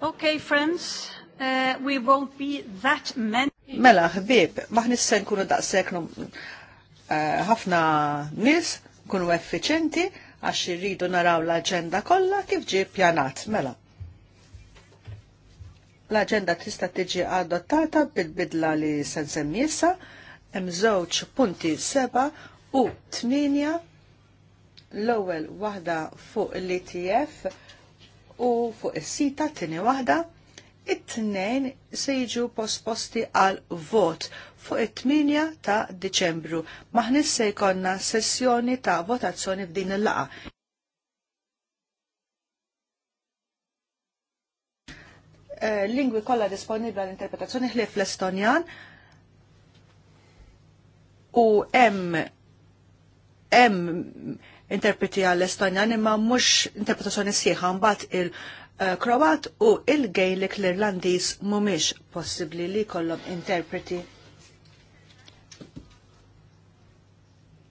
Okay, friends, uh, we won't be that many. Mela, ħbib, maħnis sen kunu daqsek uh, ħafna uh, nis, kunu effiċenti, għax irridu naraw l-agenda kollha kif ġie pjanat. Mela, l-agenda tista' tiġi adottata bil-bidla li se nsemmi issa, hemm żewġ punti seba' u tminja l-ewwel waħda fuq l etf u fuq is-sita t-tini waħda it-tnejn se jiġu posposti għal vot fuq it-8 ta' Diċembru. Maħnis se jkonna sessjoni ta' votazzjoni f'din il-laqa. Eh, lingwi kollha disponibbli l interpretazzjoni ħlief l-Estonjan u hemm hemm interpreti għall-Estonjan imma mhux interpretazzjoni sħiħa mbagħad il-Kroat u il gejlik l-Irlandiż mhumiex possibbli li jkollhom interpreti.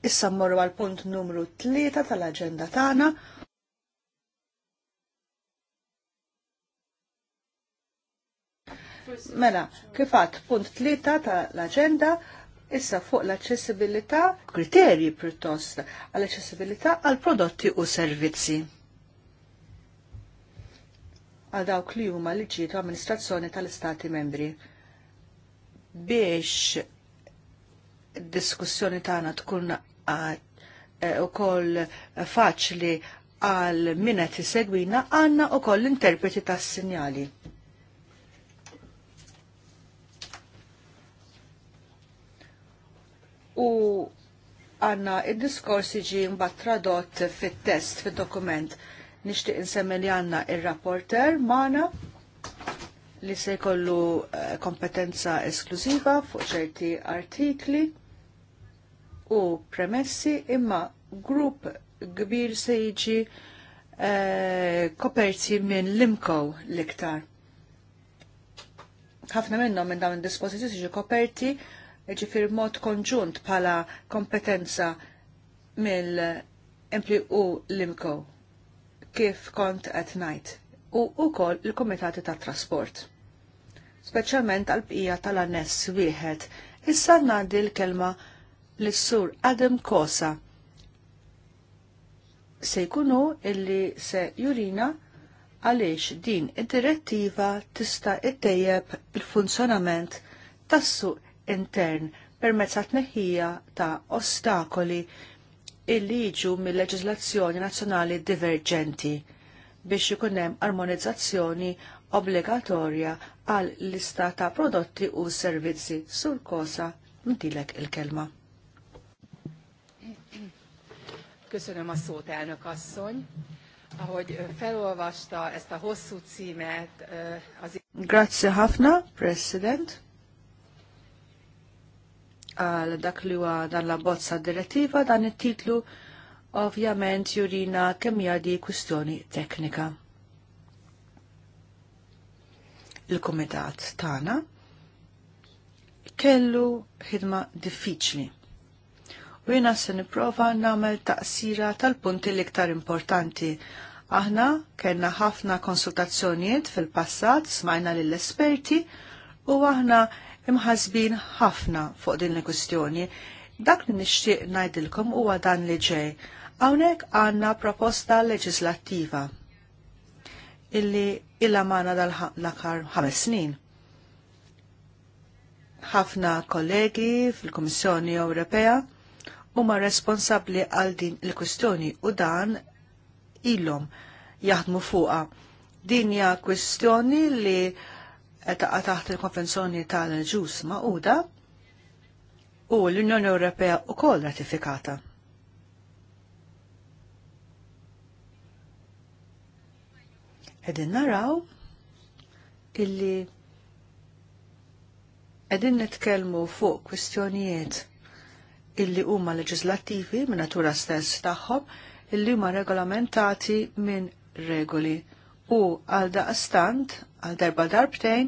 Issa mmorru għal punt numru 3 tal-aġenda tagħna Mela, kifat punt 3 tal-aġenda ta Issa fuq l-accessibilità, kriterji pjuttost għall-accessibilità għal prodotti u servizzi. Għal dawk li huma liġi ta' amministrazzjoni tal-Istati membri biex diskussjoni tagħna tkun eh, ukoll faċli għal minnet segwina għanna u koll interpreti tas sinjali u għanna il-diskors iġi mbatt tradott fit-test, fit-dokument. Nishtiq insemmi li għanna il-rapporter mana li se jkollu eh, kompetenza esklusiva fuq ċerti artikli u premessi imma grupp kbir se jiġi eh, koperti minn limko l-iktar. ħafna minnhom minn dawn id-dispożizzjoni jiġu koperti ġifir mod konġunt pala kompetenza mill-empli u l-imko kif kont qed ngħid u wkoll il-Kumitati tat-Trasport. Speċjalment għal bqija tal-aness wieħed. Issa ngħaddi l-kelma lis-sur Adam Kosa se jkunu illi se jurina għaliex din id-direttiva tista' ittejjeb il-funzjonament tas-suq intern permezz ta' tneħħija ta' ostakoli illi jiġu mill-leġiżlazzjoni nazzjonali diverġenti biex ikun hemm armonizzazzjoni obbligatorja għal lista ta' prodotti u servizzi sur kosa mtilek il-kelma. Köszönöm a szót, elnök asszony. Ahogy felolvasta ezt a hosszú címet, az... Grazie, Hafna, president għal dak li huwa dan la bozza direttiva dan it-titlu ovvjament jurina kemm hija di kwistjoni teknika. Il-kumitat tagħna kellu ħidma diffiċli u jina se niprofa namel taqsira tal-punti l-iktar importanti. Aħna kena ħafna konsultazzjonijiet fil-passat, smajna lill-esperti, u aħna imħasbin ħafna fuq din il-kwistjoni. Dak li nixtieq ngħidilkom huwa dan li ġej. Hawnhekk għandna proposta leġislattiva illi illa mana dal-lakar ħames snin. Ħafna kollegi fil-Kummissjoni Ewropea huma responsabbli għal din il-kwistjoni u dan ilhom jaħdmu fuqha. Din hija kwistjoni li taqa taħt il-Konvenzjoni tal-ġus ma'uda u l-Unjoni Ewropea wkoll ratifikata. Qegħdin naraw illi qegħdin nitkellmu fuq kwistjonijiet illi huma leġislattivi minn natura stess tagħhom illi huma regolamentati minn regoli u għal daqstant għal darba darbtejn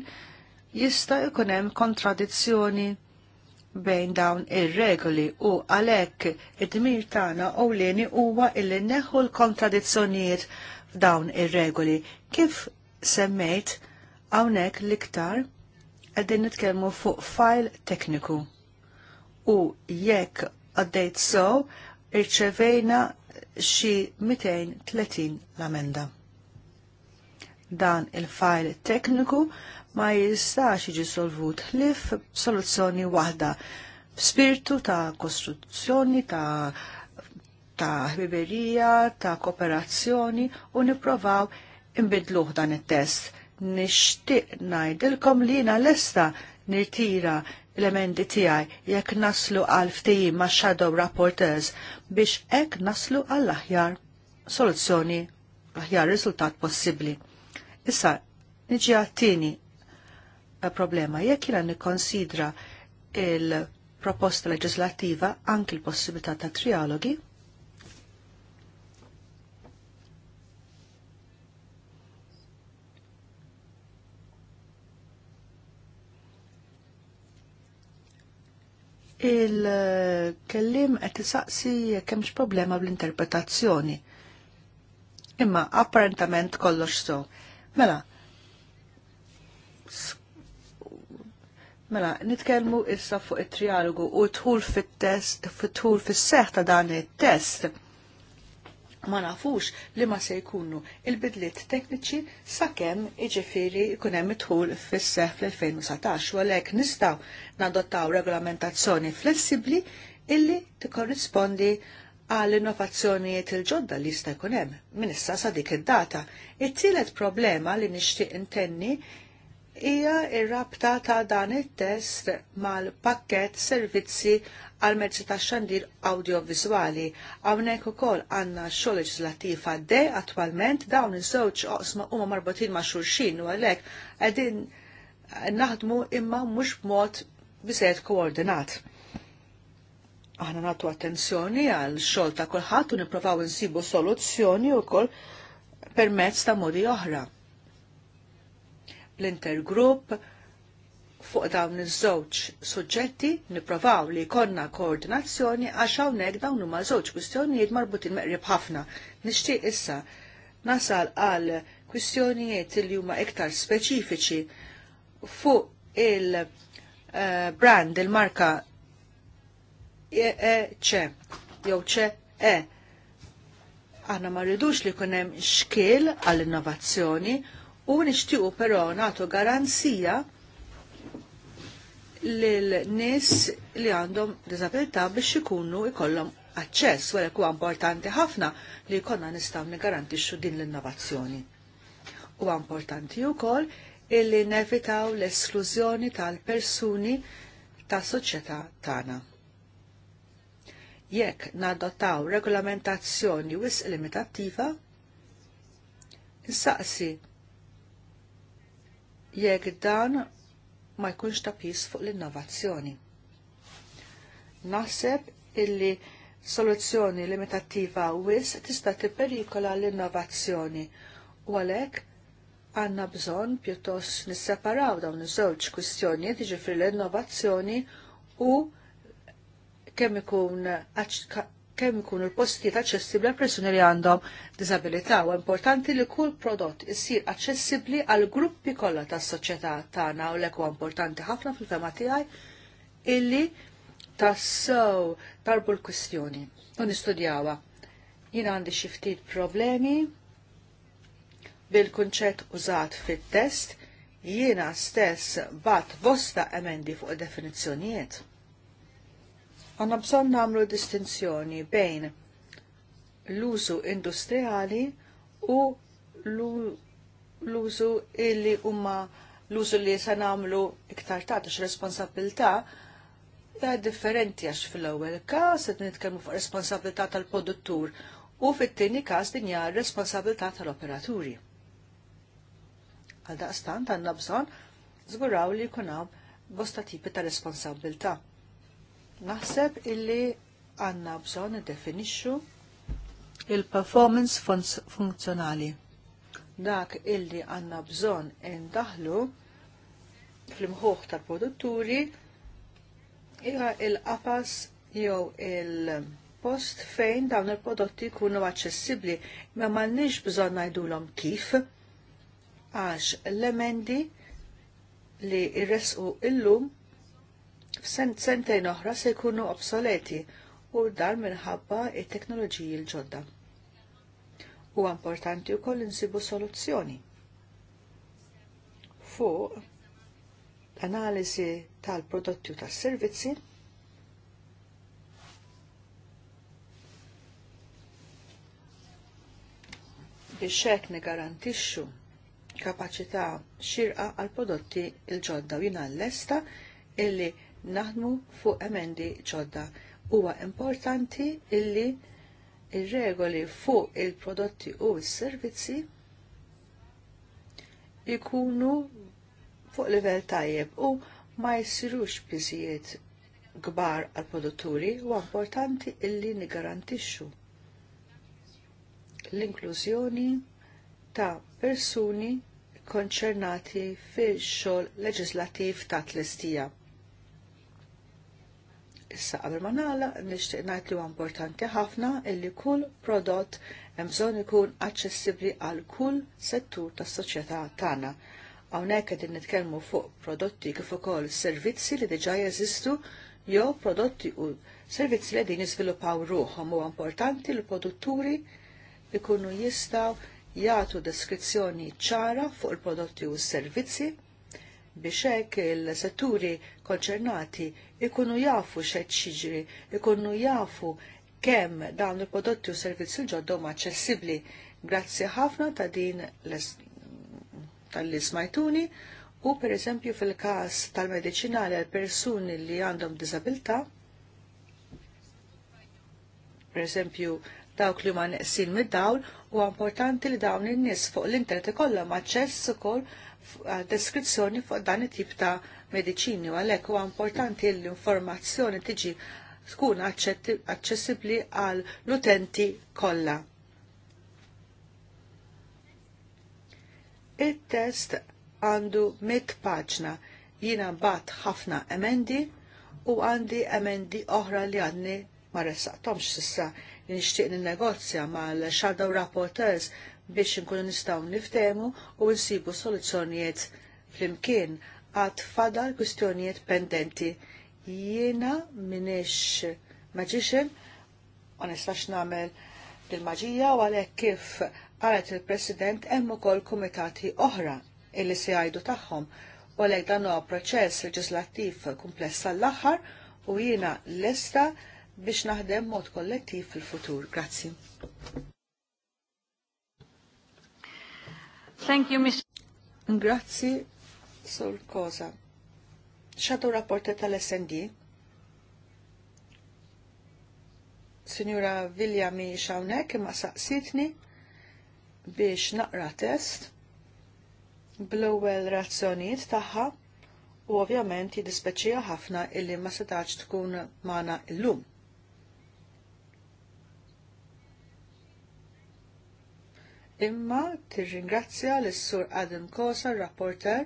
jista' jkun hemm kontradizzjoni bejn dawn ir-regoli u għalhekk id-dmir tagħna ewlieni huwa illi neħu l-kontradizzjonijiet f'dawn ir-regoli. Kif semmejt hawnhekk l-iktar qegħdin nitkellmu fuq file tekniku. U jekk għaddejt so, irċevejna xi 230 l-amenda dan il-fajl tekniku ma jistax jiġi solvut lif soluzzjoni waħda spiritu ta' kostruzzjoni, ta' ta' ħbiberija, ta' kooperazzjoni u niprovaw imbidluħ dan it-test. Nixtieq ngħidilkom li jiena lesta nirtira l-emendi tiegħi jekk naslu għal ftehim ma' shadow rapporteurs biex hekk naslu għall aħjar soluzzjoni aħjar riżultat possibbli. Issa, niġi għattini eh, problema. Jekk jina nikonsidra il-proposta leġislativa anki l-possibilità ta' trialogi, il-kellim qed isaqsi jekk problema bl-interpretazzjoni. Imma apparentament kollox so. Mela, Mela, nitkelmu issa fuq it-trialogu u tħul fit-test, fit-tħul fis-seħ ta' dan it-test. Ma nafux li ma se jkunu il-bidliet tekniċi sakemm iġifiri jkun hemm idħul fis-seħ fl-2019 u għalhekk nistgħu nadottaw regolamentazzjoni flessibbli illi tikkorrispondi għall innovazzjonijiet il-ġodda li jista' jkun hemm minn issa sa dik id-data. It-tielet problema li nixtieq intenni hija r-rabta ta' dan it-test mal-pakket servizzi għal mezzi ta' xandir audiovizuali. Hawnhekk ukoll għandna xogħol leġislattiv għaddej attwalment dawn iż-żewġ oqsma huma marbutin ma' xulxin u għalhekk qegħdin naħdmu imma mhux b'mod biżejjed koordinat aħna nagħtu attenzjoni għal xogħol ta' kulħadd u nippruvaw insibu soluzzjoni wkoll permezz ta' modi oħra. L-intergrupp fuq dawn iż-żewġ suġġetti nipprovaw li jkollna koordinazzjoni għax hawnhekk dawn huma żewġ kwistjonijiet marbutin meqrib ħafna. Nixtieq issa nasal għal kwistjonijiet li huma iktar speċifiċi fuq il- eh, brand, il-marka e ċe, jew ċe e. Aħna ma rridux li kunem xkil għall-innovazzjoni u nixtiequ però nagħtu garanzija lil-nies li għandhom disabilità biex ikunu ikollhom aċċess wara huwa importanti ħafna li jkollna nistgħu nigarantixxu din l-innovazzjoni. Huwa importanti wkoll illi nevitaw l-esklużjoni tal-persuni tas soċjetà tagħna jekk nadottaw regolamentazzjoni wisq limitattiva, insaqsi jekk dan ma jkunx ta' pis fuq l-innovazzjoni. Naħseb illi soluzzjoni limitattiva wis tista' tipperikola l-innovazzjoni u għalhekk għandna bżonn pjuttost nisseparaw dawn iż-żewġ kwistjonijiet jiġifieri l-innovazzjoni u kemm ikun kemm l-postijiet aċċessibbli għal persuni li għandhom disabilità u importanti li kull prodott issir aċċessibbli għal gruppi kollha tas-soċjetà tagħna u l-ekwa importanti ħafna fil-fema tiegħi illi tassew tarbu l-kwistjoni u nistudjawha. Jien għandi xi ftit problemi bil-kunċett użat fit-test jiena stess bat bosta emendi fuq definizzjonijiet Għanna bżon namlu distinzjoni bejn l-użu industrijali u l-użu illi umma l-użu li se namlu iktar tagħtix responsabilità ta' differenti għax fil-ewwel każ qed nitkellmu fuq responsabilità tal-produttur u fit-tieni każ din hija responsabilità tal-operaturi. Għal daqstant għandna bżonn żguraw li jkun hawn bosta tipi ta' responsabilità. Naħseb illi għanna bżon definixxu il-performance funzjonali. Dak illi għanna bżon indaħlu fl-imħuħ tal-produtturi hija il-qafas jew il-post fejn dawn il-prodotti jkunu aċċessibbli, ma m'għandniex bżonn ngħidulhom kif għax l-emendi li jresqu illum f'sent sentejn oħra se jkunu obsoleti u dan minħabba it-teknoloġiji l-ġodda. U importanti wkoll insibu soluzzjoni fuq analiżi tal-prodotti u tas-servizzi biex hekk nigarantixxu kapaċità xirqa għal prodotti l ġodda u jiena l-lesta illi naħdmu fuq emendi ċodda. Huwa importanti illi il regoli fuq il-prodotti u s-servizzi ikunu fuq livell tajjeb u ma jsirux biżijiet kbar għal produtturi u importanti illi nigarantixxu l-inklużjoni ta' persuni konċernati fil xogħol leġislattiv ta' tlestija. Issa qabel ma nagħlaq nixtieq ngħid li huwa importanti ħafna illi kull prodott hemm bżonn ikun aċċessibbli għal kull settur tas-soċjetà tagħna. Hawnhekk qegħdin nitkellmu fuq prodotti kif ukoll servizzi li diġà jeżistu jew prodotti u servizzi li qegħdin jiżviluppaw ruħhom huwa importanti li produtturi ikunu jistgħu jagħtu deskrizzjoni ċara fuq il-prodotti u s-servizzi biex hekk il-setturi konċernati ikunu jafu xed xiġri, ikunu jafu kemm dawn il-prodotti u servizzi ġoddom huma aċċessibbli. Grazzi ħafna ta' din tal lismajtuni u per eżempju fil-każ tal-medicinali għal persuni li għandhom disabilità, per eżempju dawk li huma neqsin mid-dawl, u importanti li dawn in-nies fuq l-internet ikollhom aċċess ukoll deskrizzjoni fuq dan it-tip ta' mediċini u għalhekk huwa importanti l-informazzjoni tiġi tkun aċċessibbli għal l-utenti kollha. Il-test għandu mit paġna jina bat ħafna emendi u għandi emendi oħra li għadni ma Tomx sissa li nixtieq negozja mal-shadow rapporteurs biex nkunu nistgħu niftemu u nsibu soluzzjonijiet flimkien għad fadal kustjonijiet pendenti. Jiena minix magician, ma nistax namel il-maġija u għalhekk kif għalet il-President hemm ukoll kumitati oħra illi se jgħidu tagħhom u għalhekk dan huwa proċess leġislattiv kumpless l aħħar u jiena lesta biex naħdem mod kollettiv fil-futur. Grazzi. Thank you, Mr. Grazzi, Sur koza. Xadu rapporti tal-SND? Signora Viljami Shawnek xawnek imma saqsitni biex naqra test bl-ewwel razzjonijiet tagħha u ovvjament jiddispeċija ħafna illi ma setax tkun magħna llum. Imma tirringrazzja lis sur Adam Kosa, rapporter,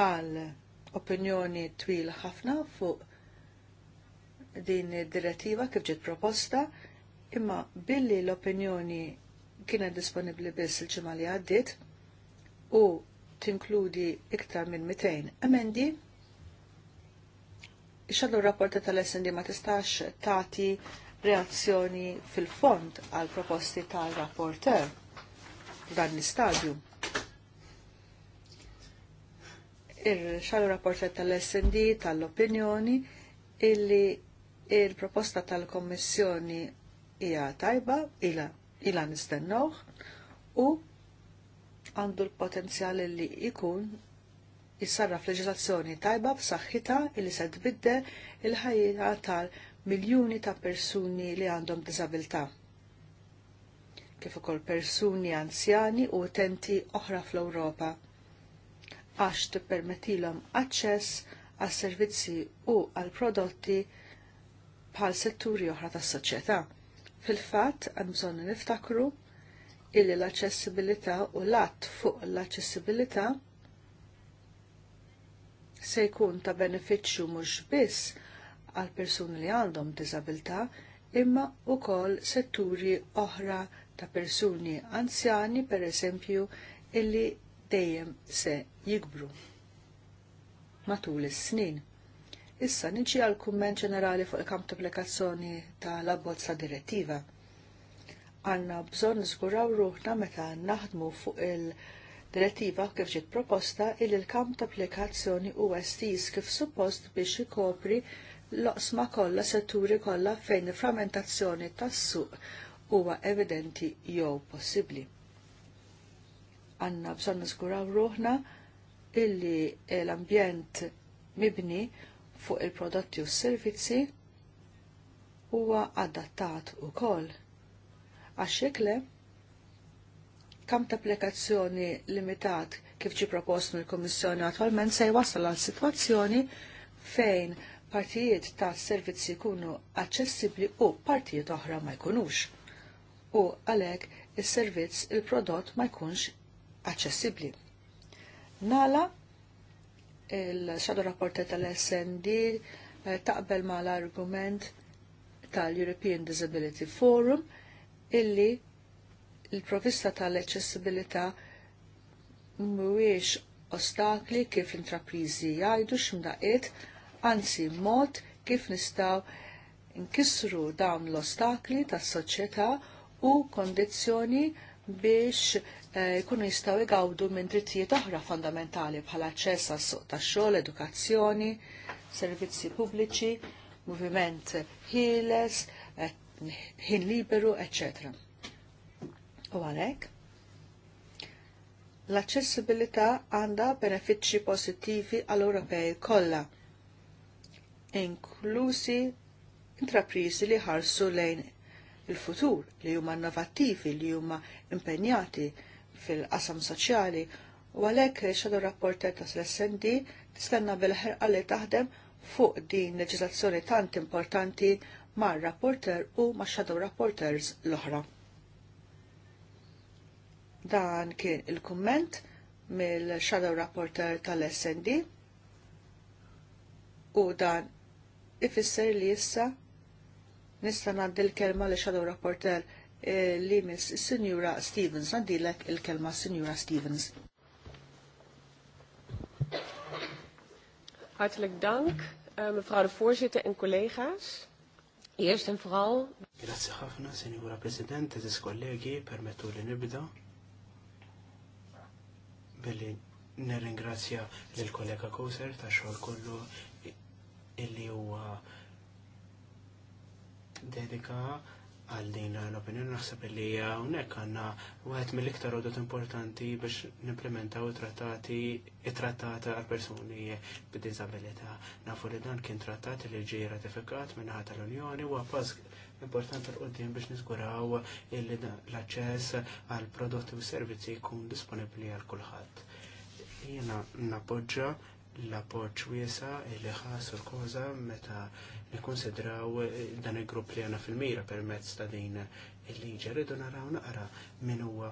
għal opinjoni twil ħafna fuq din id-direttiva kif ġiet proposta, imma billi l-opinjoni kienet disponibbli biss il-ġimgħa li għaddiet u tinkludi iktar minn 200 emendi, r rapporta tal-SND ma tistax tati reazzjoni fil-fond għal proposti tal-rapporter f'dan l-istadju il-xalu rapportet tal-SND tal-opinjoni illi il-proposta tal-Kommissjoni hija tajba, ila, ila nistennoħ u għandu l-potenzjal li ikun jissarraf leġislazzjoni tajba b'saħħitha li se tbidde il-ħajja tal-miljuni ta' persuni li għandhom disabilità kif ukoll persuni anzjani u utenti oħra fl-Ewropa għax tippermettilhom aċċess għas servizzi u għal prodotti bħal setturi oħra tas-soċjetà. Fil-fatt għan bżonn niftakru illi l-aċċessibilità u l-att fuq l-aċċessibilità se jkun ta' benefiċċju mhux biss għal persuni li għandhom diżabilità imma wkoll setturi oħra ta' persuni anzjani per eżempju illi dejjem se jikbru matul is-snin. Issa niġi għal kumment ġenerali fuq il-kamp applikazzjoni tal-abbozza direttiva. Għanna bżon nżguraw ruħna meta naħdmu fuq il-direttiva kif ġiet proposta il il-kamp ta' applikazzjoni u STs kif suppost biex ikopri l-oqsma kollha setturi kollha fejn il-frammentazzjoni tas-suq huwa evidenti jew possibbli. Għanna bżon nżguraw ruħna illi l-ambjent mibni fuq il-prodotti u s-servizzi huwa adattat ukoll. Għax Għaxekle, kam ta' applikazzjoni limitat kif ġi propost mill komissjoni attualment se jwassal għal sitwazzjoni fejn partijiet ta' servizzi jkunu aċċessibbli u partijiet oħra ma jkunux. U għalhekk is-servizz il il-prodott ma jkunx aċċessibbli. Nala, il-xadu rapporti tal-SND eh, taqbel ma l-argument tal-European Disability Forum illi il-provista tal accessibilita mwiex ostakli kif intraprizi jgħidu x'mdaqiet, anzi mod kif nistaw nkissru dawn l-ostakli tas-soċjetà u kondizzjoni biex eh, jkunu jistaw jistgħu jgawdu minn drittijiet oħra fondamentali bħala aċċess għas suq tax-xogħol, edukazzjoni, servizzi pubbliċi, moviment ħieles, eh, ħin liberu, etc. U għalhekk l-aċċessibilità għandha benefiċċji pożittivi għall Ewropej kollha, inklusi intrapriżi li ħarsu lejn il-futur li huma innovattivi li huma impenjati fil-qasam soċjali u għalhekk xadu rapporter ta' sl-SND tistenna bil-ħerqa li taħdem fuq din leġiżlazzjoni tant importanti mar rapporter u ma' shadow rapporters l-oħra. Dan kien il-kumment mill-shadow rapporter tal-SND u dan ifisser li issa Nista' ngħaddi l-kelma li xadu Rapporter eh, li miss Sinjura Stevens. Ngħaddilek il-kelma Sinjura Stevens. Hartelijk dank, eh, mevrouw de voorzitter en collega's. Eerst en vooral... Grazie ħafna, Sinjura President, eżis kollegi, permettu nebida. Belli, ne ringrazia l-kollega Kouser, ta' xogħol kollu illi huwa uh, dedika għal din l-opinjoni naħseb li hawnhekk għandna wieħed mill-iktar għodot importanti biex nimplementaw trattati it trattata għal persuni b'diżabilità. Nafu li dan kien trattat li ġie ratifikat minn ħadd l-Unjoni u pass importanti l qudiem biex niżguraw illi l-aċċess għal prodotti u servizzi jkun disponibbli għal kulħadd. Jiena nappoġġa l-appoġġ wiesa li ħasur koza meta nikkonsidraw eh, dan il-grupp li għana fil-mira permezz ta' din il-liġi. Rridu naraw naqra minn huwa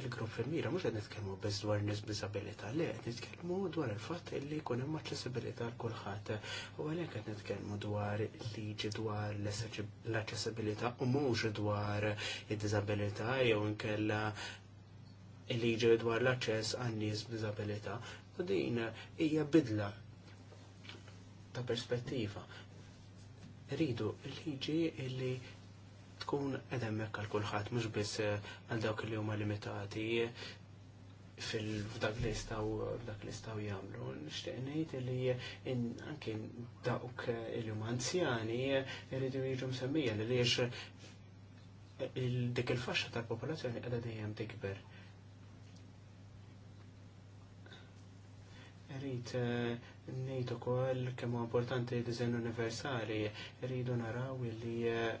il-grupp fil-mira, mux għed nitkellmu biz dwar nis bizabilita, le għed nitkellmu dwar il-fat li kun hemm aċċessibilità għal kulħadd. U għalhekk qed nitkellmu dwar liġi dwar l-aċċessibilità u mhux dwar id-diżabilità jew nkella il-liġi dwar l-aċċess għan nies b'diżabilità. U din hija bidla ta' perspettiva rridu l-liġi li tkun edemmek għal kulħadd mhux biss eh, għal dawk li huma limitati fil-dak li staw dak li staw jagħmlu. Nixtieq ngħid li anke dawk li huma anzjani jridu jiġu msemmija li liex dik il-faxxa tal-popolazzjoni qiegħda dejjem tikber. Rrid eh, nejtu kol kemm importanti diżen universali, rridu naraw li eh,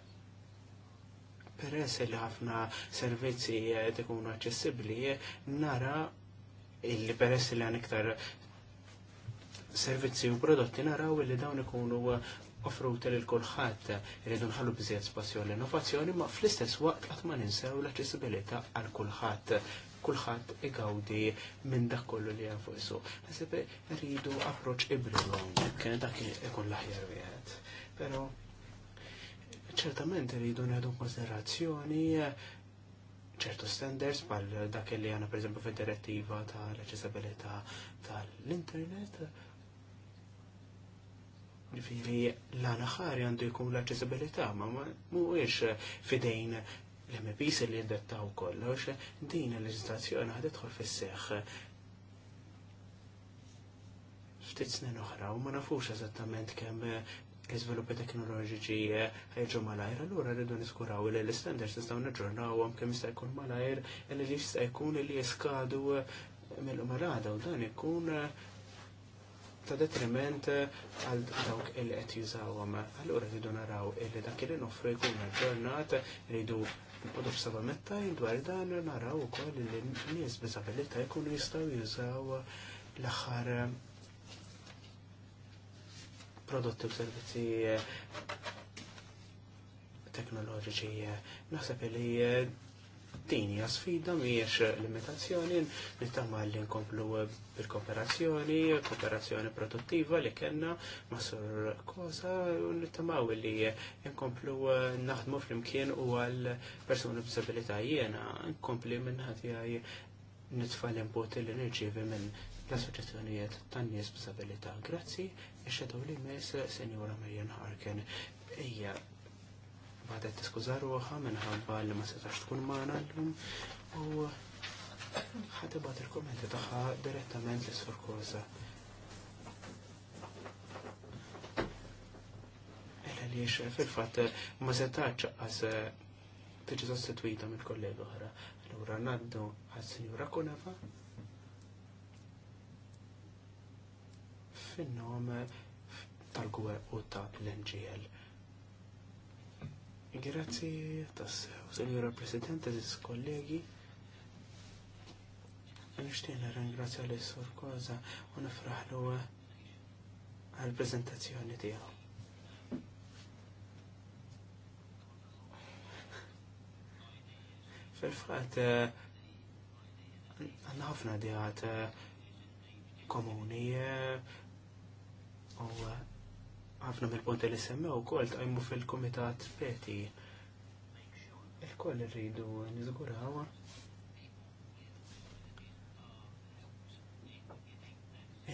peress li ħafna servizzi eh, tkunu aċċessibbli, nara illi peress li għan iktar servizzi u prodotti naraw li dawn ikunu eh, offruti lil kulħadd irridu nħallu bżiet spazju l-innovazzjoni ma fl-istess waqt qatt ma ninsew l-aċċessibilità għal kulħadd kulħadd igawdi minn dak kollu li għafu fuq is rridu approċċ ibrilu hawnhekk dak ikun laħjar aħjar wieħed. Però ċertament rridu neħdu konsiderazzjoni ċertu standards bħal dak li għana per esempio fil-direttiva tal-accessibilità tal-internet. Ġifiri, l-għana ħari għandu jkun l-accessibilità, ma mhuwiex fidejn l-MPs li jiddettaw kollox, din il-leġislazzjoni ħad idħol fis ftit snin uħra, u ma nafux eżattament kemm l-iżviluppi teknoloġiċi ħajġu malajr, allura rridu niskuraw li l-standards nistgħu niġġornawhom kemm jista' jkun malajr li jista' jkun li jiskadu mill-umalada u dan ikun ta' detriment għal dawk il qed jużawhom. Allura rridu naraw illi dak li noffru jkun aġġornat, rridu Nqodu saba metta dwar dan naraw u ukoll li nies b'isabilità jkunu jistaw jużaw l axar eh, prodotti u servizzi eh, teknoloġiċi. Eh. Naħseb li Tini sfida miex limitazzjoni nittama li nkomplu bil-kooperazzjoni, kooperazzjoni produttiva li kena ma' sur kosa u nittama li nkomplu naħdmu fl-imkien u għal persuni b'sabilità jena nkompli minn għaj nitfa l-input li nirċivi minn l-assoċazzjonijiet tan-nies b'sabilità. Grazzi, ixxedaw li mes Senjora Marian Harken. Ija, għadet tiskuza ruħa minħabba li ma setax tkun maħna l-lum u ħatibat il-kommenti taħħa direttament l-isfur koza. Ella li fil-fat ma setax għas eh, tiġi sostituita mill kollega oħra. Allura naddu għas-sinjura Kuneva fin-nom tal-gwer u tal-NGL. Grazie, tassew, Senjora President, aziz kollegi. Nishtiena ringrazzja l sur Koza u nifraħlu għal-prezentazzjoni tiegħu. fil fat għanna ħafna diħat komuni eh, u ħafna mill-punti li semmew ukoll tqajmu fil-kumitat peti. Il-koll irridu niżguraw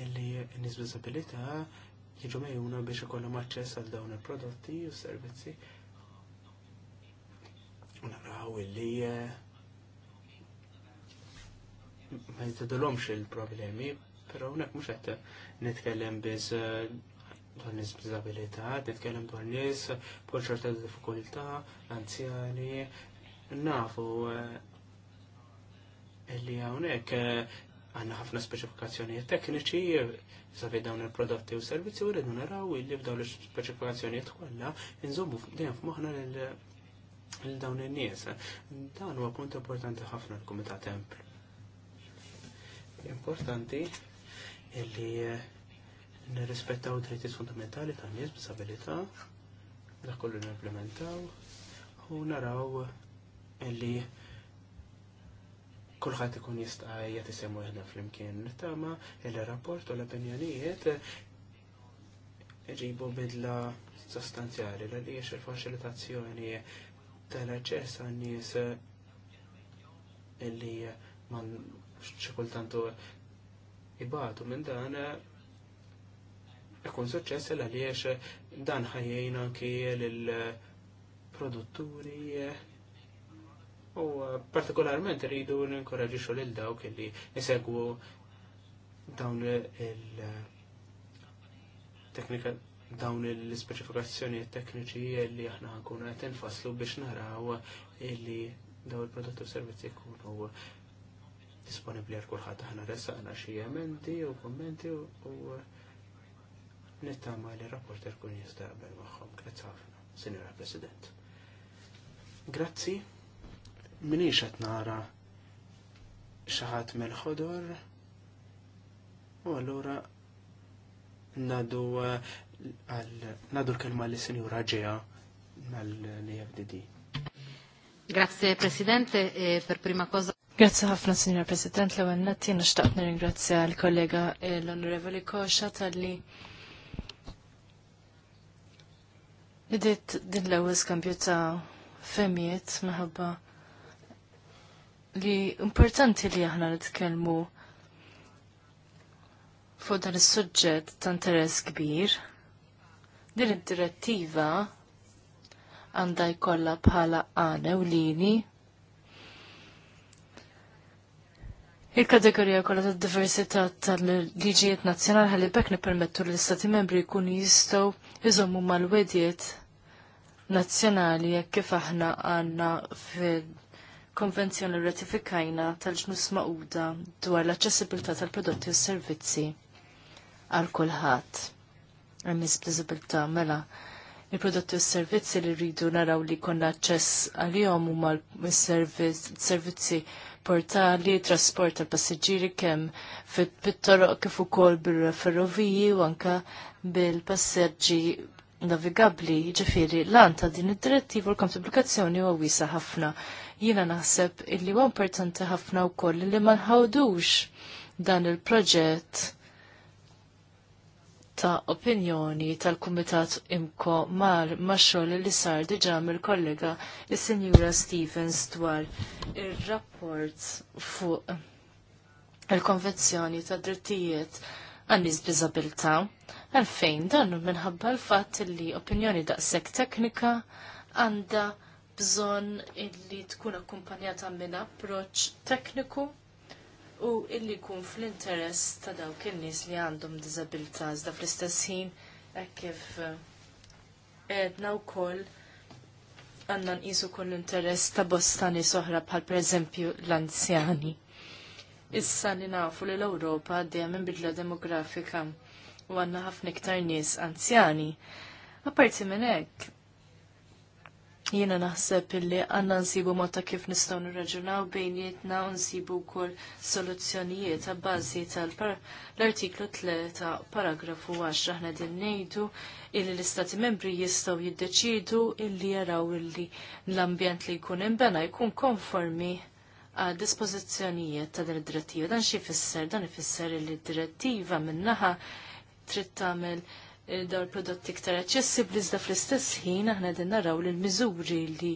illi n-nies jiġu mejuna biex ikollu aċċess għal dawn il-prodotti u s-servizzi. U naraw illi eh, ma jtidulhomx il-problemi, però unek mhux qed nitkellem biss eh, dwar nis b'diżabilità, titkellem dwar nis bħal ċerta diffikultà, anzjani, nafu illi eh, hawnhekk eh, għanna ħafna speċifikazzjonijiet tekniċi sabi dawn il-prodotti u servizzi u rridu naraw illi f'dawn l-speċifikazzjonijiet kollha inżommu dejjem f'moħħna lil dawn in-nies. Dan huwa punt importanti ħafna l-Kumitat Templ. Importanti illi eh, nirrispettaw drittijiet fundamentali tan nies b'sabilità, dak kollu nimplementaw u naraw li kulħadd ikun jista' jgħat isemmu ħna flimkien tama il-rapport u l-opinjonijiet iġibu bidla sostanzjali li hija il-faċilitazzjoni tal-aċċess għan nies illi man kultantu ibatu minn dan ikun suċċess l għaliex dan ħajjejna anki lill-produtturi eh, u eh, partikolarment rridu ninkoraġixxu lil dawk li jisegwu dawn il-teknika dawn il specifikazzjoni tekniċi li aħna nkunu qed infaslu biex naraw illi daw il-prodotti u servizzi jkunu disponibbli għal kulħadd aħna ressaqna xi emendi u kommenti u nittama li rapporter kun jistaqbel magħhom. Grazzi ħafna, Sinjora President. Grazzi, minix qed nara xaħat mill-ħodor u allura nadu eh, nadu l-kelma li Sinjura ġeja mal-EFDD. Grazie Presidente e per prima cosa Grazie ħafna, Signor President, l-għennet jena xtaqt nirringrazzja l-kollega eh, l-Onorevoli Kosha tal-li Bidiet din l-ewwel skambju ta' femijiet minħabba li importanti li aħna nitkellmu fuq dan is-suġġett ta' interess kbir. Din id-direttiva għandha jkollha bħala għana u lini Il-kategorija kollha tad-diversità tal-liġijiet nazzjonali ħalli bekk nippermettu l istati membri jkunu jistgħu jżommu mal-wedjiet nazzjonali jekk kif aħna għandna fil-konvenzjoni ratifikajna tal-ġnus maquda dwar l-aċċessibilità tal-prodotti u servizzi għal kulħadd għannis b'diżabilità mela il-prodotti u s-servizzi li rridu naraw li konna ċess għal-jom u mal-servizzi portali, trasport tal-passiġġieri kemm fit-toroq kif ukoll bil-ferroviji u anka bil-passeġġi navigabli, ġifiri, lan ta' din id-direttiva l l-komplikazzjoni huwa wiesa ħafna. Jiena naħseb illi huwa importanti ħafna koll li ma nħawdux dan il-proġett ta' opinjoni tal-Kumitat Imko mar maxxol li sar diġam mill-kollega is-Sinjura Stevens dwar ir-rapport fuq il-Konvenzjoni ta' Drittijiet għan-nies b'diżabilità. Għalfejn dan minħabba l-fatt li opinjoni daqshekk teknika għandha bżonn illi tkun akkumpanjata minn approċċ tekniku u illi jkun fl-interess ta' dawk in-nies li għandhom diżabilità iżda fl-istess ħin hekk kif eh, edna wkoll għandna nqisu l interess ta' bosta nies oħra bħal eżempju l-anzjani. Issa li nafu li l-Ewropa għaddejja minn bidla demografika u għanna ħafna iktar nies anzjani. Apparti minn hekk, jiena naħseb illi għanna nsibu mod ta' kif nistgħu nirraġunaw bejnietna u nsibu wkoll soluzzjonijiet ta' bażi tal-artiklu 3 paragrafu 10 aħna din ngħidu illi l-istati membri jistgħu jiddeċidu illi jaraw illi l-ambjent li jkun imbena jkun konformi dispożizzjonijiet ta' din id-direttiva. Dan xi jfisser? Dan ifisser li d-direttiva minnaħa trid tagħmel eh, dawn prodotti iktar aċċessibbli iżda fl-istess ħin aħna qegħdin naraw li l-miżuri li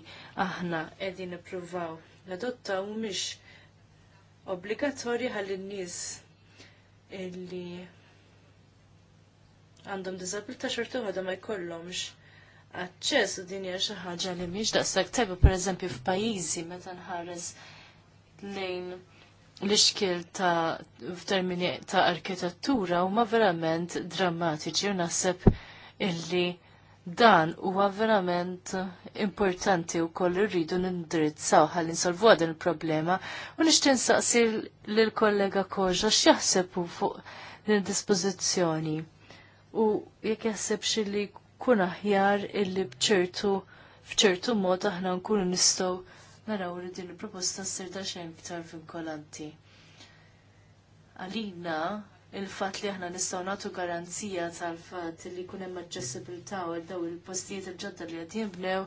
aħna qegħdin nippruvaw nadottaw mhumiex obbligatorji ħalli n-nies illi għandhom diżabilità xorta waħda ma jkollhomx aċċess u din hija xi ħaġa li mhix daqshekk tajba pereżempju f'pajjiżi meta nħares lejn l-iskil ta' f'termini ta' arkitettura huma verament drammatiċi u naħseb illi dan huwa verament importanti u koll irridu nindirizzaw ħalli insolvu din il-problema u nixtieq nsaqsi lill-kollega Koġa x'jaħseb fuq din dispożizzjoni u jekk jaħseb li kun aħjar illi bċertu f'ċertu mod aħna nkunu nistgħu naraw li din il-proposta s-sir ta' xejn ktar vinkolanti. Għalina il-fat li aħna nistgħu nagħtu garanzija tal-fatt li jkun hemm aċċessibilità u daw il-postijiet il-ġodda li qed jinbnew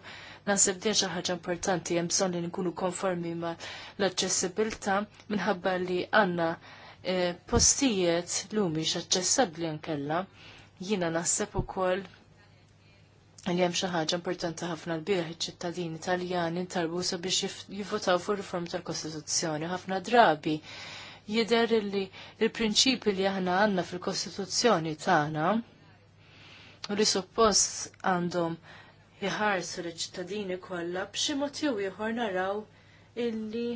Nasib din xi ħaġa importanti hemm bżonn li nkunu konformi ma l-aċċessibilità minħabba li għandna eh, postijiet li mhumiex aċċessabbli nkella. Jiena naħseb ukoll li hemm xi ħaġa importanti ħafna l-bieħ iċ-ċittadini Taljani ntarbu sabiex jivvotaw fuq riform tal-Kostituzzjoni ħafna drabi jidher li l-prinċipi li aħna għandna fil-Kostituzzjoni tagħna u li suppost għandhom jħarsu l-ċittadini kollha b'xi mod ieħor naraw illi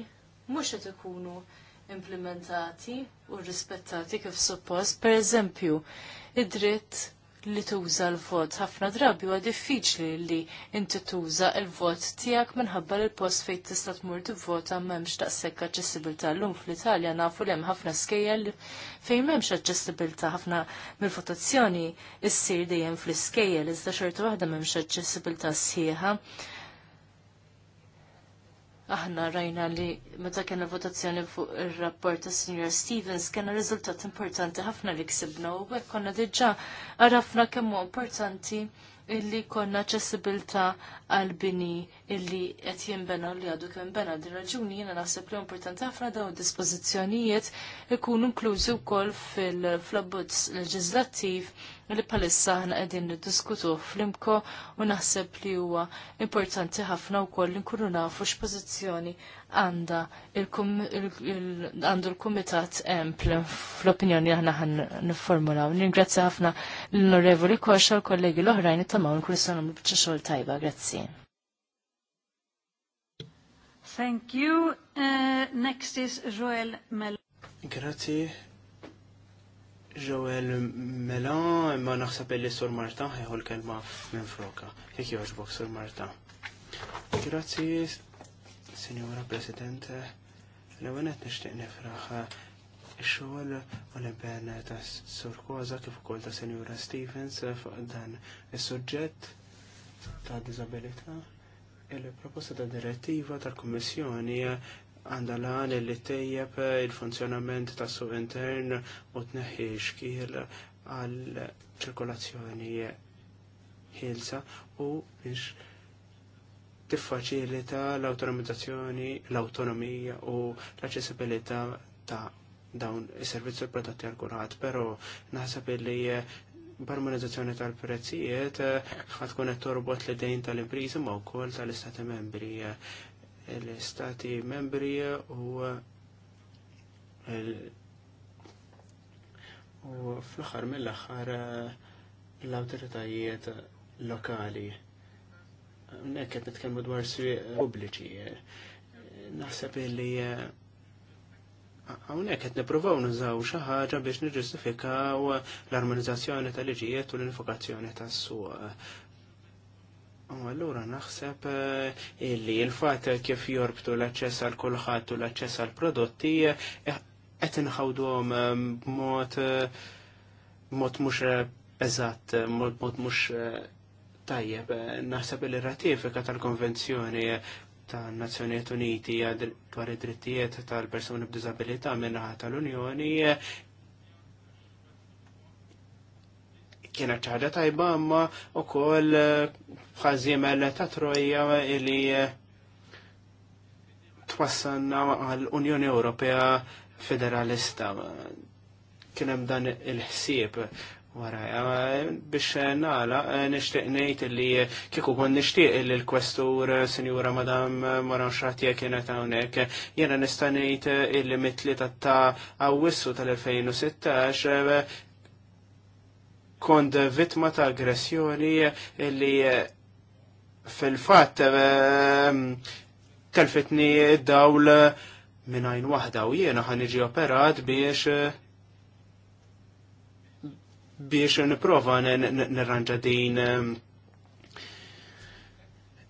mhux qed ikunu implementati u rispettati kif suppost, pereżempju, id-dritt li tuża l-vot. Ħafna drabi huwa diffiċli li inti tuża l-vot tiegħek minħabba li l-post fejn tista' tmur tivvota m'hemmx daqshekk aċċessibilità. Llum fl-Italja nafu li hemm ħafna skejjel fejn m'hemmx aċċessibilità ħafna mill-votazzjoni issir dejjem fl-iskejjel iżda xorta waħda m'hemmx aċċessibilità sħiħa. Aħna rajna li meta kena votazzjoni fuq ir-rapport ta' Sr. Stevens kena riżultat importanti ħafna li ksibna u hekk konna diġà għarafna kemm hu importanti illi konna ċessibilta għal-bini illi qed jinbena li għadu kemm bena din raġuni jiena naħseb li importanti ħafna dawn dispożizzjonijiet ikunu inklużi wkoll fil flabbuzz leġislattiv li palissa aħna qegħdin niddiskutuh fl-imko u naħseb li huwa importanti ħafna wkoll li nkunu nafu x'pożizzjoni għandha għandu l-kumitat empl fl-opinjoni aħna ħan nifformulaw. Ningrazzja ħafna l-Onorevoli Kosha u kollegi l-oħrajn it-tamaw nkunu sanhom biċċa xogħol tajba. Grazzi. Thank you. Uh, next is Joel Mel. Grazie. Joel Mela, imma naħseb li Sur Marta ħeħu kelma minn Froka. Jek joġbok Sur Marta. Grazzi, Signora Presidente. L-għanet nishtiq nifraħ xogħol u l-ben ta' Sur Koza kif ukoll ta' Signora Stevens fuq dan is-suġġett ta' disabilità. Il-proposta ta' direttiva tal-Kummissjoni għandha lan li tejjeb il-funzjonament tas suq intern u tneħħi xkiel għal ċirkolazzjoni ħilsa u biex tiffaċilita l-autonomizzazzjoni, l-autonomija u l-aċċessibilità ta' dawn is-servizzi prodotti għal kurat, però naħseb li barmonizzazzjoni tal-prezzijiet ħatkun qed torbot l dejn tal-impriżi ma wkoll tal-istati membri l-Stati membri u u fl-axar mill-axar l-autoritajiet lokali. Nek qed nitkellmu dwar swieq pubbliċi. Naħseb li hawnhekk qed nippruvaw nużaw xi ħaġa biex niġġustifikaw l-armonizzazzjoni tal-liġijiet u l infokazzjoni tas-suq. Allura naħseb eh, illi il-fat kif jorbtu l-aċċess għal kulħadd u l-aċċess għal prodotti eh, qed inħawduhom eh, b'mod mod mhux eżatt, mod mhux tajjeb. Naħseb li ratifika tal-konvenzjoni tan Nazzjonijiet Uniti dwar id-drittijiet tal-persuni b'diżabilità minnaħa tal-Unjoni kienet ċaħda tajba imma u koll bħazimel eh, ta' Trojja li eh, twassanna għal-Unjoni Ewropea Federalista. Kienem dan il-ħsieb Wara, eh, biex nala, nishtiq nejt li kiku kon nishtiq li l-kwestur senjura madam Maran Xatja kienet għawnek. Jena nistanejt li mitli ta' ta' għawissu tal-2016 kont vittma ta' aggressjoni li eh, fil-fatt ehm, telfitni dawl minajn wahda u jiena iġi operat biex eh, biex niprofa nirranġa din ehm,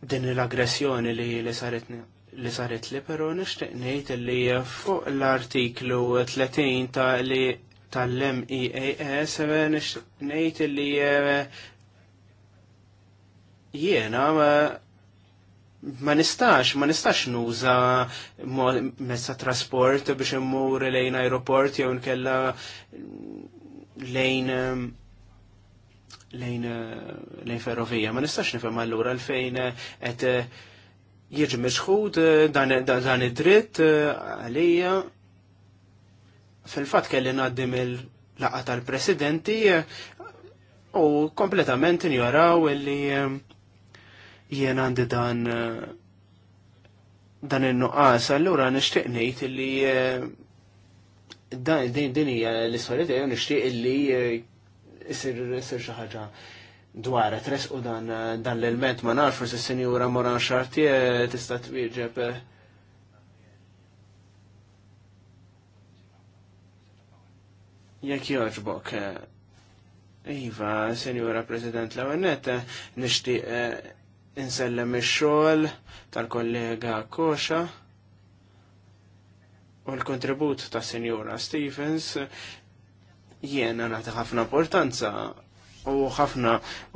din l-aggressjoni li li saretni li saret li pero nishtiq ngħid li fuq l-artiklu 30 ta' li tal-MEAS nejt li eh, jiena eh, ma nistax, ma nistax nuża mezza trasport biex immur lejn aeroport jew nkella lejn eh, lejn lejn ferrovija. Ma nistax nifhem allura għalfejn qed jiġi mixħud dan id-dritt għalija fil-fat kelli naddim il-laqa tal-presidenti eh, u kompletament njoraw illi eh, jien għandi dan eh, dan il-nuqqas, allura nishtiq ngħid dan din din hija l-istorja tiegħi nixtieq illi isir isir xi ħaġa dwar tresqu dan dan l-element ma nafx forsi s Moran Xartie tista' twieġeb Jekk joġbok, eh, Iva, Senjora President Lawenet, eh, nixtieq eh, insellem ix-xogħol tal-kollega Koxa u l-kontribut ta' Senjora Stevens jiena nagħti ħafna importanza u ħafna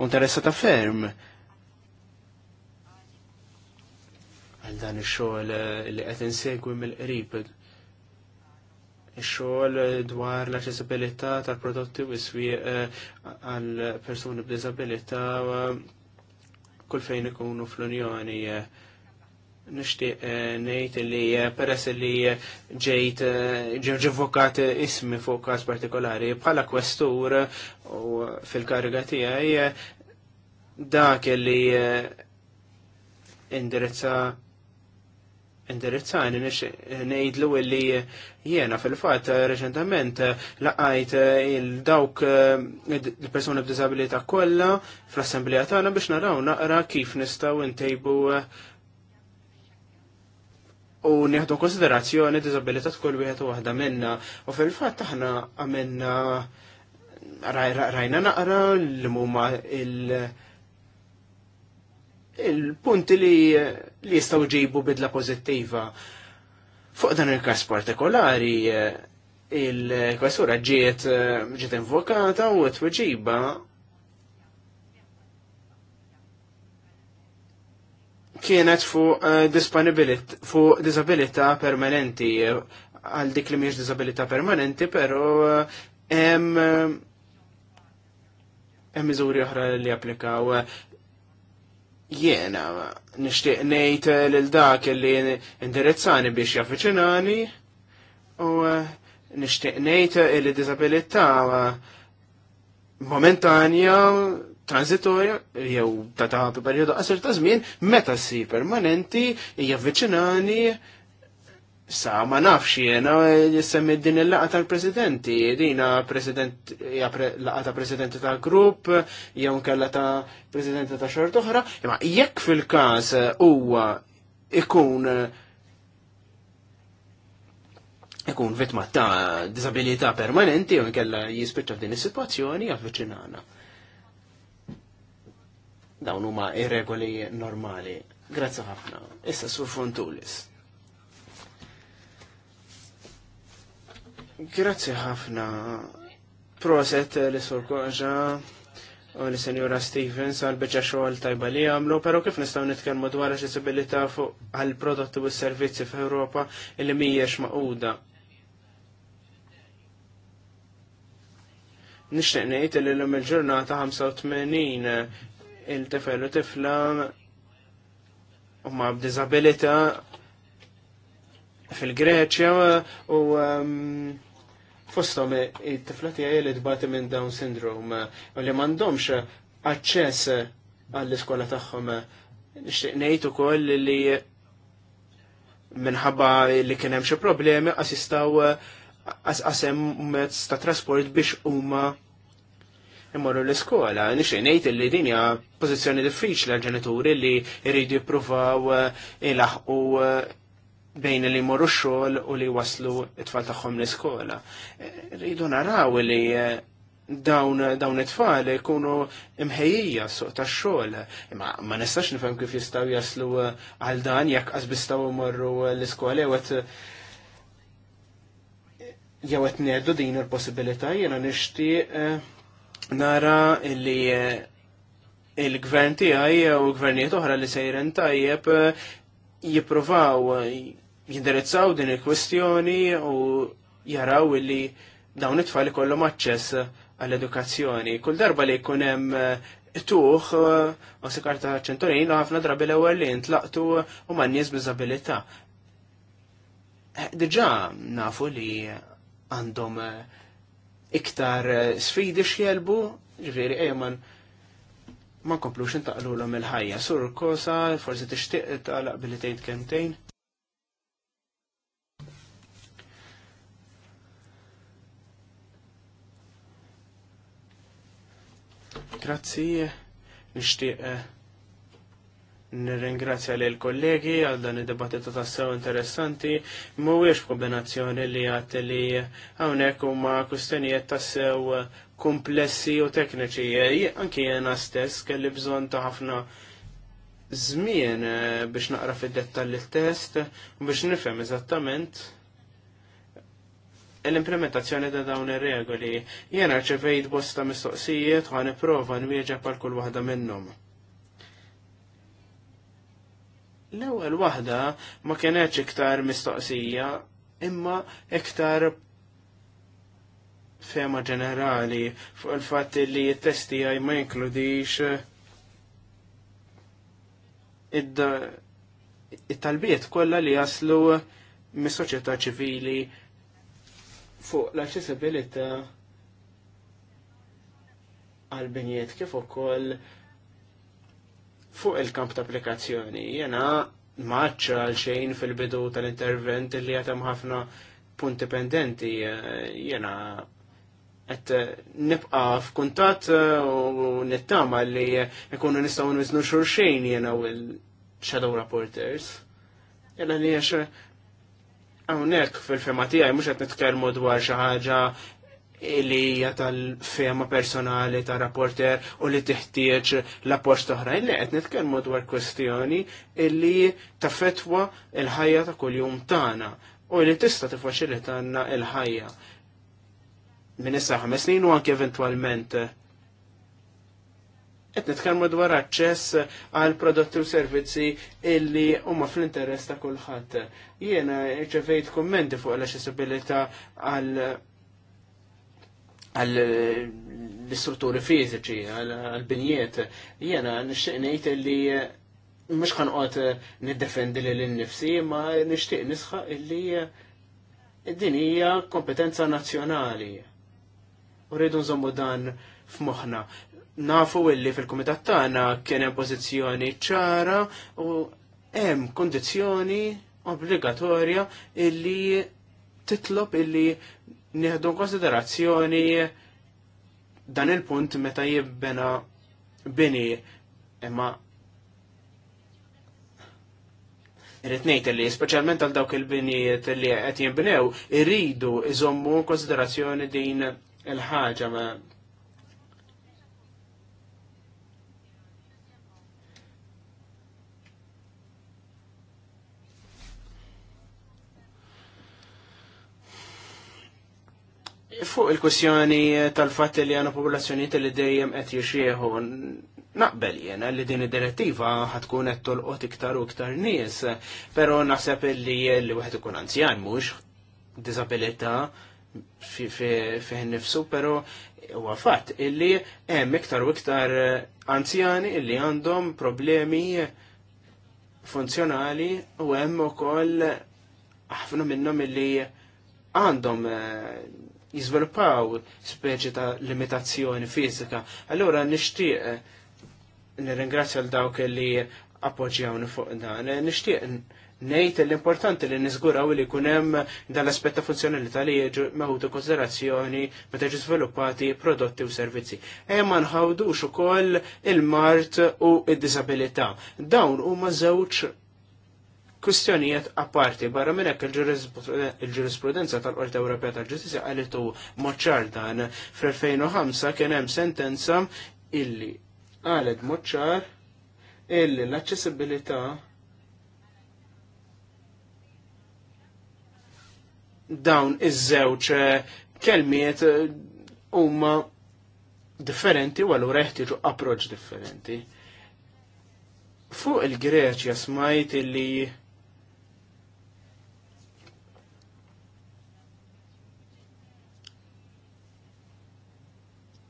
interessa ta' ferm għal dan ix-xogħol li qed insegwi mill-qrib xogħol eh, dwar l-aċċessibilità tal-prodotti u swieq eh, għal persuni b'diżabilità kull fejn ikunu fl-Unjoni. Eh. Nixtieq ngħid li peress li ġejt ġivvokat ismi fuq każ partikolari bħala kwestur u fil-kariga tiegħi dak li indirizza indirizzani nejdlu illi jiena fil-fat reċentament laqajt il-dawk eh, il-persuni b'disabilità kollha fl assemblija tagħna biex naraw naqra kif nistgħu ntejbu eh, u nieħdu konsiderazzjoni disabilità kull wieħed waħda minna. U fil-fatt aħna għamilna rajna naqra l-mumma il- il-punti li li jistaw ġibu bidla pozittiva. Fuq dan il-kas partikolari, eh, il-kwessura ġiet eh, ġiet invokata u t-tweġiba kienet fuq eh, fu disabilita permanenti, għal dik li miex disabilità permanenti, pero em hemm miżuri oħra li applikaw Jiena nixtieq ngħid eh, lil dak li indirizzani biex jaffiċinani u eh, nixtieq ngħid eh, li diżabilità momentanja transitorja jew ta' ta' perjodu qasir ta' żmien meta si permanenti jaffiċinani Sa ma nafx jena jissemmi din il-laqa tal-presidenti, dina president, laqa ta' presidenti tal-grupp, jew kella ta' presidenti ta' xort oħra, imma jekk fil-kas huwa ikun ikun vitma ta' disabilità permanenti jew kella jispiċċa f'din is-sitwazzjoni jaffiċinana. Dawn huma ir-regoli normali. Grazzi ħafna. Issa sur Fontulis. Grazzi ħafna. Proset eh, li sur koġa u li senjura Stevens għal beġa' xogħol tajba li għamlu, pero kif nistgħu nitkellmu dwar aċċessibilità fuq għal prodotti u servizzi f'Ewropa li mhijiex maquda. Nixtieq ngħid li l il-ġurnata 85 eh, il-tifel u tifla huma b'diżabilità fil-Greċja u um, fostom it-tifla tiegħi li tbagħti minn Down syndrome u li m'għandhomx aċċess għall-iskola tagħhom. Nixtieq ngħid ukoll li minħabba li kien hemm xi problemi assistaw għasem mezz ta' trasport biex huma immorru l-iskola. Nixtieq ngħid li din hija pożizzjoni diffiċli għall ġenituri li jridu jippruvaw ilaħqu bejn li jmorru xogħol u li waslu it-tfal tagħhom l-iskola. Rridu naraw li eh, dawn dawn it-tfal ikunu imħejjija suq tax-xogħol. imma ma nistax nifhem kif jistgħu jaslu eh, għal dan jekk qasbistaw imorru l-iskola jew eh, jew qed ngħidu din il-possibilità jiena nixtieq nara li il-gvern tiegħi u gvernijiet oħra li sejren tajjeb jippruvaw jindirizzaw din il-kwestjoni u jaraw illi dawn it-tfal ikollhom aċċess għall-edukazzjoni. Kull darba li jkun hemm eh, tuħ u eh, sikarta ċenturin ħafna drabi l-ewwel li ntlaqtu u ma' nies biżabilità. Eh, diġà nafu li għandhom iktar sfidi x'jelbu, ġifieri ejman ma nkomplux intaqlulhom l il-ħajja. Sur kosa, forsi tixtieq taqlaq billi tgħid kemtejn. Grazzi, nishtiq eh, nirringrazzja li l-kollegi għal dan id-dibattitu ta' sew interessanti, mhuwiex kombinazzjoni li għat li hawnhekk huma kustenijiet ta' sew komplessi u tekniċi. Anki jena stess kelli bżonn ta' ħafna żmien eh, biex naqra fid-dettalji test u biex nifhem eżattament l-implementazzjoni ta' dawn ir-regoli. Jiena rċevejt bosta mistoqsijiet u nipprova nwieġeb għal kull waħda minnhom. L-ewwel waħda ma kienx iktar mistoqsija, imma iktar fema ġenerali fuq il-fatt li t-testi għaj ma jinkludix it-talbiet kollha li jaslu mis-soċjetà ċivili fuq l-accessibilità għal-binjiet kif ukoll fuq il-kamp ta' applikazzjoni. Jena maċċa għal xejn fil-bidu tal-intervent li għatem ħafna punti pendenti. Jena għet nibqa f'kuntat u nittama li jkunu nistaw niznu xurxejn jena u l-shadow reporters. Jena li għax Hawnhekk fil-fema tiegħi mhux qed nitkellmu dwar xi ħaġa li hija tal-fema personali ta' rapporter u li tiħtieġ la appoġġ oħrajn li qed nitkellmu dwar kwestjoni li ta' fetwa il-ħajja ta' kuljum tagħna u li tista' tiffaċilitanna il-ħajja. Min issa ħames snin u anke eventwalment qed nitkellmu dwar aċċess għal prodotti u servizzi illi huma fl-interess ta' kulħadd. Jiena rċevejt kummenti fuq l-aċċessibilità għal għal l-istrutturi fiżiċi, għal binjiet. Jiena nixtieq ngħid li mhux ħanqod niddefendi lil innifsi, ma nixtieq nisħaq illi din hija kompetenza nazzjonali. U rridu nżommu dan f'moħħna nafu illi fil komitat tagħna kien hemm pożizzjoni ċara u hemm kondizzjoni obbligatorja illi titlob illi nieħdu konsiderazzjoni dan il-punt meta jibbena bini imma Irrit ngħid li speċjalment għal dawk il-binijiet li qed jinbnew irridu iżommu konsiderazzjoni din il-ħaġa ma' Fuq il-kussjoni tal-fatt li għana popolazzjoniet li dejjem qed jixieħu naqbel jena li din id-direttiva ħatkun qed tolqot iktar u iktar nies, però naħseb li li wieħed ikun anzjan mhux disabilità fih nifsu, però huwa fatt illi hemm iktar u iktar anzjani illi għandhom problemi funzjonali u hemm ukoll ħafna minnhom illi għandhom eh, jizvelpaw speċi ta' limitazzjoni fizika. Allora nishtiq eh, nirringrazzja l-dawk li appoġġjawni fuq dan. Eh, nishtiq nejt l-importanti li nizguraw li kunem dal-aspet ta' funzjonalità li jieġu meħudu konsiderazzjoni meta ġu sviluppati prodotti u servizzi. Ema eh, nħawdux ukoll il-mart u id diżabilità Dawn huma żewġ kwistjonijiet apparti barra minn hekk eh, il-ġurisprudenza tal-Qorti Ewropea tal-Ġustizzja qalitu moċċar dan fl-2005 kien hemm sentenza illi qalet moċċar illi l-aċċessibilità dawn iż-żewġ eh, kelmiet eh, huma differenti u allura jeħtieġu approċċ differenti. Fuq il-Greċja smajt illi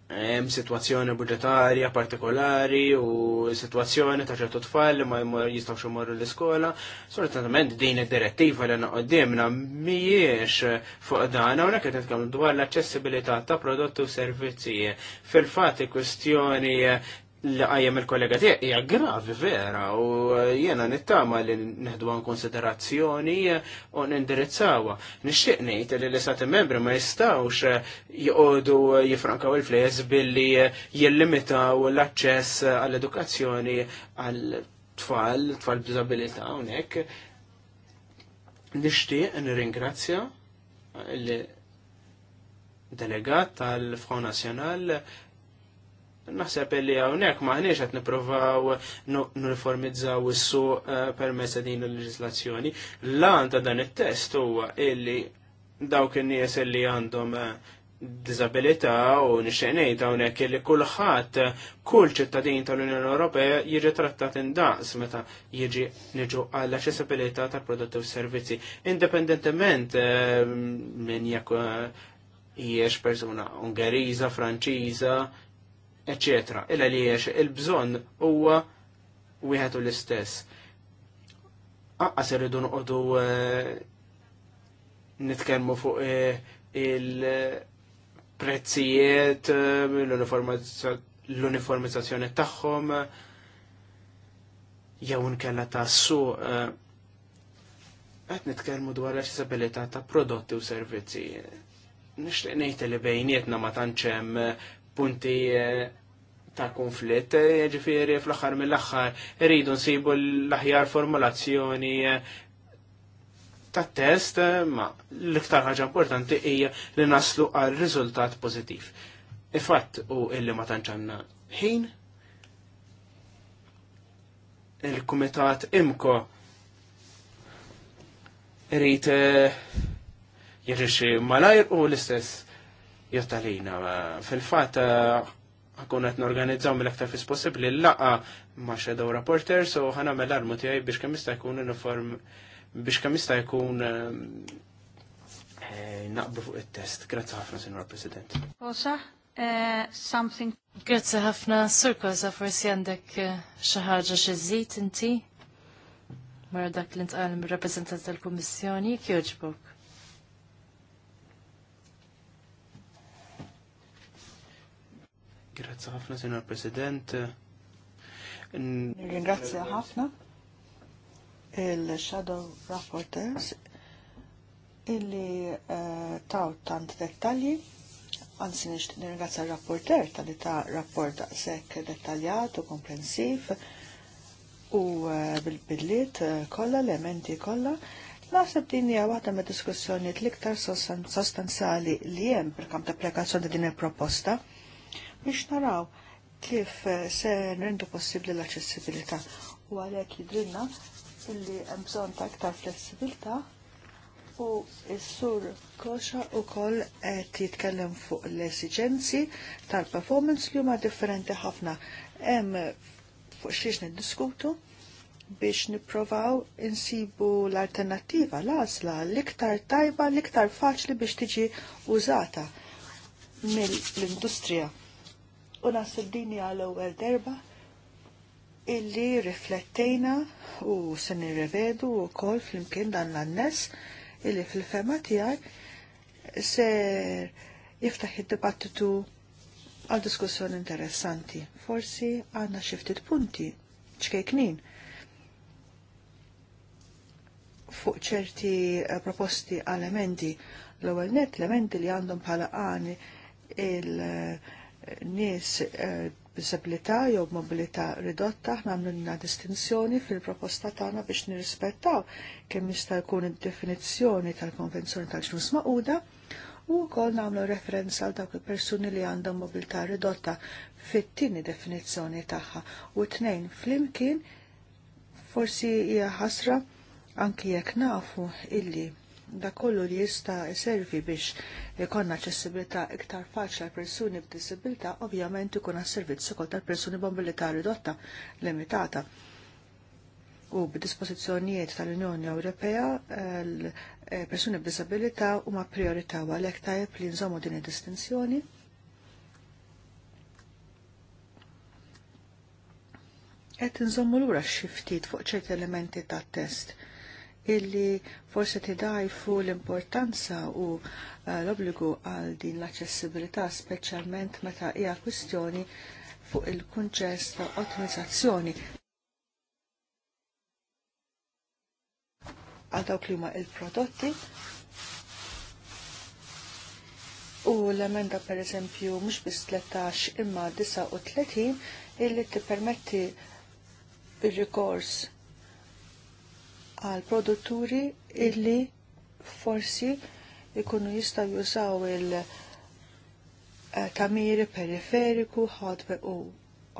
hemm sitwazzjoni budgetarja partikolari u sitwazzjoni ta' ċertu tfal li ma jistgħux imorru l-iskola, sortament din id-direttiva li naqoddimna mhijiex fuq dan hawnhekk qed nitkellmu dwar l-aċċessibilità ta' prodotti u servizzi. Fil-fatt kwestjoni li għajem il-kollega tiegħek hija gravi vera u jiena nittama li neħdu għan konsiderazzjoni u nindirizzawa. Nixtieq ngħid li l-istati membri ma jistgħux jqogħdu jifrankaw il flejs billi jillimitaw l-aċċess għall-edukazzjoni għal tfal, tfal b'disabilità hawnhekk. Nixtieq nirringrazzja l delegat tal-Front Nazzjonal Naħseb li hawnhekk maħniex qed nippruvaw nuniformizzaw is-suq eh, permezz din il-leġislazzjoni. l Lan ta' dan it-test huwa illi dawk in-nies li għandhom eh, disabilità u nixxenejt hawnhekk illi kulħadd eh, kull ċittadin tal-Unjoni Ewropea jiġi trattat indaqs meta jiġi niġu għall aċċessibilità tal-prodotti u servizzi, indipendentement minn jekk jiex persuna Ungeriża, Franċiża, eccetera. Illa li jiex il-bżon huwa wieħed u l-istess. Aqqas irridu noqogħdu eh, nitkellmu fuq eh, il-prezzijiet, eh, l-uniformizzazzjoni tagħhom, jew nkella ta' suq qed nitkellmu dwar l-accessibilità ta' prodotti u servizzi. Nixtieq ngħid li bejnietna ma tantx hemm punti ta' konflitt, e, ġifiri fl-axar mill-axar, rridu nsibu l-aħjar formulazzjoni e, ta' test, e, ma l-iktar ħaġa importanti hija li naslu għal riżultat pozittiv. Ifatt u illi ma tanċanna ħin, il-Kumitat Imko rrit jirriċi malajr u l-istess jottalina. Fil-fat ħakun qed norganizzaw mill-aktar fis possibbli l laqqa ma' Shadow Reporter, so ħana mela l-armu tiegħi biex kamista jkun uniform biex kemm jista' jkun eh, eh, naqbu fuq it-test. Grazzi ħafna, Sinjor President. Osa, eh, something. Grazzi ħafna, Sir Kosa, forsi għandek xi ħaġa xi żid inti? Mara dak li ntqal mir-rappreżentant tal-Kummissjoni, kjoġbok. Grazzi ħafna, Signor President. Ringrazzja ħafna il-Shadow rapporteurs illi eh, taw tant dettalji. Anzi, nirringrazzja nirgazza rapporter tal-li ta' rapport sekk dettaljat u komprensiv u eh, bil-bidliet eh, kollha, elementi kollha. Naħseb din hija waħda me diskussjonijiet l-iktar sostanzjali li hemm per kam ta' applikazzjoni din il-proposta. il proposta biex naraw kif eh, se rendu possibbli l-aċċessibilità u għalhekk jidrilna illi hemm bżonn ta' aktar flessibilità u s-sur koxa u koll qed jitkellem fuq l-esiġenzi tal-performance li huma differenti ħafna. Hemm fuq xiex niddiskutu biex niprovaw insibu l-alternativa l-għazla l-iktar tajba, l-iktar faċli biex tiġi użata mill-industrija u nasib dini għal ewwel derba illi riflettejna u se nirrevedu u kol fl-imkien dan l-annes illi fil-fema tijaj se jiftaħ id-dibattitu għal diskussjoni interessanti. Forsi għanna xiftit punti, ċkejknin, fuq ċerti eh, proposti għal emendi. L-ewwel net l-emendi li għandhom bħala għani il- nies eh, b'disabilità jew mobilità ridotta aħna għamlilna distinzjoni fil-proposta tagħna biex nirrispettaw kemm jista' jkun id-definizzjoni tal-Konvenzjoni tal-Ġnus Maquda u wkoll nagħmlu referenza għal dawk il-persuni li għandhom mobilità ridotta fit-tieni definizzjoni tagħha u tnejn flimkien forsi hija ħasra anki jekk nafu illi da kollu li jista servi biex ikonna ċessibilità iktar faċli għal persuni b'disabilità ovvjament ikun għas-servizz ukoll tal-persuni b'mobilità ridotta limitata. U b'dispożizzjonijiet tal-Unjoni Ewropea l-persuni eh, b'disabilità huma priorità għalhekk tajjeb li nżommu din id-distinzjoni. Qed nżommu lura x-xiftit fuq ċerti elementi tat-test illi forse fu l-importanza u eh, l-obligu għal din l-accessibilità, specialment meta hija kwistjoni fuq il-kunċess ta' ottimizzazzjoni. Għal dawk li huma il-prodotti u l-emenda per eżempju mhux biss 13 imma 39 illi tippermetti il-rikors għal produtturi illi forsi ikunu jista jużaw il-kamiri eh, periferiku, ħadbe u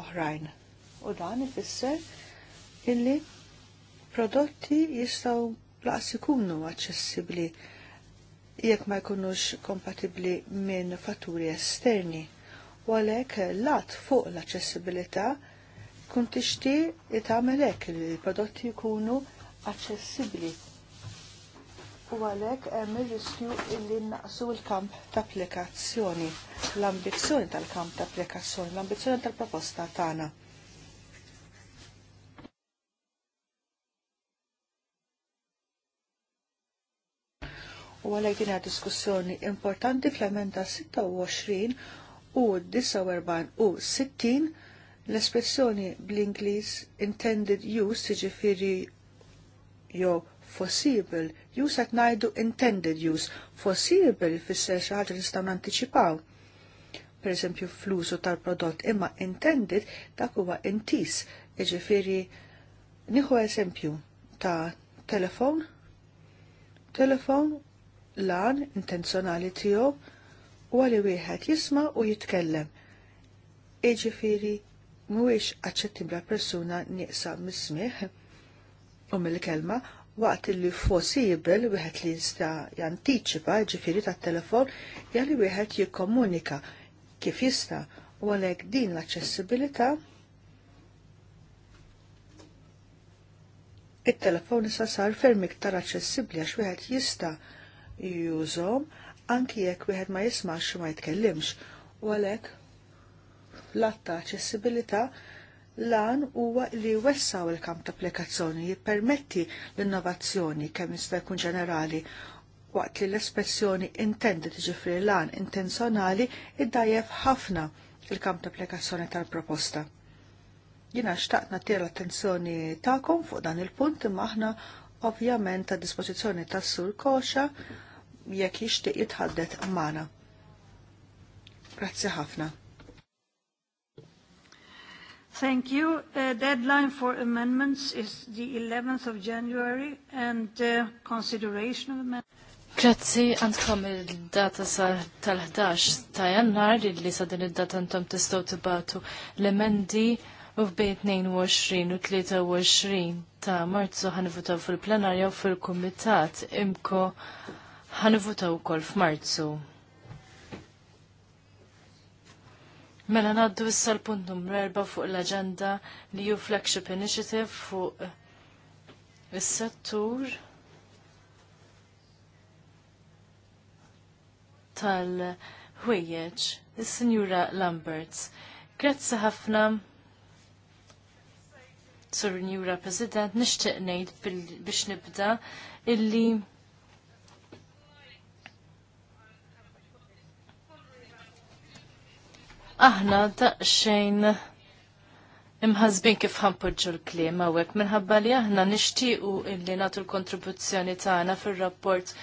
oħrajn. U dan ifisser illi prodotti jistaw laqs ikunu aċċessibbli jekk ma jkunux kompatibbli minn fatturi esterni. U għalhekk lat fuq l-aċċessibilità kun tixti tagħmel hekk li l-prodotti jkunu aċċessibbli u għalhekk hemm ir-riskju illi naqsu l-kamp ta' applikazzjoni, l-ambizzjoni tal-kamp ta' applikazzjoni, l-ambizzjoni tal-proposta tagħna. u għalek din diskussjoni importanti fl-emenda 26 u 49 u 60 l-espressjoni bl-Inglis intended use tiġifiri jew foreseeable use at ngħidu intended use. Foreseeable fisser xi ħaġa nistgħu nanticipaw. Per eżempju flusu tal-prodott imma intended dak huwa intis. Jiġifieri nieħu eżempju ta' telefon, telefon lan intenzjonali tiegħu u għali wieħed jisma' u jitkellem. Jiġifieri mhuwiex aċċettibbla persuna nieqsa mis-smieħ um il-kelma waqt li possibel wieħed li jista' jantiċipa ġifieri tat-telefon li wieħed jikkomunika kif jista' u għalhekk din l-aċċessibilità it-telefon issa sar ferm iktar aċċessibbli għax wieħed jista' jużhom anki jekk wieħed ma jismax ma jitkellimx u għalhekk l atta aċċessibilità lan huwa li wessaw il-kamp ta' applikazzjoni jippermetti l-innovazzjoni kemm jista' jkun ġenerali waqt li l-espressjoni intended ġifri lan intenzjonali iddajjef ħafna il-kamp ta' applikazzjoni tal-proposta. Jina xtaqt natira l-attenzjoni ta'kom fuq dan il-punt imma aħna ovvjament ta' dispożizzjoni tas sur koxa jekk jixtieq jitħaddet mana. Grazzi ħafna. Thank you. The Uh, deadline for amendments is the 11th of January and uh, consideration of amendments. Grazzi għandkom il-data sa tal-11 ta' jannar li sa' din il data għandkom tistaw tibatu l-emendi u bejn 22 u 23 ta' marzu ħanivutaw fil-plenarja u fil-komitat imko ħanivutaw kol f f'marzu. Mela naddu issa l-punt numru erba fuq l-agenda li ju flagship initiative fuq is-settur tal-ħwejjeġ, is-Sinjura Lamberts. Grazzi ħafna Sur Njura President, nixtieq ngħid biex nibda illi aħna daqsxejn imħazbin kif ħampoġġu l-kliem hawnhekk minħabba li aħna nixtiequ illi nagħtu l-kontribuzzjoni tagħna fir-rapport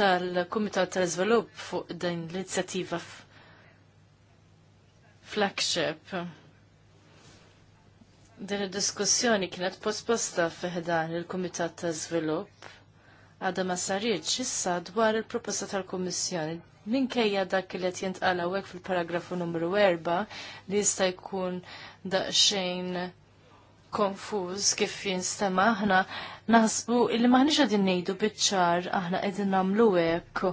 tal-Kumitat tal-Iżvilupp fuq din l-inizjattiva flagship. Din id-diskussjoni kienet posposta fiħdan il-Kumitat ta' Żvilupp għadha ma saritx issa dwar il-proposta tal-Kummissjoni minkejja dak li qed jintqala hekk fil-paragrafu numru 4 li jista' jkun daqsxejn konfuż kif jinstema' aħna naħsbu li maħniġ qegħdin ngħidu biċ-ċar aħna qegħdin nagħmlu hekk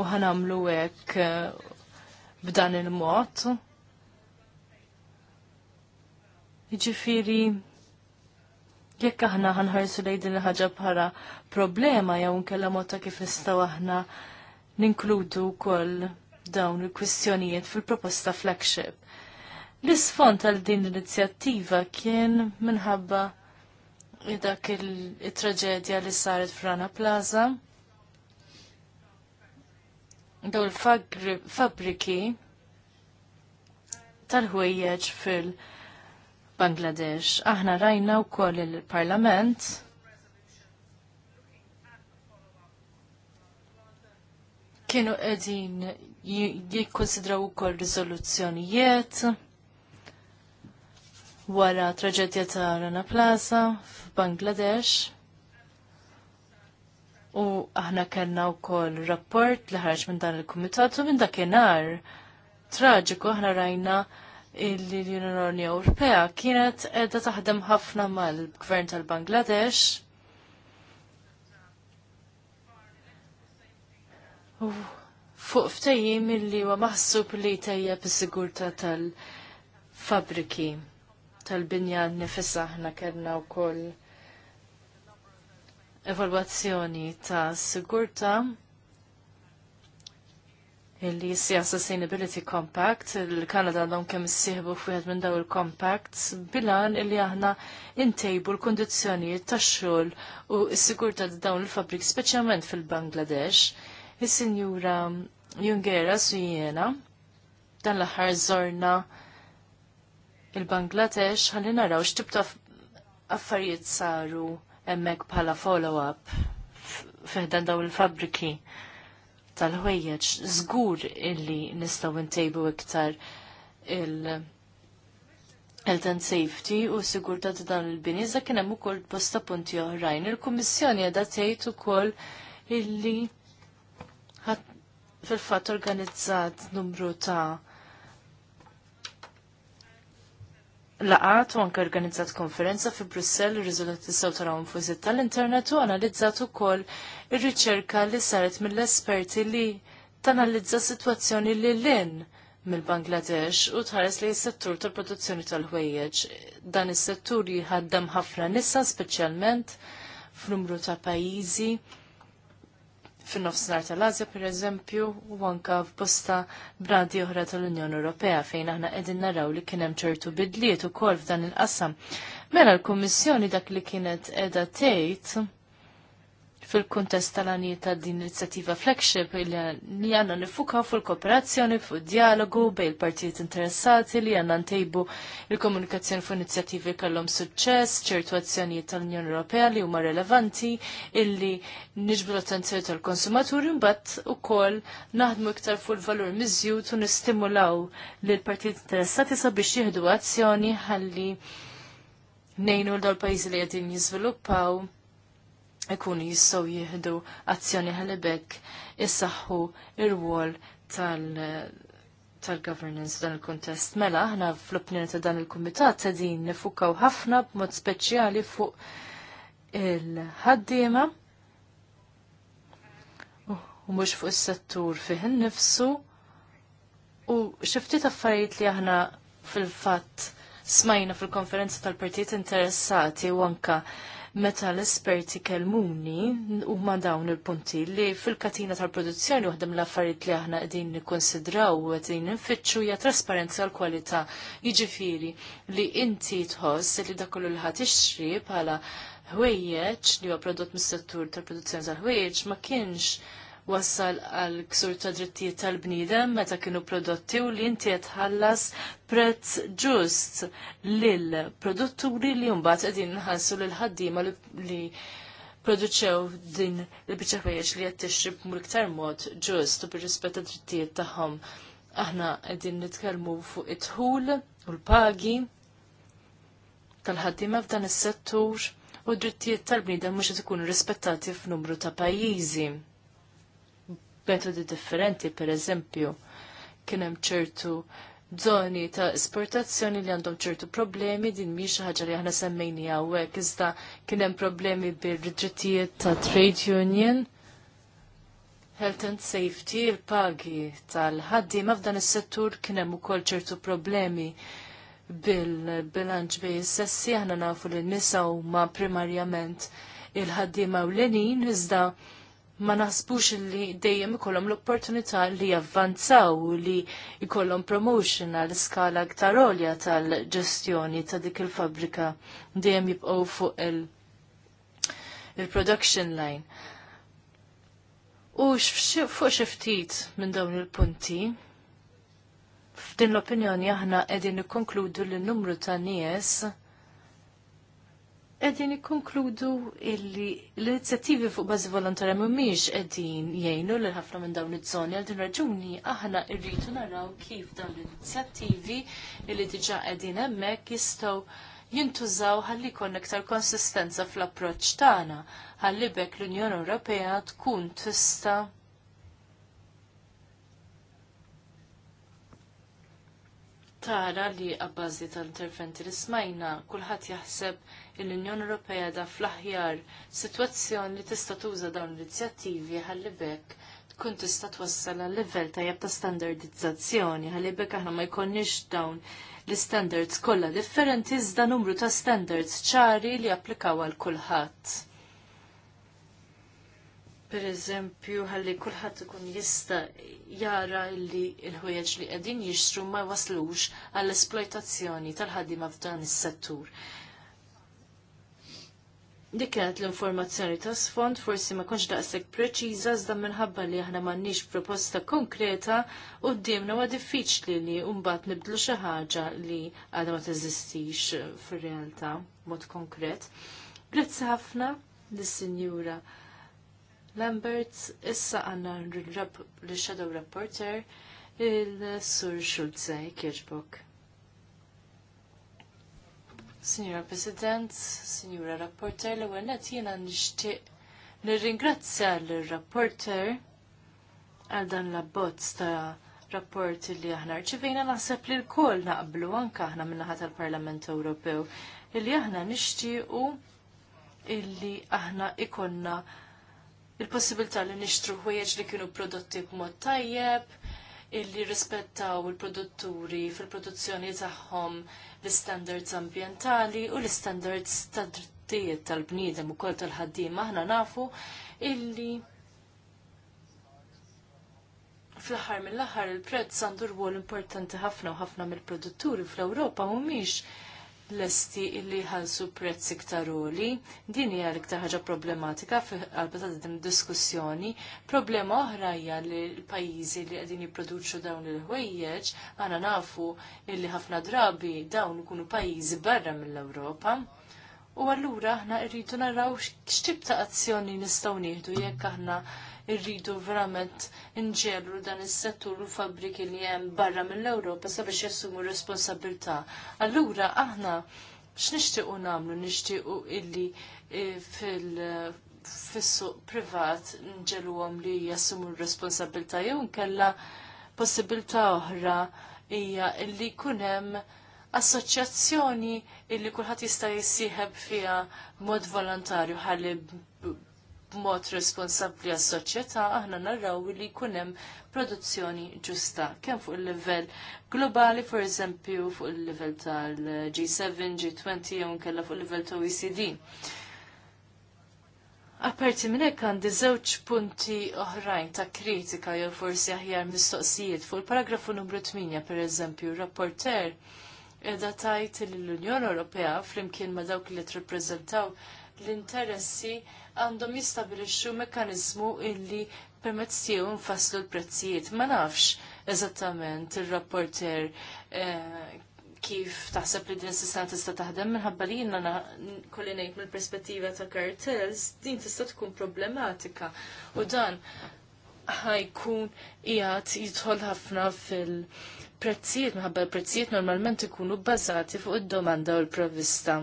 u ħanamlu hekk eh, b'dan il-mod. Jiġifieri jekk aħna ħanħarsu lejn din il ħaġa bħala problema jew nkella mota kif nistgħu aħna ninkludu wkoll dawn il-kwistjonijiet fil-proposta flagship. L-isfond tal din l-inizjattiva kien minħabba dak il-traġedja li saret frana Plaza. Daw il-fabriki tal-ħwejjeġ fil-Bangladesh. Aħna rajna wkoll il-Parlament kienu qegħdin jikkonsidraw ukoll riżoluzzjonijiet wara traġedja ta' Rana Plaza f'Bangladesh. U aħna kellna wkoll rapport li ħarġ minn dan il-kumitat u minn dakinhar traġiku aħna rajna l-Unjoni Ewropea kienet qiegħda taħdem ħafna mal-Gvern tal-Bangladesh fuq ftajim illi huwa maħsub li tajja is-sigurtà tal-fabriki tal-binja nifissa ħna kellna wkoll evalwazzjoni ta' sigurtà illi sija Sustainability Compact, il-Kanada l-għom kem s-sihbu fuħed minn daw il-compacts, bilan illi aħna intejbu l kondizjoni ta' xol u s-sigurta dawn il-fabrik, speċjalment fil-Bangladesh. Is-Sinjura Jungera su dan l-aħħar zorna il-Bangladesh ħalli naraw x'tib affarijiet saru hemmhekk bħala follow-up fiħdan daw il-fabriki tal-ħwejjeġ. Żgur illi nistgħu ntejbu iktar il- Health and Safety u sigurta ta' dan il-bini za kien hemm ukoll bosta punti oħrajn. Il-Kummissjoni qiegħda tgħid ukoll illi fil-fatt organizzat numru ta' laqat u anke organizzat konferenza fi Brussell ir riżultat sew tarawhom fuq iż tal-internet u analizzat ukoll ir-riċerka li saret mill-esperti li tanalizza sitwazzjoni li lin mill-Bangladesh u tħares li s-settur tal-produzzjoni tal-ħwejjeġ. Dan is-settur jħaddem ħafna nisa speċjalment f'numru ta' pajjiżi fin-nofsinhar tal-Asja pereżempju u anke f'bosta brandi oħra tal-Unjoni Ewropea fejn aħna qegħdin naraw li kien hemm ċertu bidliet ukoll f'dan il-qasam. Mela l-Kummissjoni dak li kienet qiegħda tgħid fil-kuntest tal għanijiet ta' din l-inizjattiva flagship li għanna nifukaw fil-kooperazzjoni, fil-dialogu bej il-partijiet interessati li għanna ntejbu il-komunikazzjoni fuq inizjattivi kellhom suċċess, ċertu azzjonijiet tal-Unjoni Ewropea li huma relevanti illi niġbu l-attenzjoni tal-konsumaturi u ukoll naħdmu iktar fuq l valur miżjud u nistimulaw l partijiet interessati sabiex jieħdu azzjoni ħalli nejnu l-dal pajzi li qegħdin jiżviluppaw ikunu jistgħu jieħdu azzjoni ħalibek issaħħu il wol tal-governance dan il-kontest. Mela, aħna fl-opinjoni ta' dan il-kumitat din nifukaw ħafna b'mod speċjali fuq il-ħaddiema u mhux fuq is-settur fih innifsu u xifti affarijiet li aħna fil-fatt smajna fil-konferenza tal-partijiet interessati u anka meta l-esperti kelmuni huma dawn il-punti li fil-katina tal-produzzjoni waħdem l affarijiet li aħna qegħdin nikkonsidraw u qegħdin nifittxu hija trasparenza l kwalità Jiġifieri li inti tħoss li dak kollu li ħadd ixtri bħala ħwejjeġ li huwa prodott mis-settur tal-produzzjoni tal-ħwejjeġ ma kienx wassal għal ksur ta' drittijiet tal-bniedem meta kienu prodotti u li inti tħallas ħallas prezz ġust lil produtturi li mbagħad qegħdin nħallsu lill ħaddima li produċew din il-biċċa li qed tixrib l iktar mod ġust u bir rispet ta' drittijiet tagħhom. Aħna qegħdin nitkellmu fuq it ħul u l-pagi tal-ħaddima f'dan is-settur u d-drittijiet tal-bniedem mhux qed ikunu rispettati f'numru ta' pajjiżi metodi differenti, per eżempju, kienem ċertu zoni ta' esportazzjoni li għandhom ċertu problemi, din miex ħaġa li aħna semmejni għawek, iżda kienem problemi bil-ridrittijiet ta' trade union, health and safety, il-pagi tal-ħaddi, f'dan is-settur kienem ukoll ċertu problemi bil-bilanċ bej sessi aħna nafu li nisa huma primarjament il-ħaddiema u l-lenin, iżda ma naħsbux li dejjem ikollhom l-opportunità li javvanzaw li jkollhom promotion għal skala aktar olja tal-ġestjoni ta' dik il-fabrika dejjem jibqgħu fuq il-production il line. U fuq xi ftit minn dawn il-punti, f'din l-opinjoni aħna qegħdin nikkonkludu li n-numru ta' nies Għedin ikkonkludu illi l-inizjattivi fuq bażi volontarja mhumiex qegħdin jgħinu lil ħafna minn dawn iż-żoni għal din raġuni aħna rridu naraw kif dawn l-inizjattivi illi diġà qegħdin hemmhekk jistgħu jintużaw ħalli jkun iktar konsistenza fl-approċċ tagħna ħalli bekk l-Unjoni Ewropea tkun tista' tara li għabbażi tal-interventi li smajna kulħadd jaħseb l-Unjoni Ewropea da fl-aħjar sitwazzjoni li tista' tuża dawn l-inizjattivi ħalli bekk tkun tista' twassal għal livell tajjeb ta' standardizzazzjoni ħalli bekk aħna ma jkollniex dawn l-standards kollha differenti iżda numru ta' standards ċari li applikaw għal kulħadd per eżempju, ħalli kulħadd ikun jista jara illi il ħwejjeġ li qegħdin jixtru ma waslux għall-esploitazzjoni tal ħaddiema f'dan is-settur. Dik kienet l-informazzjoni ta' sfond, forsi ma konx daqshekk preċiża iżda minħabba li aħna m'għandniex proposta konkreta d-dimna huwa diffiċli li mbagħad nibdlu xi ħaġa li għadha ma teżistix fir-realtà mod konkret. Grazzi ħafna lis-Sinjura Lambert, issa għandna l-Shadow Rapporter il-Sur Schulze Kirchbock. Signora President, Signora Rapporter, l għennet jena nishtiq nirringrazzja l-Rapporter għal dan l-abbozz ta' rapport li aħna rċivejna naħseb li l-koll naqblu anka aħna minnaħa tal-Parlament Ewropew illi aħna nishtiqu illi aħna ikonna il-possibilità li nixtru ħwejjeġ li kienu prodotti b'mod tajjeb, illi rispettaw il-produtturi fil-produzzjoni tagħhom l-standards ambientali u l-standards tad drittijiet tal-bniedem u kol tal-ħaddim aħna nafu illi fl-aħħar mill-aħħar il-prezz għandu rwol importanti ħafna u ħafna mill-produtturi fl-Ewropa mhumiex lesti illi ħalsu prezzi iktar oli. Din hija l-iktar ħaġa problematika għalba ta' din diskussjoni. Problema oħra hija li l-pajjiżi li qegħdin jipproduċu dawn il-ħwejjeġ għana nafu illi ħafna drabi dawn ikunu pajjiżi barra mill-Ewropa. U allura aħna rridu naraw x'tib ta' azzjoni nistgħu nieħdu jekk aħna irridu verament inġelru dan is-settur u fabbriki li hemm barra mill-Ewropa sabiex jassumu responsabilità. Allura aħna x'nixtiequ nagħmlu nixtiequ illi eh, fil fissuq privat nġeluhom li jassumu r-responsabilta jew nkella possibilità oħra hija li jkun hemm assoċjazzjoni illi kulħadd jista' jissieħeb fiha b'mod volontarju ħalli b'mod responsabbli għas soċjetà aħna narraw li jkun hemm produzzjoni ġusta, kemm fuq il-livell globali, for eżempju, fuq il-livell tal-G7, G20, jew nkella fuq il-livell ta' OECD. Apparti minn hekk għandi żewġ punti oħrajn ta' kritika jew forsi aħjar mistoqsijiet fuq il-paragrafu numru 8, per eżempju, rapporter edha tajt l-Unjoni Ewropea flimkien ma' dawk li trippreżentaw l-interessi għandhom jistabilixxu mekkaniżmu illi permezz tiegħu nfasslu l-prezzijiet. Ma nafx eżattament ir-rapporter eh, kif taħseb li din sistema tista' taħdem minħabba li jiena kolli ngħid mill-perspettiva ta' kartels din tista' tkun problematika u dan ħajkun qiegħed jidħol ħafna fil-prezzijiet minħabba l-prezzijiet normalment ikunu bbażati fuq id-domanda u l-provvista.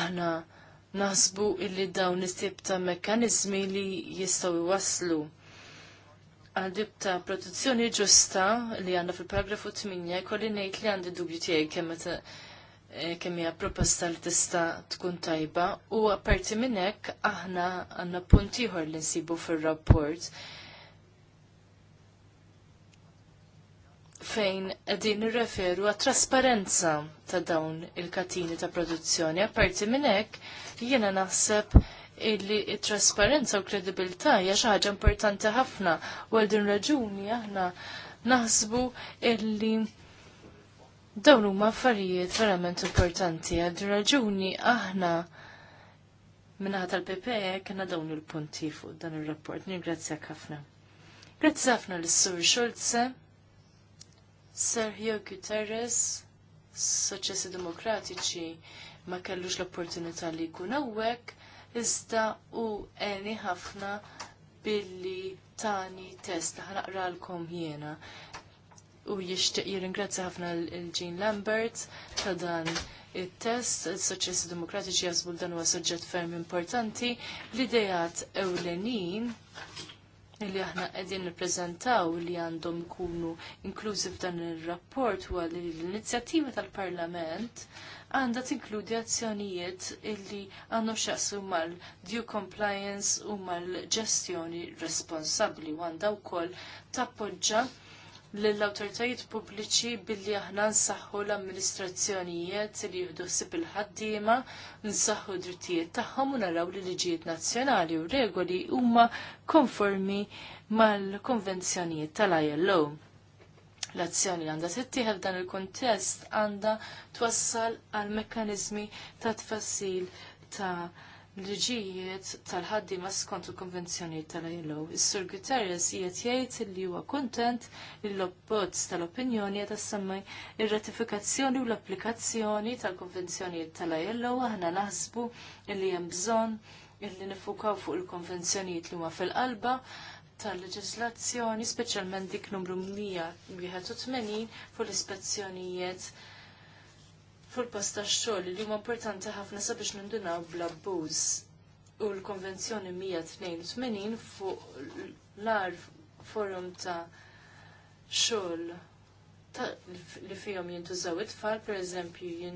Aħna naħsbu illi dawn is-tip ta' mekkanizmi li jistgħu jwaslu għal dib ta' protezzjoni ġusta li għandna fil-paragrafu 8 jkolli ngħid li għandi dubju tiegħi kemm eh, kemm hija proposta li tista' tkun tajba u apparti minn hekk aħna għandna punt ieħor li nsibu fir-rapport fejn qegħdin nirreferu għat trasparenza ta' dawn il-katini ta' produzzjoni. Apparti minn hekk jiena naħseb illi trasparenza u kredibilità hija xi ħaġa importanti ħafna u għal din raġuni aħna naħsbu illi dawn huma affarijiet verament importanti għal din raġuni aħna minnaħat tal-PPE kena dawn il-punti fuq dan ir-rapport. Ningrazzjak ħafna. Grazzi ħafna l-Sur Schulze, Sergio Guterres, Soċessi Demokratiċi ma kellux l-opportunità li jkun hawnhekk iżda u għeni ħafna billi tani test ħanaqralkom jiena. U jixtieq jirringrazzja ħafna l-Jean Lambert ta' dan il-test, il-soċessi demokratiċi jasbu dan huwa soġġett ferm importanti, l-idejat ewlenin li aħna qegħdin nippreżentaw li għandhom ikunu inklużi f'dan ir-rapport huwa li l-inizjattiva tal-Parlament għandha tinkludi azzjonijiet illi għandhom x'jaqsu mal-due compliance u mal-ġestjoni responsabbli u għandha wkoll tappoġġa lill-awtoritajiet pubbliċi billi aħna nsaħħu l-amministrazzjonijiet li jieħdu sib il-ħaddiema, nsaħħu drittijiet tagħhom u naraw li liġijiet nazzjonali u regoli huma konformi mal-konvenzjonijiet tal-ILO. L-azzjoni għandha tittieħed dan il-kuntest għandha twassal għal mekkaniżmi ta' tfassil ta' liġijiet tal ma skont il-konvenzjoni tal-ILO. Is-Sur Guterres qiegħed jgħid li huwa kuntent l-obbozz tal-opinjoni qed issemmi ir-ratifikazzjoni u l-applikazzjoni tal-konvenzjoni tal-ILO aħna naħsbu li hemm bżonn illi nifukaw fuq il-konvenzjonijiet li huma fil-qalba tal-leġislazzjoni, speċjalment dik numru 181 fuq l-ispezzjonijiet fil-post tax-xogħol li huma importanti ħafna sabiex nindunaw bl-abbuż. U l-Konvenzjoni 182 fuq l arf forum ta' xogħol li fihom jintużaw it-tfal, pereżempju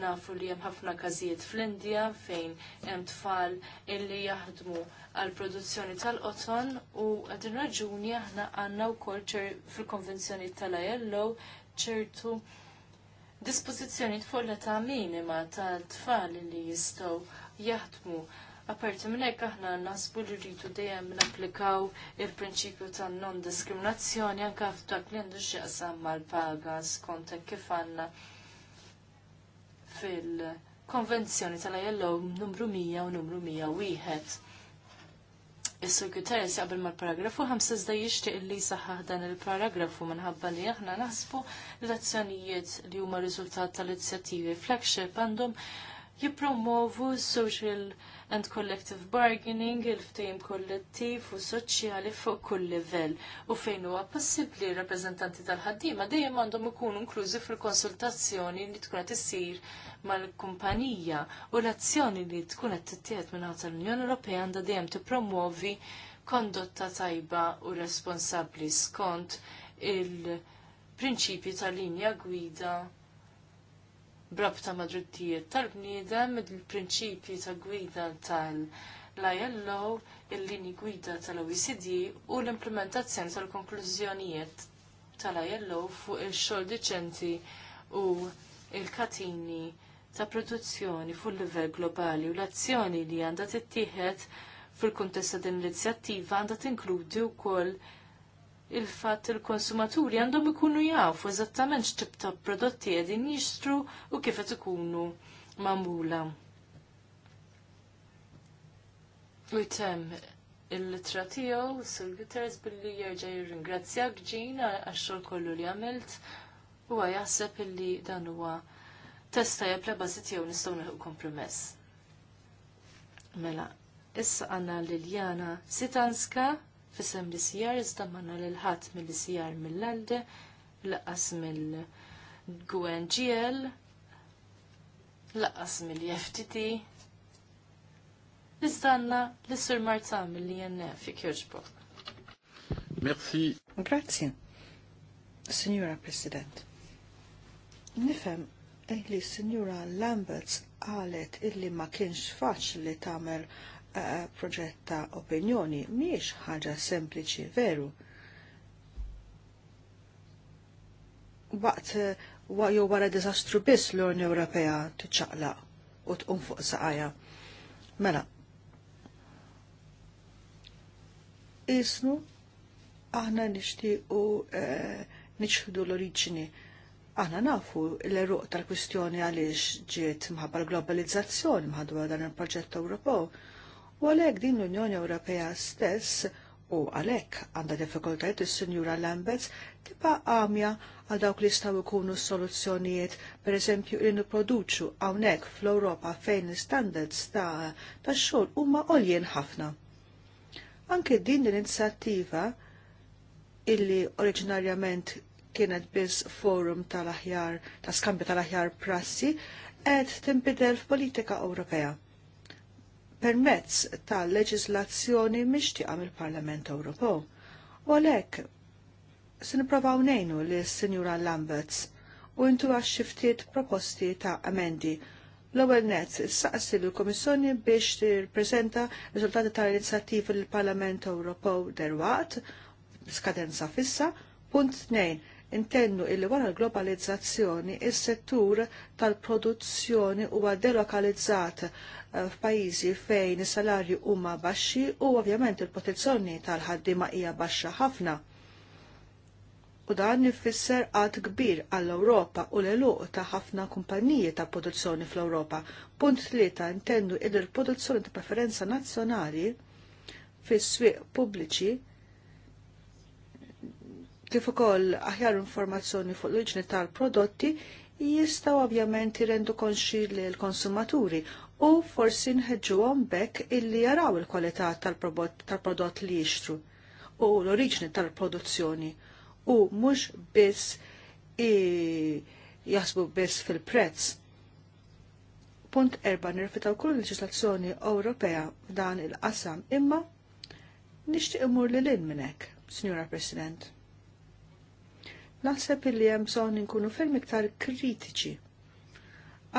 Nafu li hemm ħafna każijiet fl-Indja fejn hemm tfal illi jaħdmu għal produzzjoni tal-qoton u għadin raġuni aħna għandna wkoll fil-konvenzjoni tal-ILO ċertu dispożizzjoni fuq l-età minima tal-tfal li jistgħu jaħdmu Apparti minn hekk aħna naħsbu li rridu dejjem napplikaw il-prinċipju ta' non-diskriminazzjoni anke f'dak li għandu x'jaqsam mal-paga skont kif għandna fil-konvenzjoni tal-ILO numru 100 u numru 101. Is-Sur Guterres jaqbel mal-paragrafu 5 iżda jixtieq li saħħa dan il-paragrafu minħabba li aħna naħsbu l-azzjonijiet li huma riżultat tal-inizjattivi flagship għandhom jippromovu social and collective bargaining, il-ftejim kollettiv u soċjali fuq kull livell. U fejn huwa possibbli rappreżentanti tal-ħaddiema dejjem għandhom ikunu inklużi fil-konsultazzjoni li tkun qed issir mal-kumpanija u l-azzjoni li tkun qed tittieħed minn tal-Unjoni Ewropea għandha dejjem tippromuovi kondotta tajba u responsabbli skont il-prinċipji tal-linja gwida brabta ma' drittijiet tal-bniedem, il-prinċipji ta' gwida tal-ILO, il-lini gwida tal-OECD u l-implementazzjoni tal-konklużjonijiet tal-ILO fuq il-xogħol diċenti u il-katini ta' produzzjoni fuq livell globali u l-azzjoni li għandha tittieħed fil-kuntest ta' din l-inizjattiva għandha tinkludi wkoll il-fatt il-konsumaturi għandhom ikunu jafu eżattament x'tip ta' prodotti qegħdin jixtru u kif qed ikunu magħmula. U jtem il-litra tiegħu Sir Guterres billi jerġa' jirringrazzjak ġin għax-xogħol kollu li għamilt u jaħseb illi dan huwa testa jabla bażi tiegħu nistgħu nieħu kompromess. Mela, issa għandna Liljana Sitanska fissem li sijar iżda manna l-ħat mill sijar mill-lande, laqas mill-GUNGL, laqas mill-FTT, l-istanna l-Sur Marta mill fi Kirchbrook. Merci. Grazie, Signora President. Nifem li Signora Lamberts għalet illi ma kienx faċli tamer Eh, proġett ta' opinjoni miex ħaġa sempliċi veru. Waqt eh, jew wara diżastru biss l-Unjoni Ewropea tiċċaqlaq u tqum fuq saqajja. Mela, isnu aħna nixtiequ eh, niċħdu l-oriġini Aħna nafu l-eruq tal-kwistjoni għaliex ġiet mħabba l-globalizzazzjoni mħadwa dan il-proġett Ewropew U għalhekk din l-Unjoni Ewropea stess u għalhekk għandha diffikultajiet is-Sinjura Lambert tipa għamja għal dawk li jistgħu jkunu soluzzjonijiet pereżempju li nipproduċu hawnhekk fl-Ewropa fejn standards ta' tax-xogħol huma għoljien ħafna. Anke din l-inizjattiva illi oriġinarjament kienet biss forum tal-aħjar, ta' skambju tal-aħjar prassi, ed timbidel f'politika Ewropea permezz ta' leġislazzjoni mixtieqa mill-Parlament Ewropew. U għalhekk se nipprovaw ngħinu lis Sinjura Lamberts u intu għax ftit proposti ta' amendi L-ewwel nett issaqsi l-Komissjoni biex tippreżenta riżultati tal-inizjattivi l-Parlament Ewropew derwaqt skadenza fissa. Punt tnejn intennu illi wara l-globalizzazzjoni is-settur tal-produzzjoni huwa delokalizzat eh, f'pajjiżi fejn is-salarji huma baxxi u ovvjament il-protezzjoni tal-ħaddiema hija baxxa ħafna. U dan nifisser għad kbir għall-Ewropa u l-eluq ta' ħafna kumpaniji ta' produzzjoni fl-Ewropa. Punt tlieta intendu id-produzzjoni ta' preferenza nazzjonali fis-swieq pubbliċi kif ukoll aħjar informazzjoni fuq l-oriġini tal-prodotti jistaw ovvjament jirendu konxi l-konsumaturi u forsi nħeġġuhom bekk illi jaraw il-kwalità tal-prodott li jixtru u l-oriġini tal-produzzjoni u mhux biss jasbu biss fil-prezz. Punt erba nirfitaw kull leġislazzjoni Ewropea dan il-qasam imma nixtieq imur lil min hekk, Signora President naħseb illi hemm bżonn inkunu ferm iktar kritiċi.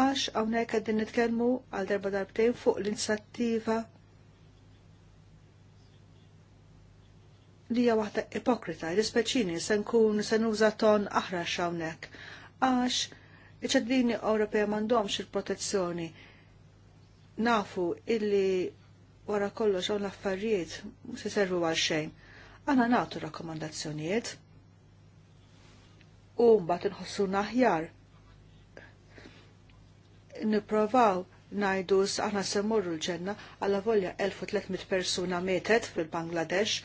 Għax hawnhekk qegħdin nitkellmu għal darba darbtejn fuq l-inizjattiva li hija waħda ipokrita, l-ispeċini se nkun se nuża ton aħrax hawnhekk. Għax iċ ċaddini Ewropea m'għandhomx il-protezzjoni. Nafu illi wara kollox hawn l-affarijiet se servu għal xejn. Għana nagħtu rakkomandazzjonijiet u mbagħad inħossu naħjar. Nipprovaw najdu aħna mmorru l-ġenna għalla volja 1300 persuna metet fil-Bangladesh,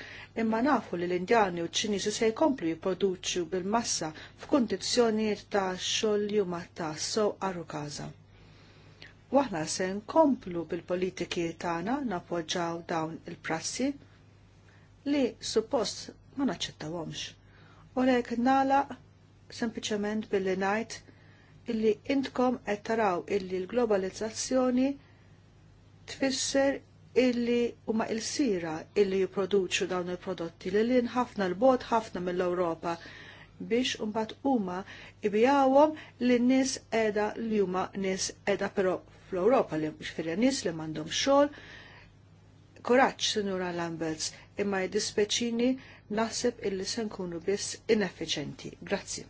imma nafu li l-Indjani u ċ-Ċiniżi se jkomplu jipproduċu bil-massa f'kundizzjonijiet ta' xogħol juma ta' sow kaza. Waħna se nkomplu bil-politiki tagħna napoġġaw dawn il-prassi li suppost ma naċċettawhomx. U lek nalaq sempliċement billi ngħid illi intkom qed taraw illi l-globalizzazzjoni tfisser illi huma il sira illi jipproduċu dawn il-prodotti li lin ħafna l-bot ħafna mill-Ewropa biex mbagħad huma ibijawhom li nies qiegħda li huma nies qiegħda però fl-Ewropa li xfirja nies li m'għandhom xogħol. Koraġġ, Sinura Lamberts, imma jdispeċini naħseb illi se nkunu biss ineffiċenti. Grazzi.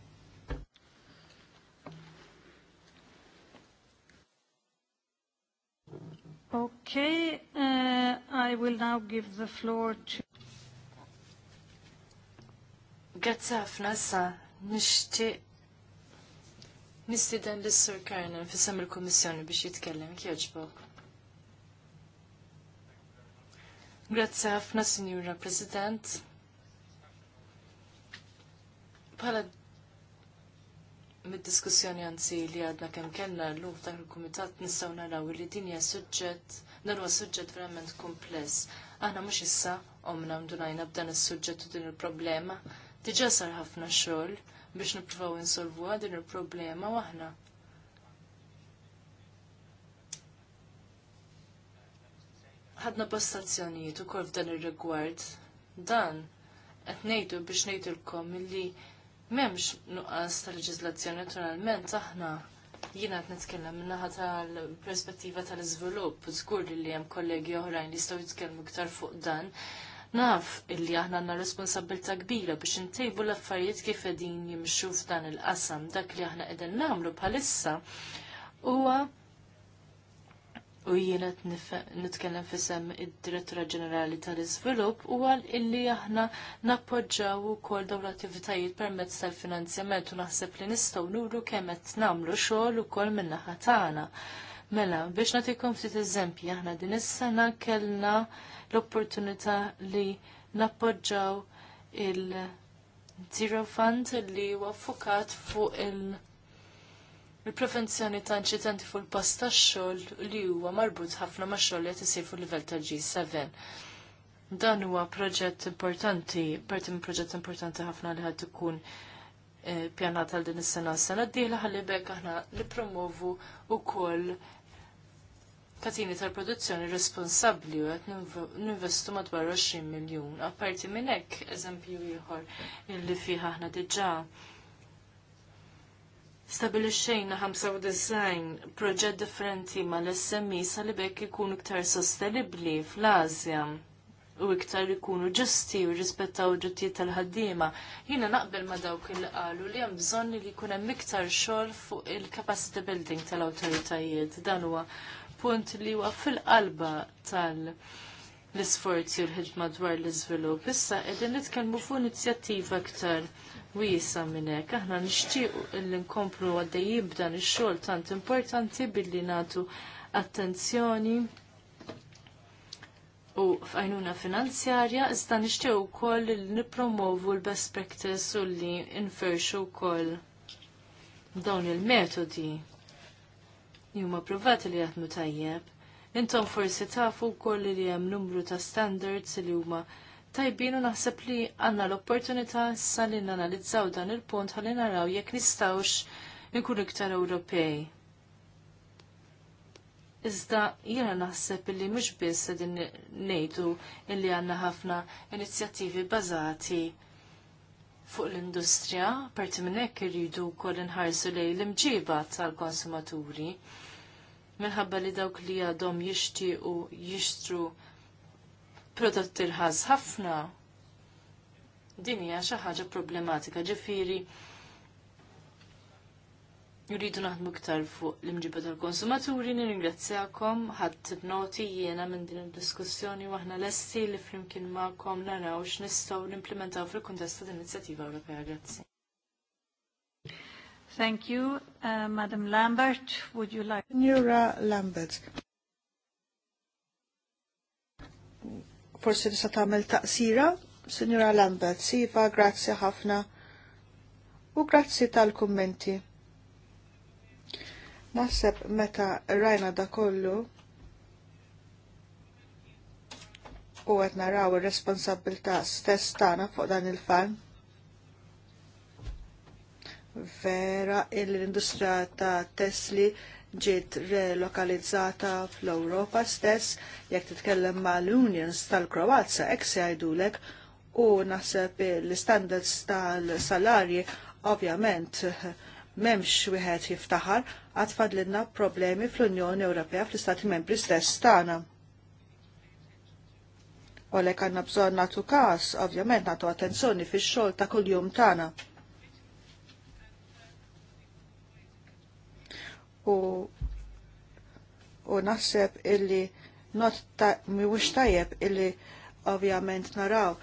Okay, uh, I will now give the floor to... Gazzafna sa, nishti nistiden l-Sur Kernan fissam il-Komissjoni biex jitkellem, Grazie ħafna, Signora President. Pala mid-diskussjoni anzi li għadna kemm kellna llum ta' il komitat nistgħu naraw li din hija suġġett dan huwa suġġett verament kompless. Aħna mhux issa omna mdunajna b'dan is-suġġett u din il-problema. diġa' sar ħafna xogħol biex nippruvaw insolvuha din il-problema waħna ħadna postazzjonijiet u kol f'dan ir-rigward, dan qed ngħidu biex ngħidilkom li M'hemmx nuqqas ta' leġislazzjoni naturalment aħna jiena qed nitkellem minnaħa tal-perspettiva tal-iżvilupp, żgur li hemm kollegi oħrajn li jistgħu jitkellmu iktar fuq dan. Naf illi aħna għanna responsabilta kbira biex intejbu l-affarijiet kif edin jimxu f'dan il-qasam dak li aħna edin namlu bħalissa huwa u jiena nitkellem fisem id-Direttura Ġenerali tal-Iżvilupp u għal illi aħna nappoġġaw ukoll dawn l-attivitajiet permezz tal-finanzjament u naħseb li nistgħu nuru kemm qed nagħmlu xogħol ukoll min-naħa tagħna. Mela, biex nagħtikom ftit eżempji aħna din is-sena kellna l-opportunità li nappoġġaw il-Zero Fund li huwa fukat fuq il- Il-prevenzjoni ta' inċidenti fuq il-post tax-xogħol li huwa marbut ħafna ma' xogħol li qed isir fuq livell tal-G7. Dan huwa proġett importanti, parti minn proġett importanti ħafna li ħadd ikun eh, pjanata għal din is-sena s-sena d-dieħla ħalli bekk aħna nippromovu wkoll katini tal-produzzjoni responsabbli u qed ninvestu madwar 20 miljun. Apparti minn hekk eżempju ieħor illi fih aħna diġà stabilixxejna 95 proġett differenti mal-SMI li bekk ikun iktar sostenibbli fl-Asja u iktar ikunu ġusti u rispettaw ġittijiet tal-ħaddiema. Jiena naqbel ma dawk il qalu li hemm bżonn li jkun hemm iktar xogħol fuq il-capacity building tal-awtoritajiet. Dan huwa punt li huwa fil-qalba tal- l-isforzi u l-ħidma dwar l-iżvilupp. Issa qegħdin nitkellmu fuq inizjattiva iktar wiesa minn hekk. Aħna nixtiequ li nkomplu għaddejjin jibda ix-xogħol tant importanti billi nagħtu attenzjoni u f'għajnuna finanzjarja, iżda nixtieq ukoll li nippromovu l-best practice u li nferxu wkoll dawn il-metodi juma provati li jaħdmu tajjeb. Intom forsi tafu wkoll li hemm numru ta' standards li huma tajbin u naħseb li għanna l-opportunità issa li nanalizzaw dan il-punt ħalli naraw jekk nistawx nkun iktar Ewropej. Iżda jiena naħseb li mhux biss qegħdin ngħidu illi għandna ħafna inizjattivi bażati fuq l-industrija, parti minn hekk irridu wkoll inħarsu lejn l-imġiba tal-konsumaturi minħabba li dawk li għadhom jixtiequ jixtru prodotti l ħafna. Din hija xi ħaġa problematika ġifieri juridu naħdmu iktar fuq l-imġiba tal-konsumaturi, nirringrazzjakom, ħadd noti jiena minn din id-diskussjoni u aħna lesti li flimkien magħkom naraw x'nistgħu nimplementaw fil-kuntest ta' inizjattiva Ewropea. Grazzi. Thank you, uh, Madam Lambert. Would you like? Nura Lambert. forsi sa' tagħmel taqsira. Signora Lambert, siva, grazzi ħafna u grazzi tal-kummenti. Naħseb meta rajna da kollu u għed naraw il-responsabilta stess tana fuq dan il-fan. Vera il-industrija ta' Tesli ġiet relokalizzata fl-Ewropa stess, jekk titkellem mal-unions tal-Kroazja, hekk se jgħidulek u naħseb l-standards tal-salarji ovvjament m'hemmx wieħed jiftaħar għad fadlinna problemi fl-Unjoni Ewropea fl-Istati Membri stess tagħna. Olek għandna bżonn nagħtu każ, ovvjament nagħtu attenzjoni fix-xogħol ta' kuljum tagħna u u naħseb illi not ta, miwix tajjeb illi ovvjament naraw eh,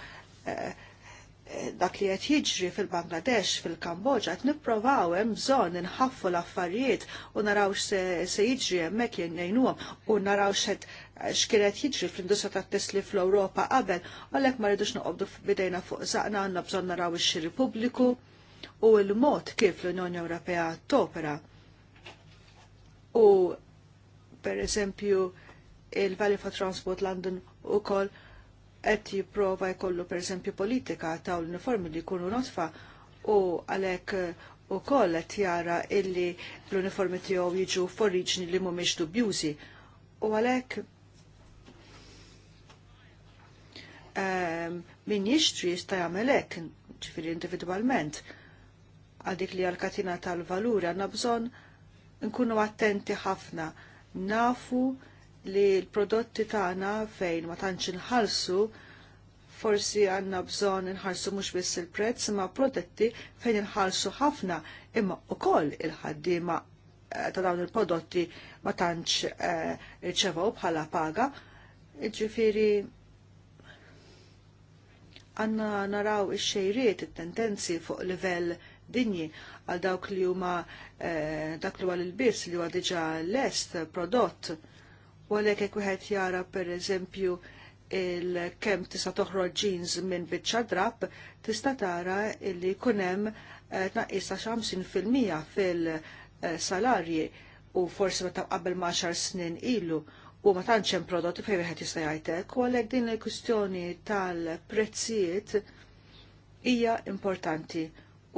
eh, dak li qed jiġri fil-Bangladesh, fil-Kambodġa, qed nipprovaw hemm bżonn inħaffu l-affarijiet u naraw se, se jiġri hemmhekk jgħinuhom u naraw x'qed x'kienet jiġri fl-industrija tat-tesli fl-Ewropa qabel, għalhekk ma rridux noqobdu bidejna fuq saqna għandna bżonn naraw ix-xiri pubbliku u l-mod kif l-Unjoni Ewropea topera u per eżempju il-Valley for Transport London u kol qed jipprova jkollu per eżempju politika ta' l-uniformi li jkunu notfa u għalhekk eh, u koll qed jara illi l-uniformi tiegħu jiġu forriġni li mhumiex dubjużi. U għalhekk um, min jixtri jista' jagħmel hekk individualment individwalment li għal-katina tal-valur għandna bżonn nkunu attenti ħafna. Nafu li l-prodotti tagħna fejn ma tantx inħallsu forsi għanna bżon nħarsu mux biss il-prezz ma prodotti fejn nħarsu ħafna imma u il-ħaddima eh, ta' dawn il-prodotti ma tantx eh, irċevaw bħala paga. Ġifiri għanna naraw ix-xejriet, it-tendenzi fuq livell dinji għal dawk li huma eh, dak li huwa l-biss li huwa diġà lest prodott. U għalhekk jekk wieħed jara pereżempju il-kem tista' toħroġ jeans minn biċċa drab, tista' tara li jkun hemm eh, tnaqqis ta' xamsin fil-mija fil-salarji u forsi meta qabel ma' xar snin ilu u ma tantx hemm prodotti fejn wieħed jista' jgħidlek, u għalhekk din il-kwistjoni tal-prezzijiet hija importanti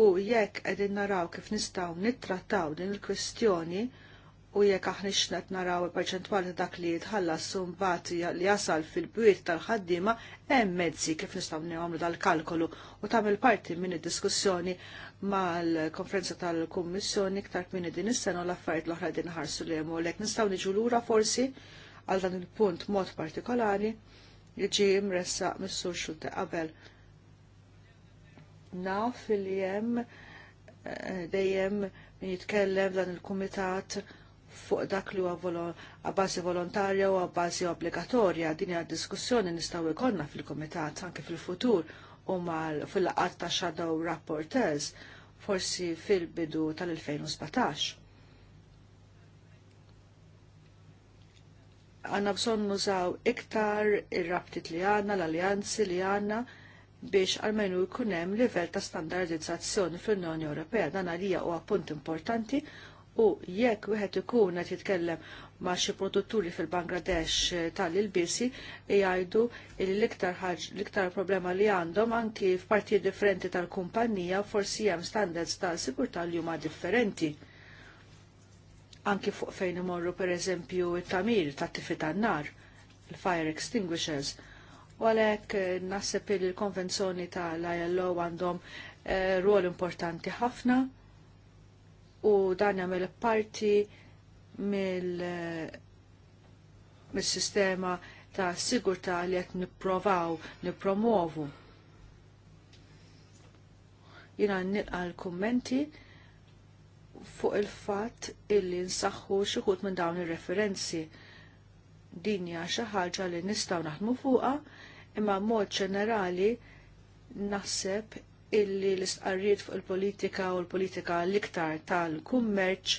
U jekk qegħdin naraw kif nistgħu nittrattaw din il-kwestjoni u jekk aħna xnet naraw il-perċentwali dak li jitħallas sumbat li jasal fil-bwiet tal-ħaddiema hemm mezzi kif nistgħu nagħmlu dal-kalkolu u tagħmel parti minn id-diskussjoni mal-konferenza tal-Kummissjoni ktar minn din is-sena u l-affarijiet l-oħra din ħarsu li hemm lek nistgħu niġu lura forsi għal dan il-punt mod partikolari jiġi mressa mis-sur xulte qabel naf li jem eh, dejjem jitkellem dan il-kumitat fuq dak li huwa għabbażi volontarja u għabbażi obbligatorja. Din hija diskussjoni nistgħu jkollna fil-kumitat anke fil-futur u mal fil-laqat ta' shadow rapporteurs forsi fil-bidu tal-2017. Għanna bżonn nużaw iktar ir-rabtit li għanna, l-aljanzi li għanna, biex almenu jkun hemm livell ta' standardizzazzjoni fl-Unjoni Ewropea dan għalija huwa punt importanti u jekk wieħed ikun qed jitkellem ma' xi produtturi fil-Bangladesh tal-ilbisi jgħidu li l-iktar l-iktar problema li għandhom anki f'parti differenti tal-kumpanija forsi hemm standards ta' sigurtà li huma differenti. Anki fuq fejn imorru pereżempju t-tamir tat-tifi tan-nar, il-fire extinguishers U għalhekk eh, naħseb il-konvenzjoni tal-ILO għandhom eh, ruol importanti ħafna u dan jagħmel parti mill eh, mis-sistema ta' sigurtà li qed nipprovaw nippromovu. Jina nilqa' l-kummenti fuq il-fatt illi nsaħħu xi minn dawn ir-referenzi. Din hija xi ħaġa li nistgħu naħdmu fuqha imma mod ġenerali naħseb illi l-istqarriet fuq il-politika u l-politika l-iktar tal-kummerċ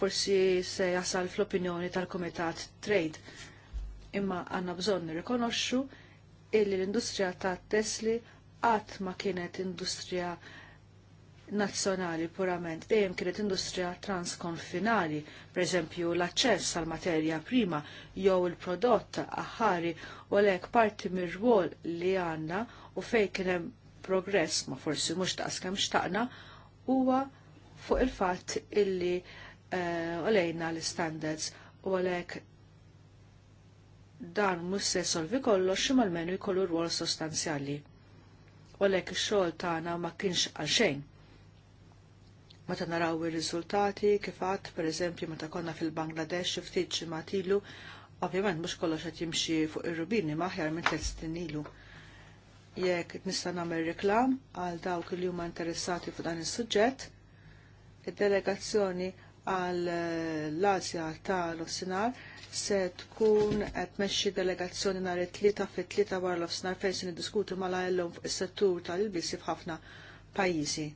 forsi se jasal fl-opinjoni tal-Komitat Trade. Imma għanna bżon nirrikonoxxu illi l-industrija ta' Tesli għat ma kienet industrija nazzjonali purament dejjem kienet industrija transkonfinali, pereżempju l-aċċess għal materja prima jew il-prodott aħari u lek parti mir-rwol li għandna u fejn kien hemm progress ma forsi mhux daqs kemm xtaqna huwa fuq il-fatt illi eh, olejna uh, l-standards u għalhekk dan mhux se solvi kollox imma għalmenu jkollu jkollu rwol sostanzjali. U għalhekk ix-xogħol tagħna ma kienx għalxejn meta naraw ir-riżultati kif għad pereżempju meta konna fil-Bangladesh ftit xi ilu, ovvjament mhux kollox qed jimxi fuq ir-rubini ma aħjar minn tliet snin ilu. Jekk nista' nagħmel reklam għal dawk li huma interessati fuq dan is-suġġett, id-delegazzjoni għal eh, l-Asja tal-Ossinar se tkun qed mexxi delegazzjoni nhar it-tlieta fit-tlieta wara l ofsinhar fejn se niddiskutu mala llum fuq is-settur tal-ilbisi f'ħafna pajjiżi.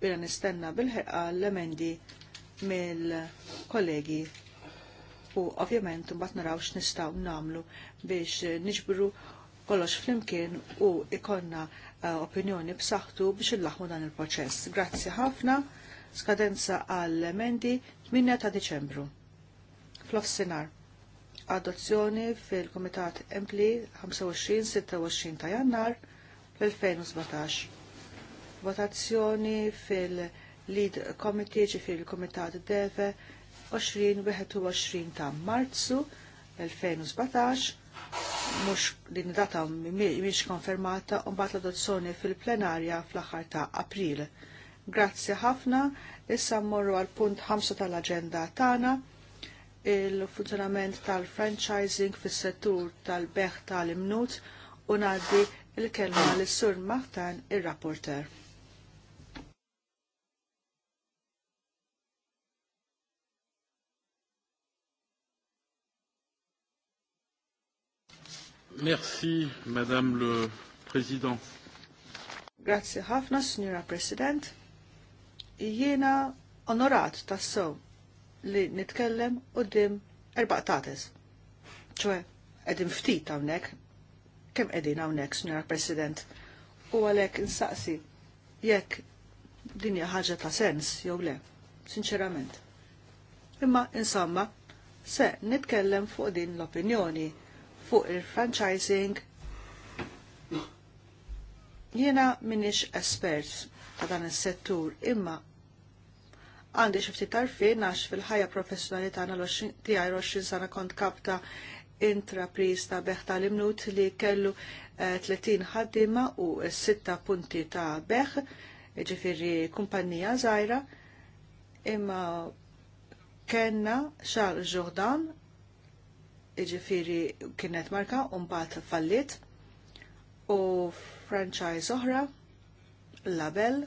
Bina nistenna bil-ħeqqa l-emendi mill-kollegi u ovvjament mbagħad naraw x'nistgħu nagħmlu biex niġbru kollox flimkien u ikonna eh, opinjoni b'saħħtu biex illaħmu dan il-proċess. Grazzi ħafna. Skadenza għall-emendi 8 ta' Deċembru. fl adozzjoni fil-Komitat Empli 25-26 ta' jannar l-2017 votazzjoni fil-Lead Committee ġifir il-Komitat Deve 20-21 ta' Marzu 2017 mux din data miex konfermata un bat l-adozzjoni fil-plenarja fl-axar ta' april. Grazzi ħafna, issa mmorru għal punt 5 tal-agenda tagħna il-funzjonament tal-franchising fis settur tal-beħ tal-imnut u ngħaddi il-kelma l-sur Maħtan ir rapporter Merci, Madame le Président. Grazie ħafna, Signora President. Jiena onorat tassew li nitkellem u dim erbaqtates. ċwe, qegħdin ftit għawnek. Kem edin għawnek, Signora President? U għalek insaqsi, jekk dinja ħaġa ta' sens, jew le, sinċerament. Imma, insomma, se nitkellem fuq din l-opinjoni fuq il-franchising jiena minix espert ta' dan is-settur imma għandi xifti tarfin għax fil-ħajja professjonali għana l 20 sana kont kapta intrapriż ta' beħ tal-imnut li kellu 30 eh, ħaddima u 6 punti ta' beħ, ġifiri kumpanija zaħira, imma kenna Charles Jordan iġifiri kienet marka un bat fallit u franchise oħra label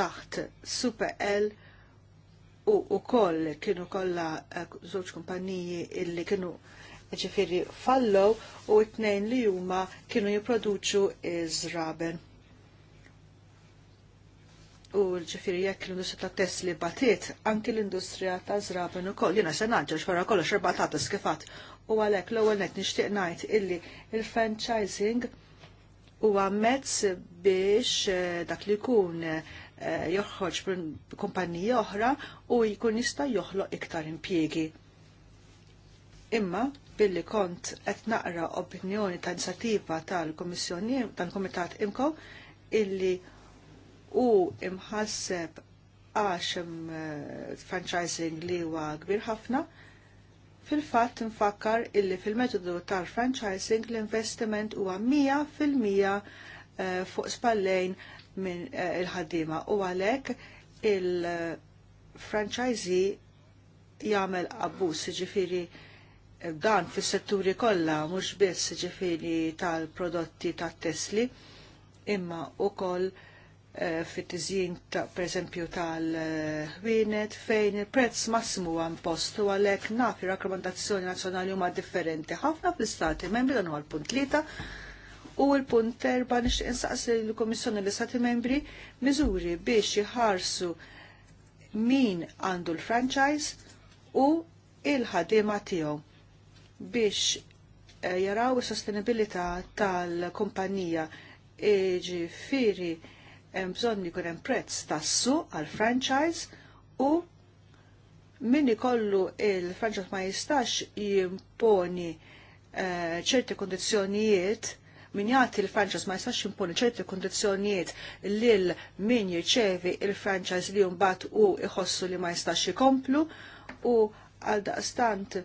taħt Super L u u koll kienu kolla zoċ eh, kumpaniji illi kienu ġifiri fallow u t-nejn li juma kienu jiproduċu iż-raben u ġifiri jekk l-industrija ta' test li batiet, anki l-industrija ta' zraben u koll, jina se naġġa xorra kollox erbatata skifat. U għalek l-ewwel net nixtieq ngħid illi il-franchising huwa mezz biex eh, dak li jkun eh, joħroġ kumpanija oħra u jkun jista' joħloq iktar impjiegi. Imma billi kont qed naqra opinjoni ta' inizjattiva tal-Kummissjoni tal-Kumitat Imko illi u imħasseb għax eh, franchising li huwa kbir ħafna, fil-fatt nfakkar illi fil-metodu tal-franchising l-investiment huwa 100% eh, fuq spallejn minn eh, il-ħaddima u għalhekk il-franchisee jagħmel abbuż ġifiri dan fis-setturi kollha mhux biss ġifiri tal-prodotti tat-tesli imma ukoll koll Eh, fit tiżjin ta' pereżempju tal-ħwienet fejn il-prezz massimu għan postu għalhekk naf ir-rakkomandazzjoni nazzjonali huma differenti ħafna fl-istati membri dan huwa l-punt lita u l-punt erba' nixtieq insaqs l-Kummissjoni l-Istati membri miżuri biex jħarsu min għandu l-franchise u il ħadima tiegħu biex eh, jaraw is-sostenibilità tal-kumpanija ġifiri e hemm bżonn jkun hemm prezz tassu għall għal franchise u min ikollu il-franchise ma jistax jimponi eh, ċerti uh, kondizzjonijiet min jagħti l-franchise ma jistax jimponi ċerti kondizzjonijiet lil min jirċevi il-franchise li jumbat u iħossu li ma jistax jikomplu u għal daqstant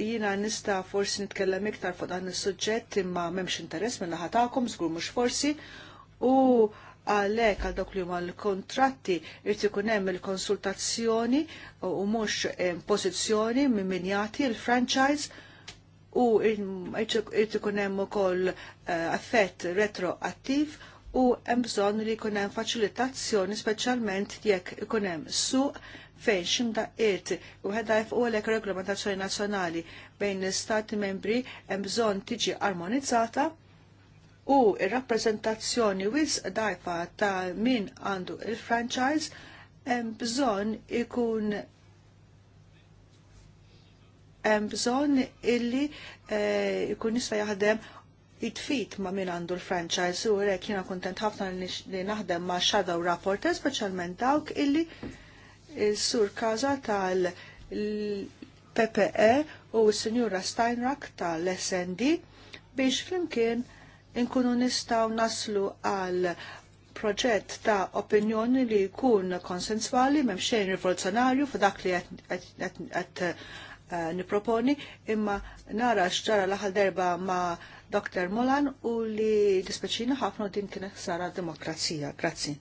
jina nista forsi nitkellem iktar fuq dan is-suġġett imma m'hemmx interess minn naħa zgur żgur mhux forsi U għalek għal dok li huma l-kontratti irid ikun hemm il-konsultazzjoni u mhux eh, pożizzjoni minn min jagħti l-franchise u irid ikun hemm ukoll affett eh, retroattiv u hemm bżonn li jkun hemm faċilitazzjoni speċjalment jekk ikun hemm suq fejn x'imdaqqiet u ħedajf u għalhekk reglamentazzjoni nazzjonali bejn l-istati membri hemm bżonn tiġi armonizzata u il rappreżentazzjoni wis dajfa ta' min għandu il-franchise hemm bżonn ikun hemm bżonn illi eh, ikun jista' jaħdem jitfit ma' min għandu l-franchise u rek jina kontent ħafna li naħdem ma' shadow rapporter, specialment dawk illi sur kaza tal-PPE u s-senjura Steinrak tal-SND biex flimkien inkunu nistaw naslu għal proġett ta' opinjoni li jkun konsensuali memx xejn rivoluzzjonarju dak li qed eh, niproponi imma nara xġara l-aħħar derba ma' Dr. Molan u li dispeċina ħafna din kienet sara demokrazija. Grazzi.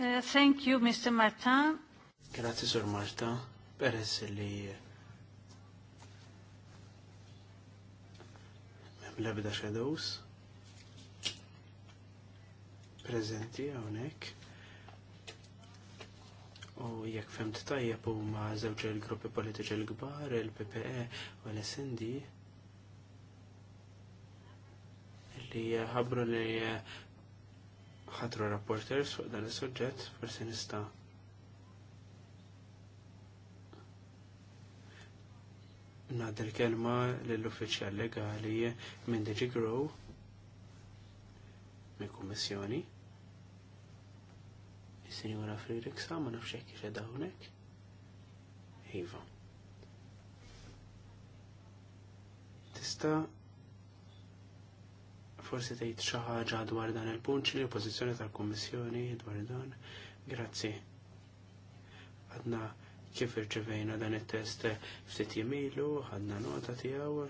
Uh, thank you, Mr. Martin. Grazie, Sor Marta, peress li l-ebda shadows prezenti għonek u jekk femt tajjeb u ma zewġ il-gruppi politiċi l-gbar, il-PPE u l-SND li ħabru li ħatru rapporters fuq dan is-suġġett forsi nista' Nadder kelma l-uffiċjal legali minn DG Grow minn kummissjoni. Is-sinjura Fririksa ma nafx hekk ixed hawnhekk. Iva. Tista' forsi tgħid xi ħaġa dwar dan il-punt li pożizzjoni tal-Kummissjoni dwar dan. Grazzi. Għadna kif irċivejna dan it-test ftit jimilu, ħadna nota tiegħu.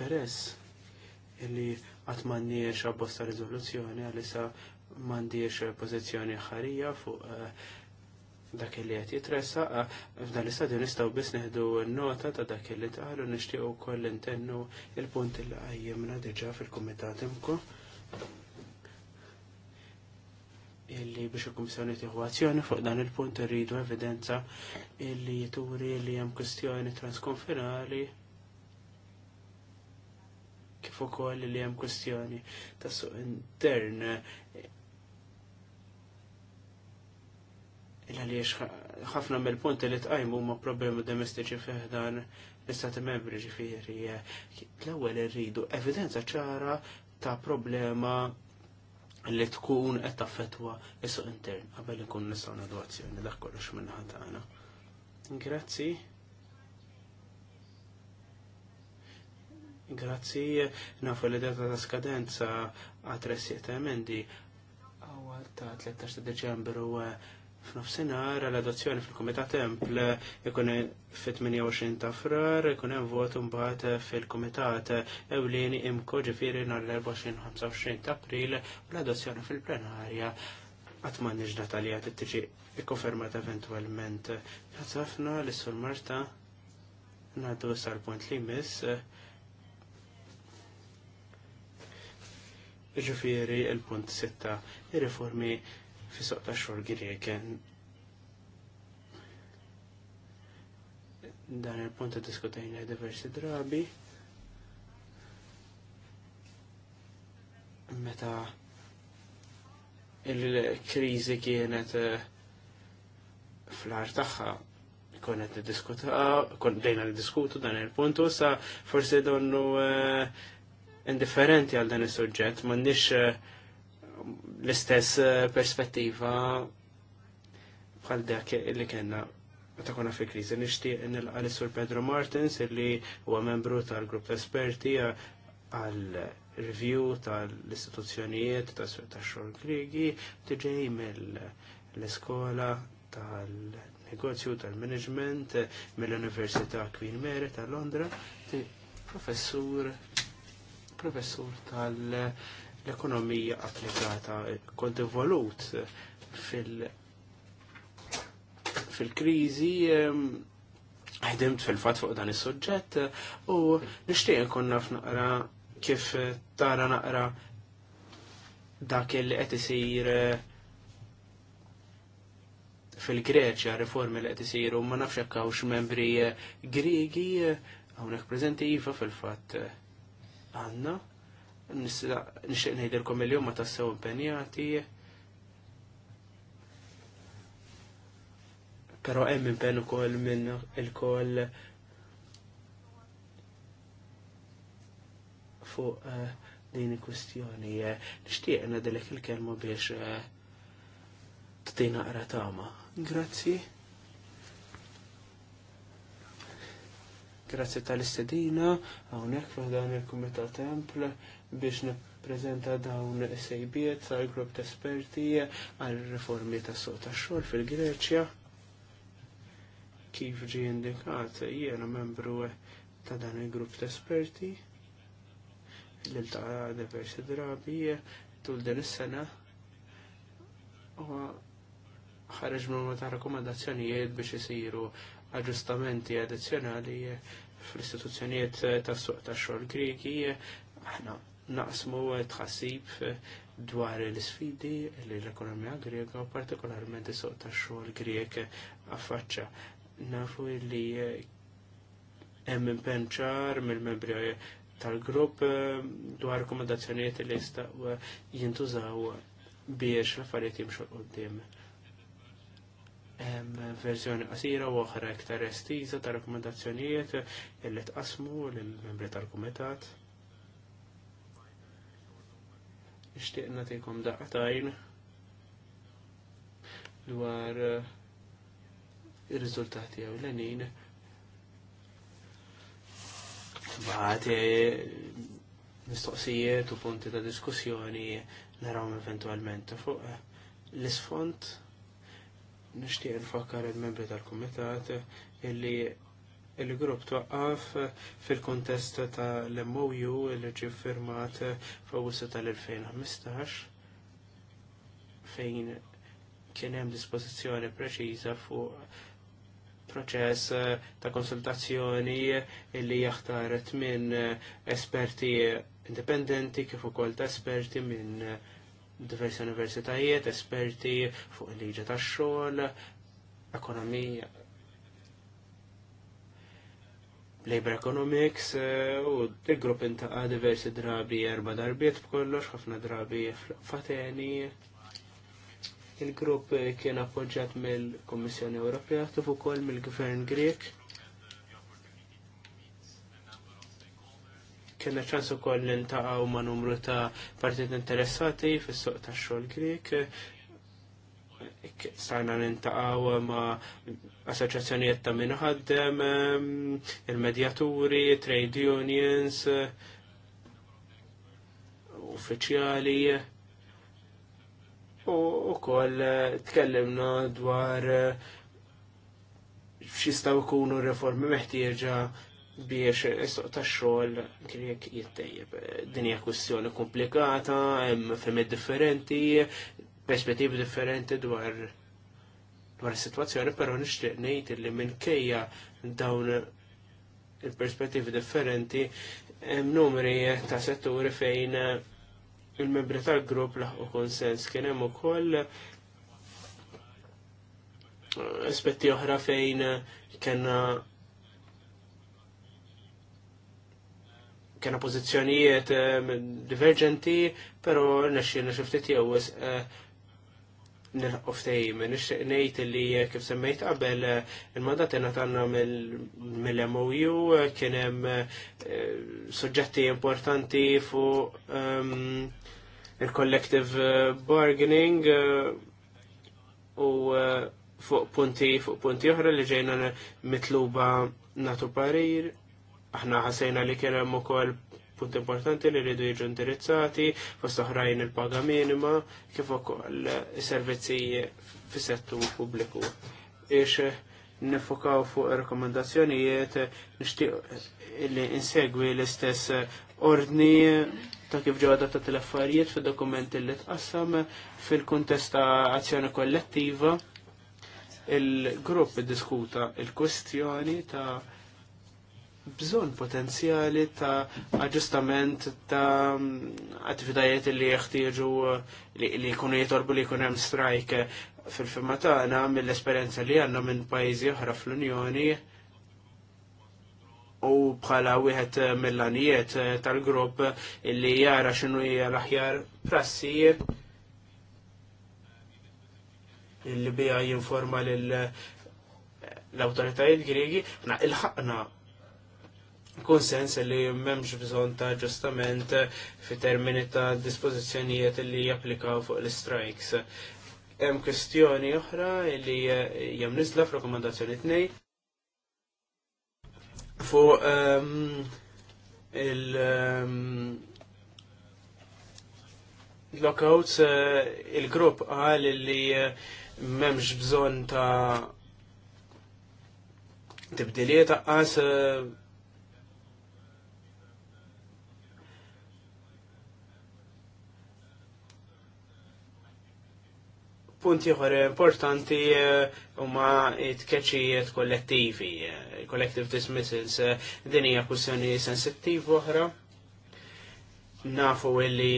Peress illi qatt m'għandniex apposta riżoluzzjoni għalissa m'għandniex pożizzjoni ħarija fuq eh, dak li qed jitressa eh, f'dan l-istadju nistgħu biss neħdu nota ta' dak li tqalu nixtiequ wkoll intennu il-punt il qajjimna diġà fil-kumitat imkom illi biex il-Kummissjoni tieħu azzjoni fuq dan il-punt irridu evidenza illi jituri li hemm kwestjoni transkonfinali kif ukoll li hemm kwestjoni ta' suq intern il-għaliex ħafna mill-punti li tqajmu huma problemi domestiċi fiħdan l-istati membri ġifieri l-ewwel irridu evidenza ċara ta' problema li tkun qed taffetwa is-suq intern qabel ikun nistgħu nagħdu dak kollox minn tagħna. Grazzi. Grazzi, nafu li data ta' skadenza għat resieta emendi għawal ta' 13 ta' Deċembru F'nofsinhar l-adozzjoni fil-Kumitat Templ ikun fit-28 ta' frar, ikun hemm vot imbagħad fil-Kumitat Ewlieni imko ġifieri nhar l-24-25 ta' April u l-adozzjoni fil-plenarja qatt m'għandniex data li qed tiġi ikkonfermata eventwalment. Ħafna l sur Marta ngħaddu sal-punt li miss ġifieri il-punt 6 ir-riformi fi soq ta' xor Grieken. Dan il-punt diskutajna diversi drabi. Meta il-krizi kienet eh, fl-ar taħħa konet diskuta, kon dejna diskutu dan il-punt, u sa forse donnu eh, indifferenti għal dan il-sujġet, mannix eh, l-istess eh, perspettiva bħal dak li kena ta' konna fi krizi. Nishtiq nilqa sur Pedro Martins illi huwa membru tal-grupp esperti eh, għal review tal-istituzzjonijiet ta' suq ta' xogħol Griegi tiġej mill-iskola tal-negozju tal-management eh, mill-Università Queen Mary ta' Londra professur professur tal- l-ekonomija applikata kont evolut fil- fil-krizi ħdimt fil-fat fuq dan is-suġġett u nixtieq nkun naf naqra kif tara naqra dak li qed isir fil-Greċja riformi li qed isiru ma nafx hekk hawnx membri Griegi hawnhekk preżenti iva fil-fatt għandna nixtieq ngħidilkom il-jum ma tassew impenjati. Però hemm impenn ukoll minn il-koll fuq eh, din il-kwistjoni. Nixtieq nadilek il-kelma biex ttina eh, qra tama. Grazzi. Grazzi tal-istedina, għawnek f'dan il-Kumitat Temple biex nippreżenta dawn is-sejbiet għal grupp ta' esperti għal riformi ta' sota xogħol fil-Greċja. Kif ġie indikat jiena membru ta' dan il-grupp ta' esperti lil ta' diversi drabi tul din is-sena ħareġ minn ta' rakkomandazzjonijiet biex isiru aġġustamenti addizzjonali fl-istituzzjonijiet tas suq tax xogħol Griegi aħna naqsmu eh, tħassib eh, dwar l-sfidi li l-ekonomija grega u partikolarment is-soq tax-xogħol Grieg eh, affaċċa. Nafu li hemm impenn ċar mill-membri tal-grupp dwar rakkomandazzjonijiet li jistgħu jintużaw biex l-affarijiet jimxu qudiem verżjoni qasira u oħra iktar estiża ta' rakkomandazzjonijiet li tqasmu lill membri tal-kumitat. nixtieq nagħtikom daqtajn dwar eh, ir-riżultati għaw l-għanin. Baħti eh, mistoqsijiet u punti ta' diskussjoni naraw eventualment fuq eh, l-isfont nishtiq nfakkar il-membri tal-komitat illi il-grupp twaqqaf fil-kontest ta' l-MOU li ġi firmat f'Awwissu tal-2015 fejn kien hemm dispożizzjoni preċiża fuq proċess ta' konsultazzjoni li jaħtaret minn esperti indipendenti kif ukoll ta' esperti minn diversi universitajiet, esperti fuq il-liġa tax-xogħol, ekonomija, Labor Economics eh, u il-grupp intaqa diversi drabi erba darbiet b'kollox, ħafna drabi fateni. Il-grupp eh, kien appoġġjat mill-Kommissjoni Ewropea kif ukoll mill-Gvern Grek. Kienna ċans ukoll nintaqgħu ma' numru ta' partit interessati fis-suq tax-xogħol Grek. Eh, sarna nintaqgħu ma' assoċjazzjonijiet ta' minħaddem, ehm, il-medjaturi, trade unions, uffiċjali, u wkoll tkellimna dwar eh, x'jistgħu jkunu riformi meħtieġa biex is-soq tax-xogħol kien jekk jittejjeb. Din hija kwistjoni komplikata, hemm differenti, perspettivi differenti dwar dwar is-sitwazzjoni, però nixtieq ngħid li minkejja dawn il-perspettivi differenti hemm numri ta' setturi fejn il-membri tal-grupp laħqu konsens kien hemm ukoll eh, aspetti oħra fejn kena kena pozizjonijiet eh, divergenti, pero nesċi ftit jewis eh, nilħu ftejim. Nixtieq ngħid li eh, kif semmejt qabel eh, il-mandat tanna mill-MOU eh, kienem soġġetti importanti fu ehm, il-collective bargaining u fuq punti fuq punti oħra li ġejna mitluba natu parir. Aħna ħasejna li kienem hemm ukoll punt importanti li rridu jiġu indirizzati, fost oħrajn il-paga minima, kif ukoll servizzi fis-settur pubbliku. Ix nifokaw fuq rekomendazzjonijiet nixtieq li insegwi l-istess ordni ta' kif ġew adattat l-affarijiet fid-dokumenti li tqassam fil-kuntest ta' azzjoni kollettiva il-grupp diskuta il-kwestjoni ta' bżon potenzjali ta' aġustament ta' attivitajiet li jeħtieġu li jkunu jitorbu li jkun hemm strajk fil-fimma tagħna mill-esperjenza li għandna minn pajjiżi oħra fl-Unjoni u bħala wieħed mill-anijiet tal-grupp li jara x'inhu hija l-aħjar prassi li bija jinforma l awtoritajiet Gregi, na il ħaqna konsens li memx bżon ta' ġustament fi termini ta' dispozizjonijiet li japplikaw fuq l-strikes. Hemm kwestjoni oħra li jem nisla f'rakkomandazzjoni tnej fuq um, il um, lockouts uh, il-grupp għal li memx bżon ta' tibdiliet għas uh, punti ħor importanti eh, huma it keċijiet kollettivi, eh, collective dismissals, eh, din hija kwistjoni sensittiv oħra. Nafu illi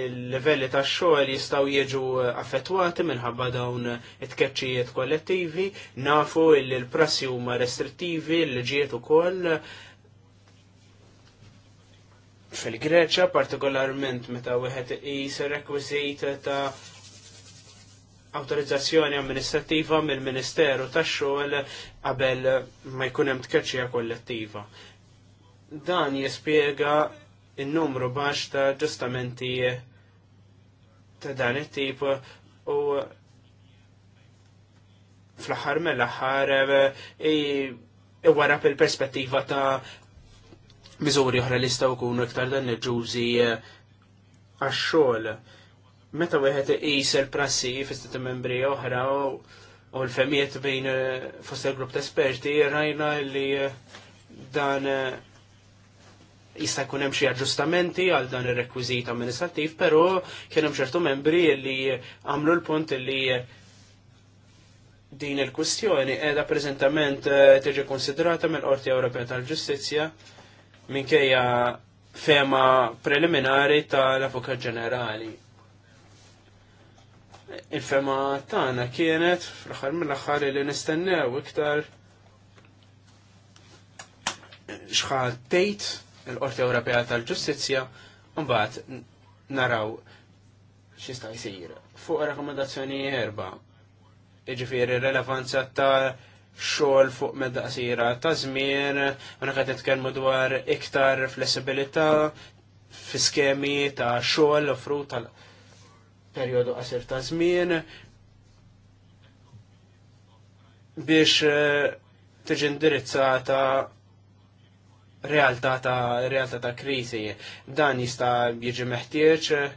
il levelli ta' xogħol jistgħu jiġu affettwati minħabba dawn it-tkeċċijiet kollettivi, nafu illi l-prassi huma restrittivi, l-ġiet ukoll fil-Greċja partikolarment meta wieħed is rekwiżit ta' autorizzazzjoni amministrativa mill-Ministeru tax-xogħol qabel ma jkun hemm tkeċċija kollettiva. Dan jispjega in-numru baxx ta' ġustamenti ta' dan it-tip u fl-aħħar mill-aħħar e, e wara il-perspettiva ta' miżuri oħra li jistgħu jkunu iktar dan il-ġużi eh, għax-xogħol meta wieħed iqis il-prassi fis-sitt membri oħra u l-femijiet bejn eh, fost il-grupp ta' esperti rajna li eh, dan eh, jista' jkun hemm xi aġġustamenti għal dan ir-rekwiżit amministrattiv, però kien hemm ċertu membri li għamlu l-punt li din il-kwistjoni qiegħda preżentament tiġi konsidrata mill-Qorti Ewropea tal-Ġustizzja minkejja fema preliminari tal-Avukat Ġenerali il-fema tagħna kienet fl-aħħar mill-aħħar li nistennew iktar xħal tejt il-Qorti Ewropea tal-Ġustizzja mbagħad naraw x'ista jsir. Fuq rakkomandazzjoni erba' jiġifieri relevanza ta' xogħol fuq medda ta' żmien, għana qed nitkellmu dwar iktar flessibilità fi skemi ta' xogħol fru tal- periodu qasir ta' żmien biex eh, tiġi indirizzata realtà ta' realtà ta' kriżi. Dan jista' jiġi meħtieġ eh,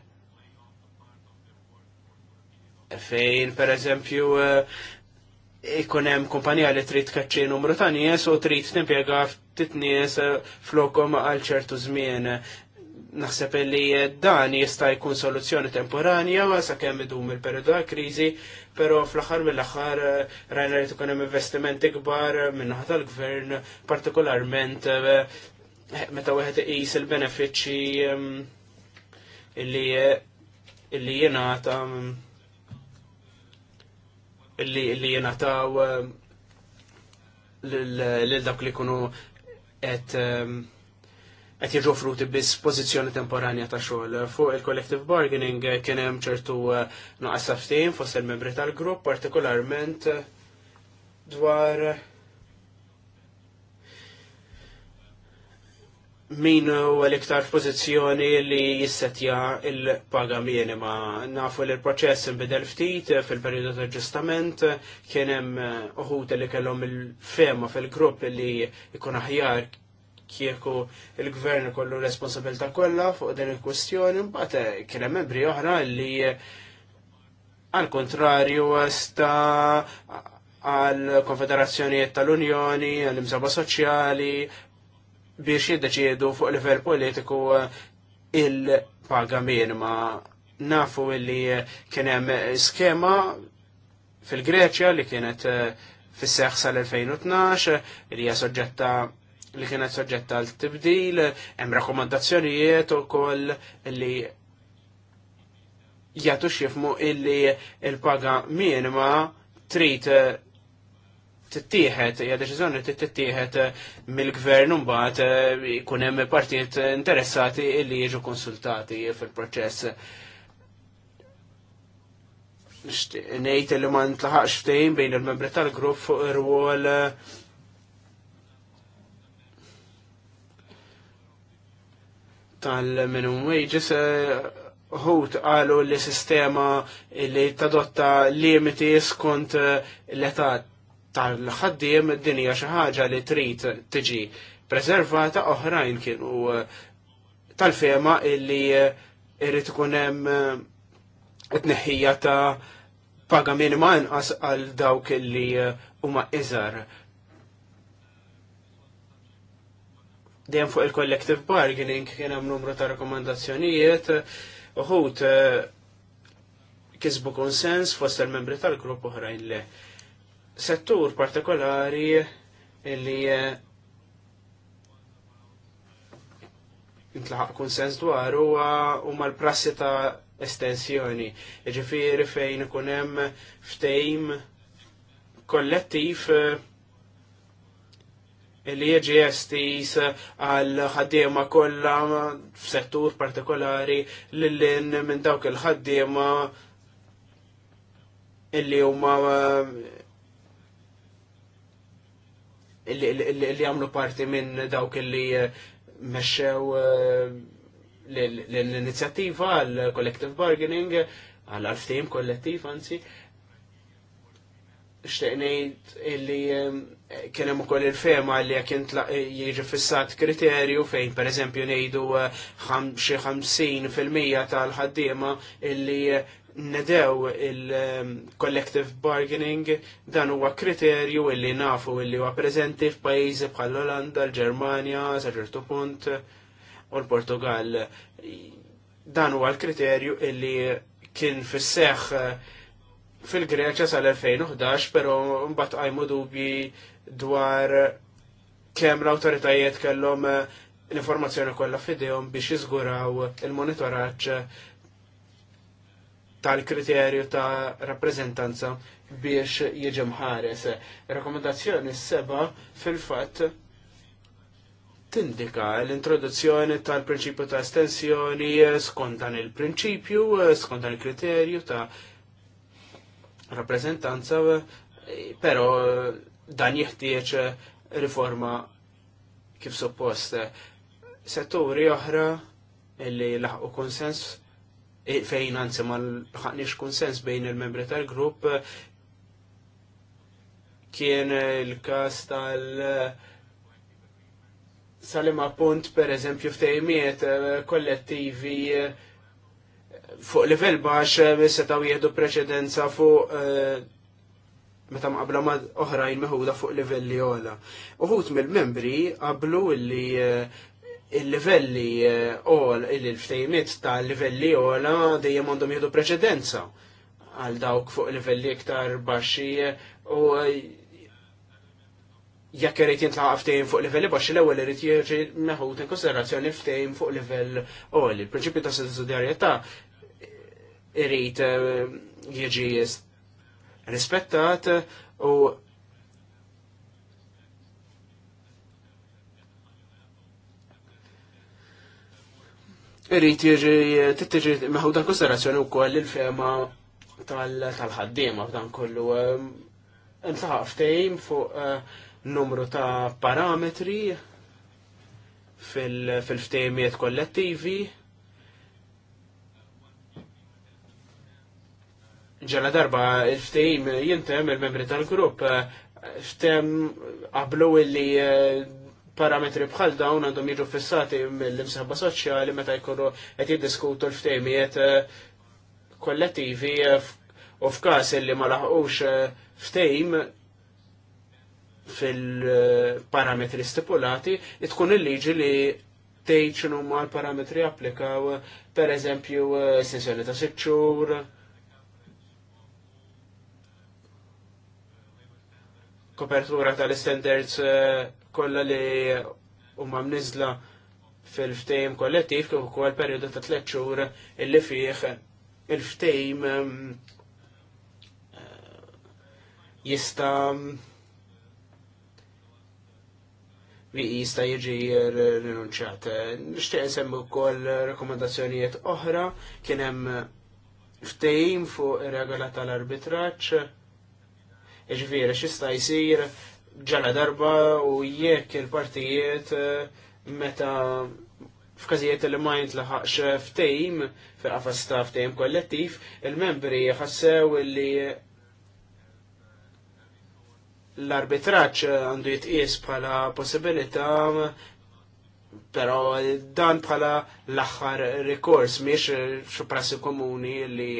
fejn per eżempju eh, ikun hemm kumpanija li trid tkaċċi numru ta' nies u trid timpjega ftit nies flokhom għal ċertu żmien. Naħseb li dan jista' jkun soluzzjoni temporanja sakemm idum il-periodu ta' kriżi, però fl-aħħar mill-aħħar eh, rajna li tkun hemm investimenti kbar minnaħa tal-gvern, partikolarment eh, meta wieħed iqis il-benefiċċji eh, illi illi jingħata illi illi jingħataw lil dak li jkunu qed qed jiġu fruti biss pożizzjoni temporanja ta' xogħol. Fuq il-collective bargaining kien hemm ċertu uh, nuqqas ftehim fost il-membri tal-grupp, partikolarment uh, dwar uh, min u l-iktar f'pożizzjoni li jissetja il-paga minima. Nafu li l-proċess imbidel ftit fil-periodu ta' ġustament kien hemm uħut li kellhom il-fema fil-grupp li jkun aħjar kieku il-gvern kollu responsabilta kollha fuq din il-kwestjoni, mbagħad eh, kien hemm membri oħra li għal eh, kontrarju għasta għal konfederazzjonijiet tal-Unjoni, għal imżaba soċjali biex jiddeċiedu fuq livell politiku eh, il-paga minima. Nafu li kien hemm skema fil-Greċja li kienet fis-seħħ sal-2012 li hija soġġetta li kienet soġġetta għal tibdil, hemm rakkomandazzjonijiet ukoll li jagħtu xifmu illi il-paga minima trid tittieħed, hija deċiżjoni trid tittieħed mill-gvern mbagħad jkun eh, hemm partijiet interessati illi jiġu konsultati fil-proċess. Ngħid li ma ntlaħaqx ftehim bejn il-membri tal-grupp fuq ir tal-minimum wages ħut eh, għalu li sistema li tadotta limiti skont eh, l-età tal-ħaddiem dinja xi ħaġa li trid tiġi preservata oħrajn kienu eh, tal-fema illi irrid ikun hemm tneħħija ta' paga minima inqas għal dawk li huma iżar dejjem fuq il-collective bargaining kien hemm numru ta' rakkomandazzjonijiet uħut eh, kisbu konsens fost il-membri tal-grupp oħrajn li settur partikolari li eh, intlaħaq konsens dwar huma l prassi ta' estensjoni. Ġifieri fejn ikun hemm ftejm kollettiv eh, li jieġi estis eh, għal ħaddiema kollha f'settur partikolari lil minn dawk il-ħaddiema illi huma eh, illi għamlu parti minn dawk illi eh, mexxew l-inizjattiva għal collective bargaining għal ftim kollettiv anzi xtaqnejt illi kienem u koll il-fema li jekk jieġi fissat kriterju fejn per eżempju nejdu eh, xie 50% tal-ħaddima illi eh, nedew il-collective ehm, bargaining dan huwa kriterju illi nafu illi huwa preżenti f'pajjiżi bħal Olanda, l-Ġermanja, sa ċertu punt u l-Portugal. Dan huwa l-kriterju illi kien fis eh, fil-Greċja sal-2011, pero mbagħad qajmu dubji dwar kemm l-awtoritajiet kellhom eh, l-informazzjoni kollha f'idejhom biex jiżguraw il-monitoraġġ tal-kriterju ta' rappreżentanza biex jiġi mħares. Rekomendazzjoni seba fil-fatt tindika l-introduzzjoni tal-prinċipju ta' estensjoni skont dan il-prinċipju, skont dan il-kriterju ta' rappreżentanza, eh, però dan jeħtieġ eh, riforma kif suppost. Setturi oħra illi laħqu konsens eh, fejn anzi ma laħqniex konsens bejn il-membri tal-grupp kien eh, il-kas tal- salima punt per eżempju ftejmiet kollettivi fuq livell baxx setaw jieħdu preċedenza fuq meta mqabla ma' oħrajn meħuda fuq livelli ola. Uħut mill-membri qablu li eh, il-livelli eh, ola, il-ftejmiet ta' livelli ola dejjem għandhom jieħdu preċedenza għal dawk fuq livelli iktar baxxi eh, u jekk irid jintlaqa ftehim fuq livelli baxx l-ewwel irid jiġi meħud in konsiderazzjoni ftehim fuq livell qoli. Il-prinċipju ta' sussidjarjetà irid jiġi rispettat u irrit jiġi tittiġi meħuda konsiderazzjoni u koll il-fema tal-ħaddima f'dan kollu. Intlaħaq tejm fuq eh, numru ta' parametri fil-ftejmiet kollettivi ġala darba il-ftejim jintem il-membri tal-grupp ftem qablu illi eh, parametri bħal dawn għandhom jiġu fissati mill-imsħabba soċjali meta jkunu qed jiddiskutu l-ftejmijiet eh, kollettivi eh, u f'każ illi ma laħqux ftejm fil-parametri stipulati, tkun il-liġi li tgħid x'inhuma l-parametri applikaw, per eżempju, sessjoni ta' sitt kopertura tal-standards eh, kollha li huma mniżla fil-ftejm kollettiv kif ukoll perjodu ta' tliet xhur illi fih il-ftejm eh, jista jista jiġi rinunċat. Nixtieq nsemmi wkoll rakkomandazzjonijiet oħra kien hemm ftejm fuq ir-regola tal-arbitraġġ Ġviri, xista jisir ġala darba u jekk il-partijiet eh, meta f'każijiet li ma jintlaħaqx f'tejm, f'qafas ta' f'tejm kollettiv, il-membri jħassew li l-arbitraċ għandu jitqies bħala possibilità pero dan bħala l-axħar rikors, miex xo komuni li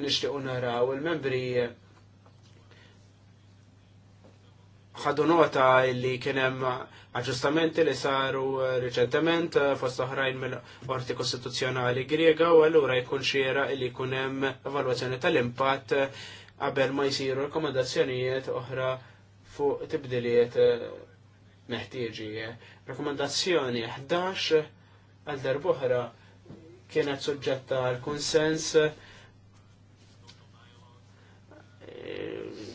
nishtiqu naraw il-membri ħadu nota illi kienem aġġustamenti li saru eh, reċentement eh, fost oħrajn mill-Qorti Kostituzzjonali Griega u allura jkun xiera illi kunem evalwazzjoni tal-impatt eh, qabel ma jsiru rekomendazzjonijiet oħra fuq tibdiliet meħtieġi. Rekomendazzjoni 11 għal darbohra kienet suġġetta għal konsens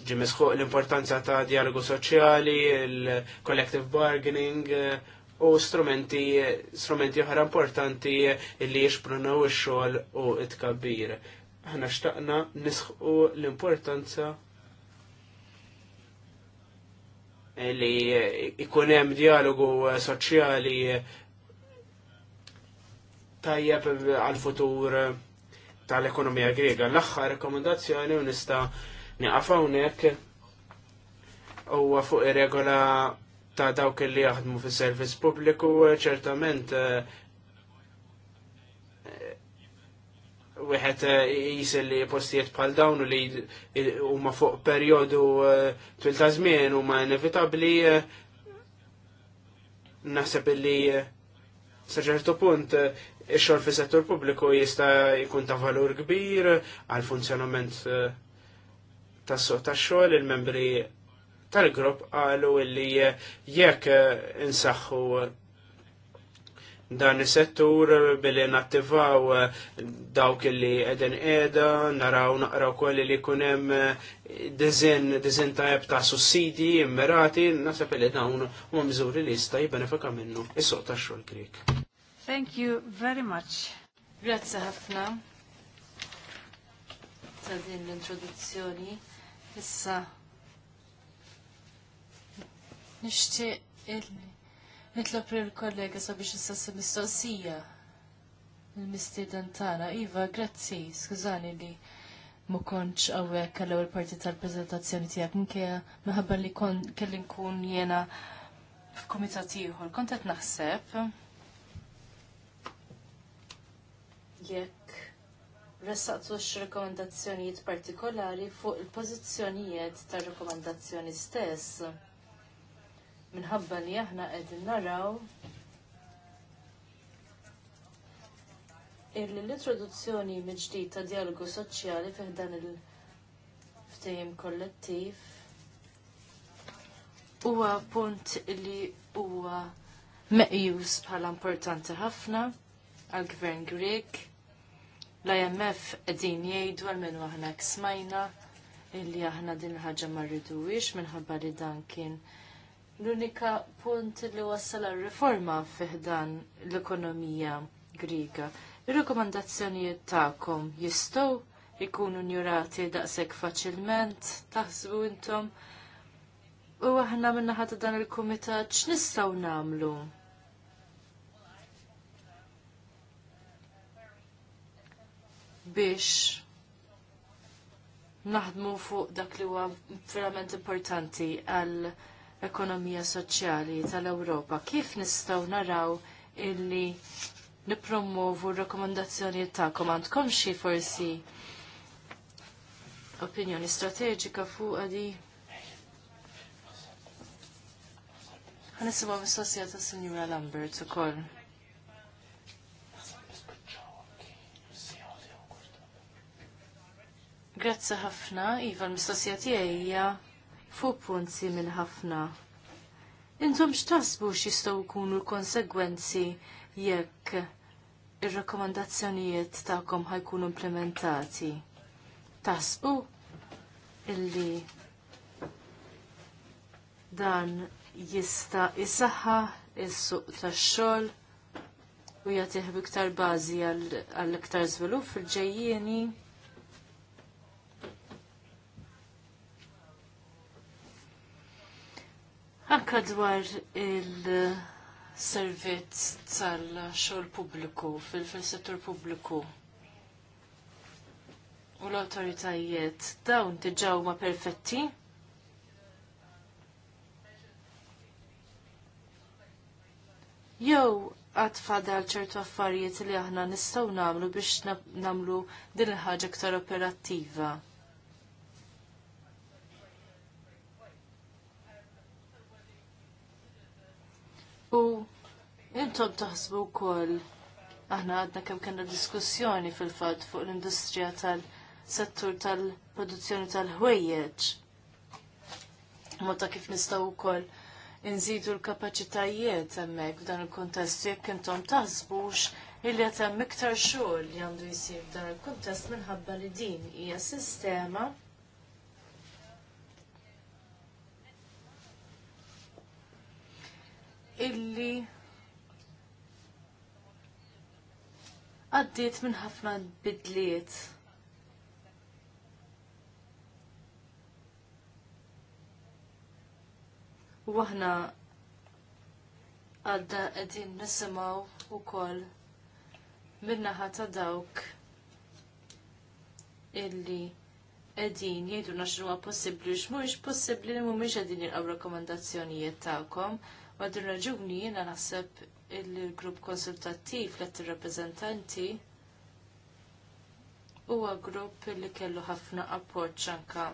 ġimisħuq l-importanza ta' dialogu soċjali, il-collective bargaining u strumenti, strumenti oħra importanti li jixprunaw ix-xogħol u it-kabbir. Aħna xtaqna nisħu l-importanza li ikun hemm dialogu soċjali tajjeb għal-futur tal-ekonomija grega. L-axħar rekomendazzjoni u nista' Nieqaf hawnhekk huwa fuq ir-regola ta' dawk li jaħdmu fis servizz pubbliku eh, ċertament eh, wieħed eh, jis li postijiet bħal dawn u li huma fuq perjodu twil ta' żmien huma inevitabbli naħseb li sa ċertu punt ix-xogħol fis-settur pubbliku jista' jkun ta' valur kbir għal funzjonament tas-suq tax-xogħol il-membri tal-grupp qalu li jekk insaħħu dan is-settur billi nattivaw dawk li qegħdin qiegħda naraw naqraw koll li jkun hemm dizin dizin tajb ta' sussidi immirati naħseb li dawn huma miżuri li jista' jibbenefika minnu is-suq tax-xogħol Krik. Thank you very much. Grazie ħafna ta' din l-introduzzjoni. Issa. Nixtieq illi. Nitlob l kollega sabiex se mistoqsija. il misti dantana. Iva, grazzi, skużani li ma konċ għawek għall il parti tal-prezentazzjoni tiegħek minkejja minħabba li kon kelli nkun jiena f'kumitat ieħor. Kont qed naħseb jekk ressaqtux rekomendazzjonijiet partikolari fuq il-pożizzjonijiet tar rekomendazzjoni stess. Minħabba li aħna qegħdin naraw illi l-introduzzjoni minn ġdid ta' dialogu soċjali fih dan il-ftehim kollettiv huwa punt li huwa meqjus bħala importanti ħafna għall gvern Grek L-IMF qegħdin jgħidu għal aħna smajna illi aħna din ħaġa ma rridux minħabba li dan kien l-unika punt li wassal għal-riforma fiħdan l-ekonomija Griga. Ir-rekomandazzjonijiet tagħkom jistgħu ikunu njurati daqsek faċilment, taħsbu intom. U aħna minna ħata dan il-komitat x'nistgħu namlu biex naħdmu fuq dak li huwa verament importanti għall ekonomija soċjali tal-Ewropa. Kif nistgħu naraw illi nipromovu r-rakkomandazzjonijiet tagħkom għandkom xi forsi opinjoni strateġika fuq għadi. Għanisimgħu mistoqsija ta' Signora Lambert ukoll. Grazzi ħafna, Iva, l-mistoqsija tiegħi hija fuq punt simil ħafna. Intom x'tasbu x'jistgħu jkunu l-konsegwenzi jekk ir-rakkomandazzjonijiet tagħkom ħajkunu implementati. Tasbu illi dan jista' isaħħa is-suq tax-xogħol u jagħtih iktar bażi għall-iktar żvilupp fil-ġejjieni. Anka dwar il-servizz tal-xogħol pubbliku fil-settur pubbliku u l-autoritajiet dawn diġà huma perfetti? Jew għad fadal ċertu affarijiet li aħna nistgħu nagħmlu biex nagħmlu din il-ħaġa aktar operattiva. intom taħsbu wkoll aħna għadna kemm kellna diskussjoni fil-fatt fuq l-industrija tal-settur tal-produzzjoni tal-ħwejjeġ. Mota kif nistgħu wkoll inżidu l-kapaċitajiet hemmhekk f'dan il-kuntest jekk intom taħsbux illi qed hemm iktar xogħol li għandu jsir f'dan il-kuntest minħabba li din hija sistema għaddiet minn ħafna bidliet. U aħna għadda qegħdin nisimgħu wkoll min-naħa ta' dawk illi qegħdin jgħidulna x'huwa possibbli u x'mhuwiex possibbli li mhumiex qegħdin jilqgħu rakkomandazzjonijiet tagħkom. U għad raġuni jiena naħseb il-grupp konsultattiv l rappresentanti huwa grupp li kellu ħafna apport ċanka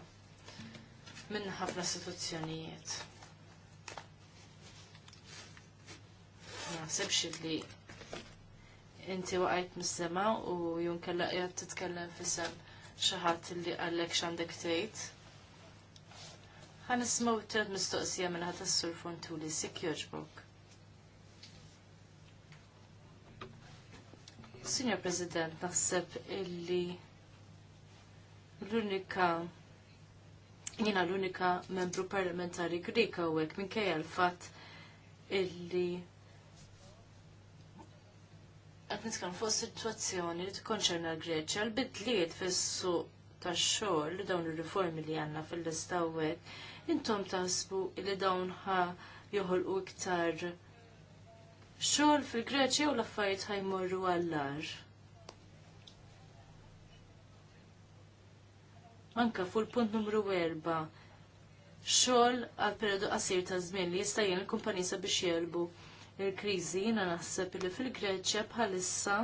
minn ħafna istituzzjonijiet. Naħsebx li inti waqajt mis-sema u junkella qiegħed titkellem fisem xi ħadd li għalek x'għandek tgħid. Ħa nisimgħu tred mistoqsija minn ħadd is surfon tuli sik book. Signor President, naħseb illi l-unika jina l-unika membru parlamentari Grika u għek minkejja l-fat illi għat nitkan fuq situazzjoni li tkonċerna l-Greċja l-bidliet fissu ta' xogħol li dawn ir-riformi li għandna fil-lista intom tasbu li dawn ħa joħolqu iktar xogħol fil-Greċja u l-affarijiet ħajmorru għall-ar. Anka fuq il-punt numru 4 xogħol għal periodu qasir ta' żmien li jista' jien il-kumpanija biex jelbu il-kriżi jiena naħseb li fil-Greċja bħalissa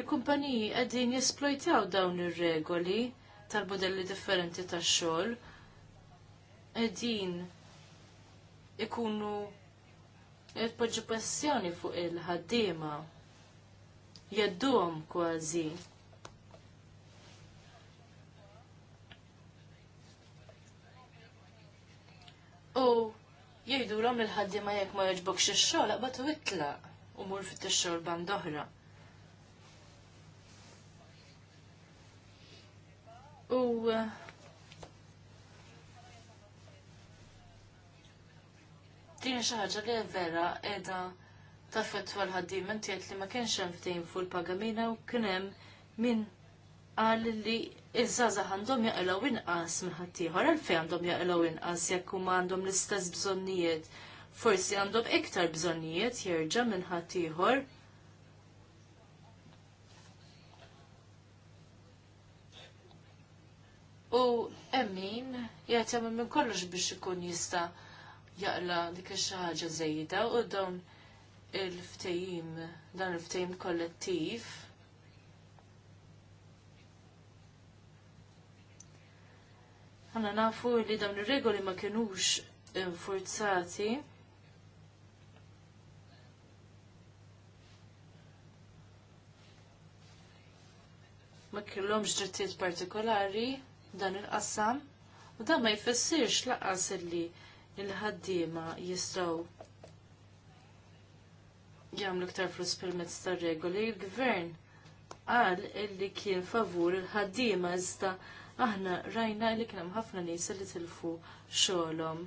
il-kumpaniji qegħdin jesplojtjaw dawn ir-regoli tal-modelli differenti tax-xogħol qegħdin ikunu tpoġġi pressjoni fuq il-ħaddiema. Jedduhom kważi. U jgħidu l-om il-ħaddiema jekk ma jogħġbok xix-xogħol aqbad u u mur fit-tix-xogħol band U uh, Din xi ħaġa li vera qiegħda taffet l-ħaddim tiegħek li ma kienx hemm ftehim fuq il-pagamina u kien hemm min qal li iż-żaza għandhom jaqilgħu inqas minn ħaddieħor għalfejn għandhom jaqilgħu inqas jekk huma għandhom l-istess bżonnijiet. Forsi għandhom iktar bżonnijiet jerġa' minn ħaddieħor. U emmin, jgħatjamu minn kollox biex ikun jista jaqla dik ħaġa żejda u dawn il-ftejim, dan il-ftejim kollettiv. Għanna nafu li dawn ir-regoli ma kienux infurzati. ma kellhomx drittijiet partikolari dan il-qassam u dan ma jfissirx laqas illi il-ħaddiema jistgħu jagħmlu iktar flus permezz tar-regoli, il-gvern qal illi kien favur il-ħaddiema iżda aħna rajna li kien hemm ħafna nies li tilfu xogħolhom.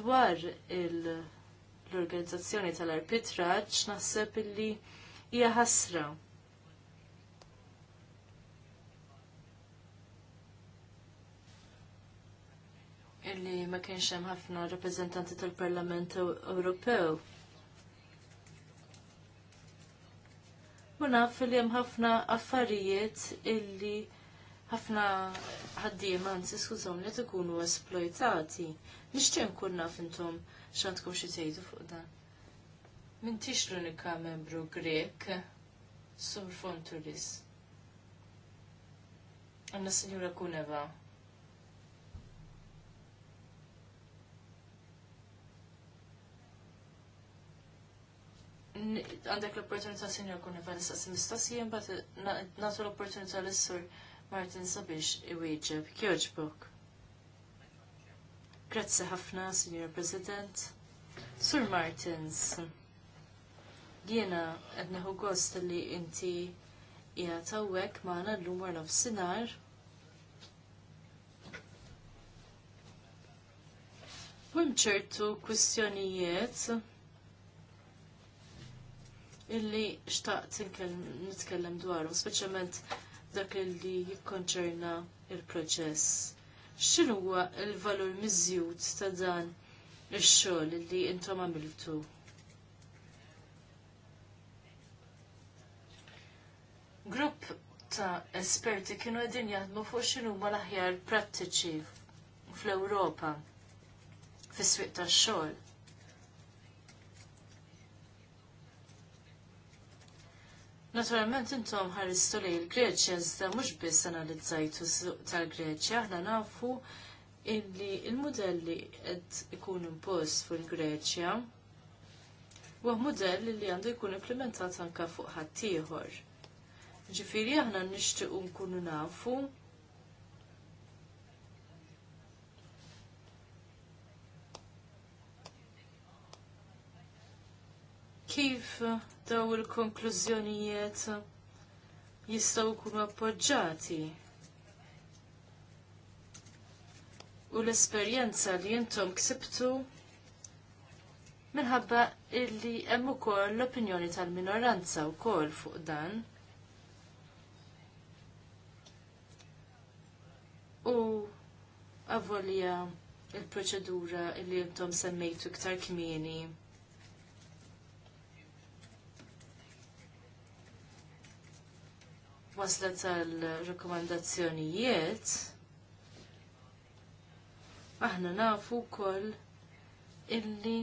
Dwar l-organizzazzjoni tal-arbitraġġ naħseb illi hija ħasra. illi ma kienx hemm ħafna rappreżentanti tal-Parlament Ewropew. Ma naf hemm ħafna affarijiet illi ħafna ħaddiema anzi skużaw li tkunu esploitati. Nixtieq nkun naf intom x'għandkom xi tgħidu fuq dan. M'intix l-unika membru Grek sur Fonturis. Għanna Sinjura Kuneva. għandek l-opportunità sinjor kun iva nistaqsi mistoqsijen, bat natu l-opportunità l-sur Martin sabiex iwieġeb. Kjoġbuk. Grazzi ħafna, Signor President. Sur Martins, jiena qed neħu gost li inti hija tawwek magħna llum wara nofsinhar. U hemm ċertu kwistjonijiet illi xtaqt nitkellem dwaru, speċjalment dak illi jikkonċerna il-proċess. X'inhu huwa l-valur miżjud ta' dan ix-xogħol illi intom għamiltu? Grupp ta' esperti kienu għedin jaħdmu fuq x'inhuma l-aħjar prattiċi fl-Ewropa fis-swieq tax-xogħol. Naturalment intom ħaristu li l-Greċja iżda mhux biss analizzajtu tal-Greċja, aħna nafu illi il-modelli qed ikun impost fuq il-Greċja huwa modell li għandu jkun implementat anke fuq ħaddieħor. Ġifiri aħna nixtiequ nkunu nafu kif daw il-konklużjonijiet jistgħu jkunu appoġġati. U l-esperjenza li intom ksibtu minħabba illi hemm ukoll l-opinjoni tal-minoranza wkoll fuq dan. U avolja il-proċedura li intom semmejtu iktar kmieni wasla tal rekomendazzjonijiet aħna nafu wkoll illi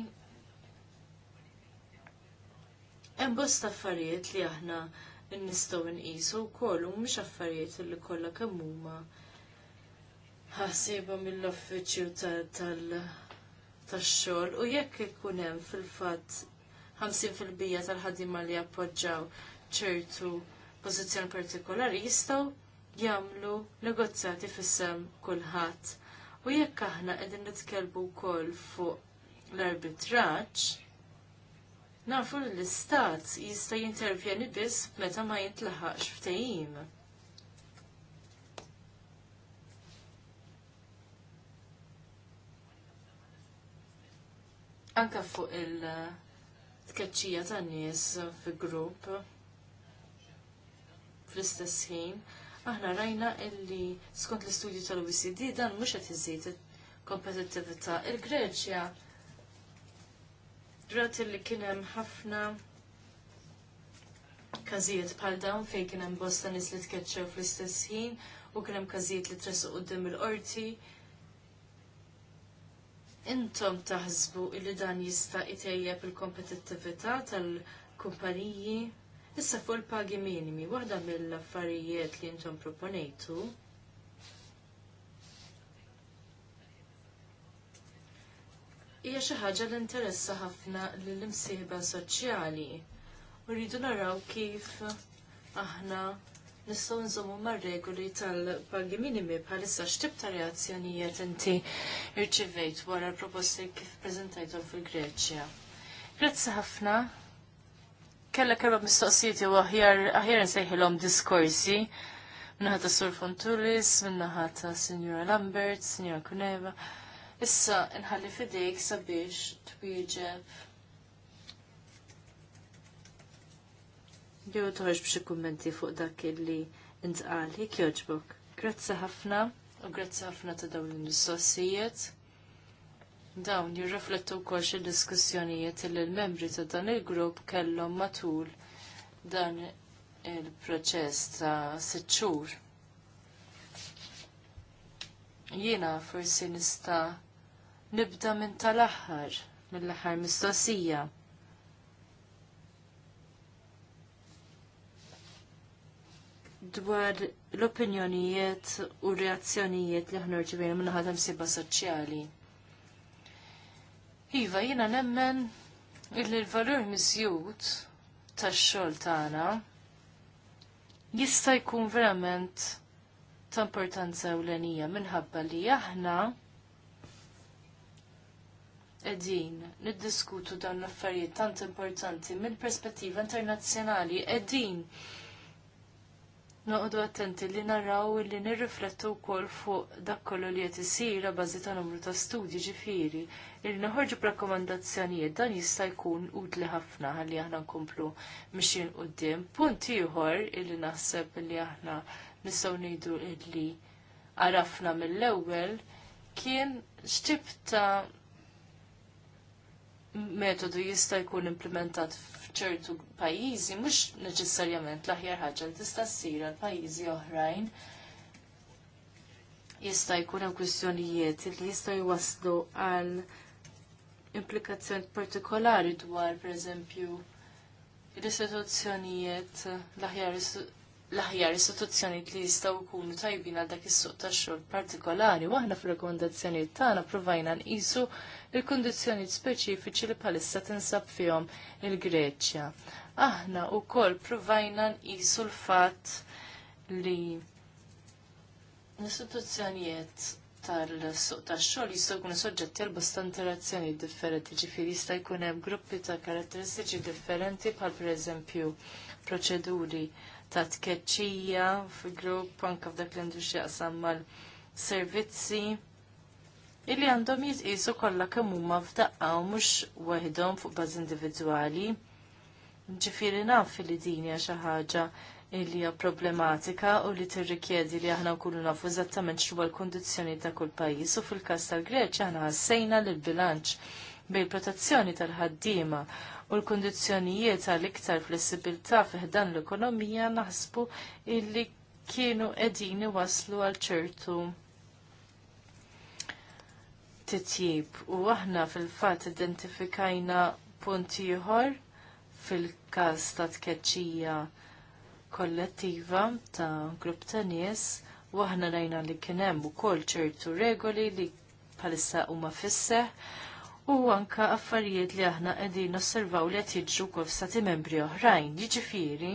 hemm bosta affarijiet li aħna nistgħu nqisu wkoll u mhux affarijiet li kollha kemm huma ħasiba mill-offiċċju tax-xogħol u jekk ikun hemm fil-fatt 50% tal ħadima li appoġġaw ċertu pożizzjoni partikolari jistgħu jagħmlu negozjati fis-sem kulħadd. U jekk aħna qegħdin nitkellmu wkoll fuq l-arbitraġġ, nafu li l-istat jista' jintervjeni biss meta ma jintlaħaqx ftehim. Anka fuq il-tkeċċija tan nies fi grupp fl-istess ħin, aħna rajna illi skont l-istudju tal-OECD dan mhux qed iżid kompetittività. Il-Greċja drat illi kien hemm ħafna każijiet bħal dawn fejn kien hemm bosta nies li tkeċċew fl-istess ħin u kien hemm każijiet li tressuq quddiem il-qorti. Intom taħsbu illi dan jista' jtejjeb il-kompetittività tal-kumpaniji Issa fuq il-pagi minimi, waħda mill-affarijiet li intom proponejtu hija xi ħaġa li interessa ħafna lill-imsieħba soċjali. U rridu naraw kif aħna nistgħu nżommu mar-regoli tal-pagi minimi bħalissa x'tib ta' reazzjonijiet inti rċivejt wara l-proposti kif preżentajthom fil-Greċja. Grazzi ħafna kellek erba mistoqsijiet u aħjar nsejħilhom diskorsi minnaħat ta' Sur Fontulis, minnaħat ta' Signora Lambert, Signora Kuneva. Issa nħalli fidejk sabiex twieġeb Jew toħroġ b'xi kummenti fuq dak illi intqal, jekk jogħġbok. Grazzi ħafna u grazzi ħafna ta' dawn l-mistoqsijiet. Dawn jirriflettu wkoll xi diskussjonijiet li l-membri ta' dan il-grupp kellhom matul dan il-proċess ta' sitt xhur. Jiena forsi nista' nibda minn tal-aħħar, mill-aħħar mistoqsija. dwar l-opinjonijiet u reazzjonijiet li ħnorġu minn minnaħat msiba soċjali. Iva, jina nemmen illi l-valur mizjut tax-xogħol tagħna jista' jkun verament ta' importanza l-enija minħabba li aħna qegħdin niddiskutu dawn l-affarijiet tant importanti mill-perspettiva internazzjonali qegħdin Noqdu attenti li narraw li nirriflettu wkoll fuq dak kollu li qed isir bażi ta' numru ta' studji ġifieri li noħorġu b'rakkomandazzjonijiet dan jista' jkun utli ħafna ħalli aħna nkomplu mixin qudiem. Punt ieħor illi naħseb li aħna nistgħu ngħidu illi għarafna mill-ewwel kien x'tip ta' metodu jista' jkun implementat f'ċertu pajjiżi mhux neċessarjament l-aħjar ħaġa li tista' ssir għal pajjiżi oħrajn. Jista' jkun hemm kwistjonijiet li jista' jwaslu għal implikazzjoni partikolari dwar, per eżempju, l-istituzzjonijiet, l-aħjar istituzzjonijiet li jistaw ikunu tajbin għal dak is-suq tax-xogħol partikolari, waħna fir-rekomendazzjonijiet tagħna provajna nqisu il-kondizzjonijiet speċifiċi li bħalissa tinsab fihom il-Greċja. Aħna wkoll provajna nqisu l-fatt li l-istituzzjonijiet tal-suq tax-xogħol jistgħu jkunu soġġetti għal bosta interazzjoni differenti, ġifieri jista' jkun hemm gruppi ta' karatteristiċi differenti bħal pereżempju proċeduri ta' tkeċċija fil-grupp anke f'dak li għandu x'jaqsam mal-servizzi illi għandhom jitqisu kollha kemm huma f'daqqa u mhux waħedhom fuq baż individwali. Ġifieri naf li din hija xi ħaġa li hija problematika u li tirrikjedi li aħna nkunu nafu eżattament x'huwa l-kundizzjoni ta' kull pajjiż u fil-każ tal-Greċja aħna ħassejna lil bilanċ bejn protezzjoni tal-ħaddiema u l-kundizzjonijiet għall iktar flessibilità dan l-ekonomija naħsbu illi kienu qegħdin waslu għal ċertu titjib u aħna fil-fatt identifikajna punti ieħor fil-każ ta' tkeċċija kollettiva ta' grupp ta' nies u aħna rajna li kien hemm ukoll ċertu regoli li bħalissa huma fisseħ u anka affarijiet li aħna qegħdin osservaw li qed jiġu wkoll stati membri oħrajn. Jiġifieri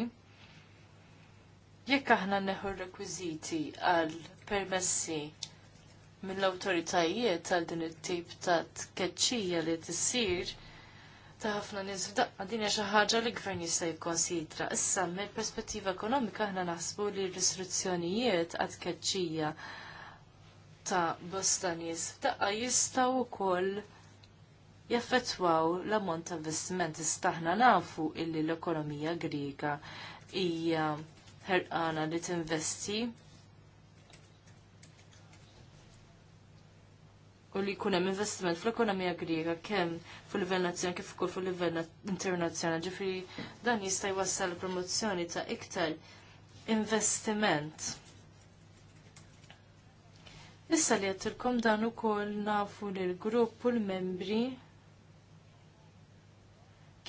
jekk aħna neħu rekwiżiti għal permessi mill-awtoritajiet għal din it-tip ta' tkeċċija li tissir, ta' ħafna nies f'daqqa din hija xi ħaġa li gvern jista' jikkonsidra. Issa mill-perspettiva ekonomika aħna naħsbu li l-istruzzjonijiet għad keċċija ta' bosta nies f'daqqa jistgħu wkoll jaffettwaw l-ammont ta' investiment istaħna nafu illi l-ekonomija Griega hija ħerqana li tinvesti u li jkun hemm investiment fl-ekonomija Griega kemm fil-livell nazzjonali kif ukoll fil-livell internazzjonali. Ġifieri dan jista' jwassal promozzjoni ta' iktar investiment. Issa li għattilkom dan ukoll nafu li l-grupp u l-membri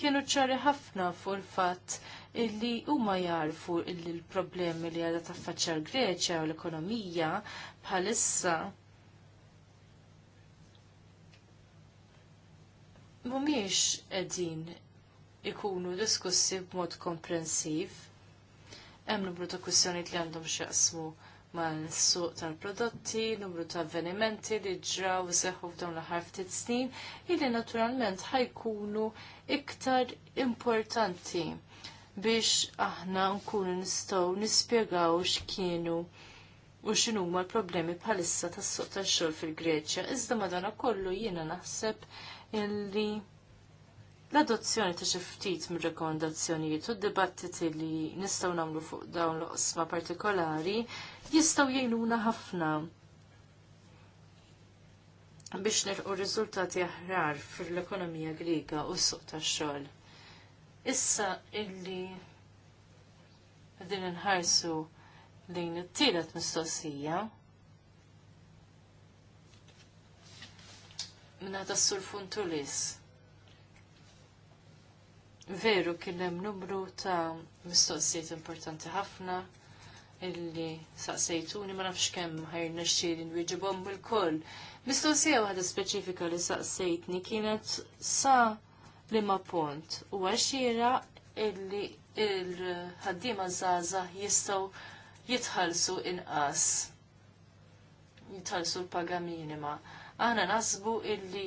kienu ċari ħafna fuq il-fatt illi huma jarfu illi l-problemi li għadha taffaċċja l-Greċja u l-ekonomija bħalissa mumiex qegħdin ikunu diskussi b'mod komprensiv. Hemm numru ta' kwistjonijiet li għandhom x'jaqsmu mal-suq tal-prodotti, numru ta' avvenimenti li ġraw seħħu f'dawn l-aħħar ftit snin, illi naturalment ħajkunu iktar importanti biex aħna nkunu nistgħu nispjegaw x'kienu u x'inhu l-problemi bħalissa tas-suq tax-xogħol fil-Greċja. Iżda madankollu kollu jiena naħseb illi l-adozzjoni ta' xi ftit mir-rekomandazzjonijiet u d-dibattiti li nistgħu nagħmlu fuq dawn l-qosma partikolari jistgħu jgħinuna ħafna biex nilqu riżultati aħrar fil-ekonomija griega u s-suq tax-xogħol. Issa illi qegħdin inħarsu lejn it-tielet mistoqsija minna ta' sulfuntulis. Veru kellem numru ta' mistoqsijiet importanti ħafna illi saqsejtuni ma nafx kemm ħajrna n nwieġibhom bil-koll. Mistoqsija waħda speċifika li saqsejtni kienet sa li ma punt u għaxira illi il-ħaddima żgħażagħ jistgħu jitħallsu inqas jitħallsu l-paga minima aħna nasbu illi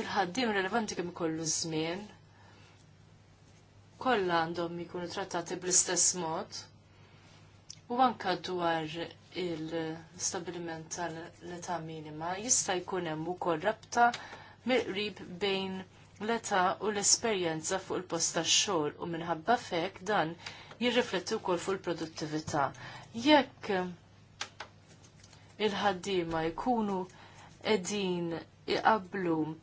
il-ħaddim relevanti kemm kollu żmien kollha għandhom jikunu trattati bl-istess mod u anka dwar il-stabiliment tal-età minima jista' jkun hemm ukoll rabta miqrib bejn l-età u l-esperjenza fuq il-post tax-xogħol u minħabba fek dan jirrifletti wkoll fuq il-produttività. Jekk il-ħaddiema jkunu edin iqablu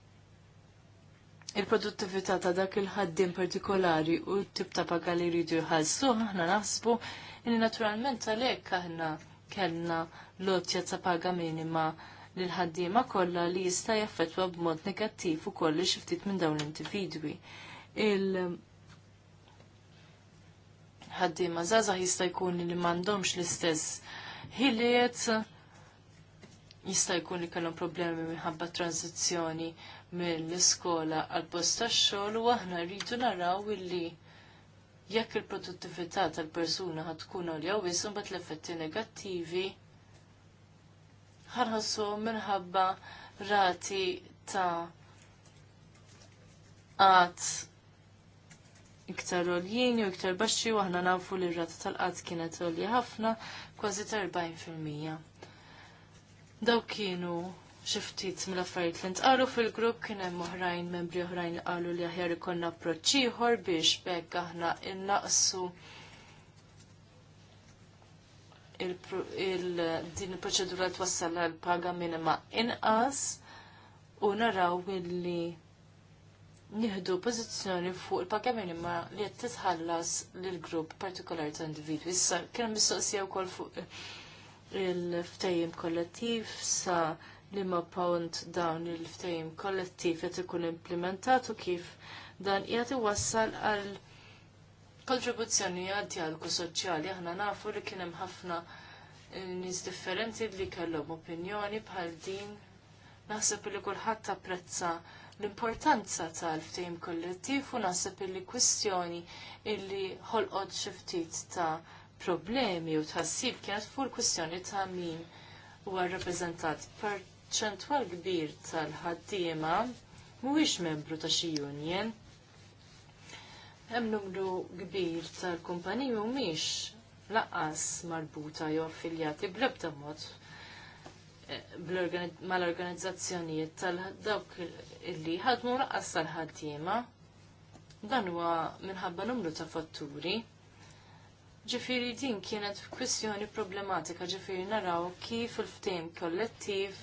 il-produttività ta' dak il-ħaddim partikolari u t-tip ta' paga li jridu jħallsu, aħna naħsbu li naturalment għalhekk aħna kellna lotja ta' paga minima lil ħaddiema kollha li jista' jaffettwa b'mod negattiv ukoll li xi ftit minn dawn l-individwi. Il ħaddiema żgħażagħ jista' jkun li m'għandhomx l-istess ħiliet jista' jkun li kellhom problemi minħabba tranzizzjoni mill-iskola għal post tax-xogħol u aħna rridu naraw illi jekk il-produttività tal-persuna ħad tkun għolja u imbagħad l-effetti negattivi ħarħasu minħabba rati ta' għat iktar oljini u iktar baxxi u aħna nafu li r-rata tal-qatt kienet għolja ħafna kważi ta' 40%. Daw kienu xi ftit mill-affarijiet li ntqalu fil-grupp kien hemm oħrajn membri oħrajn li qalu li aħjar ikollna approċċ ieħor biex bekk aħna innaqsu din il-proċedura twassal għal paga minima inqas u naraw illi nieħdu pożizzjoni fuq il-paga minima li qed titħallas lill grupp partikolari ta' individwi. Issa kien mistoqsija wkoll fuq il-ftajim kollettiv sa liema pound dawn il-ftajim kollettiv qed ikun implementat u kif dan qiegħed iwassal għal kontribuzzjoni għad dialogu soċjali aħna nafu li kien hemm ħafna nies differenti li kellhom opinjoni bħal din naħseb li kulħadd apprezza l-importanza tal-ftehim kollettiv u naħseb li kwistjoni illi ħolqot xi ftit ta' problemi u tħassib kienet fuq il-kwistjoni ta' min huwa rappreżentat perċentwal kbir tal-ħaddiema mhuwiex membru ta' xi union. Hemm numru kbir tal-kumpaniji mhumiex laqqas marbuta jew affiljati bl-ebda mod eh, mal-organizzazzjonijiet tal-dawk illi ħadmu laqas tal-ħaddiema dan huwa minħabba numru ta' fatturi Ġifiri din kienet kwissjoni problematika, ġifiri naraw kif il-ftim kollettiv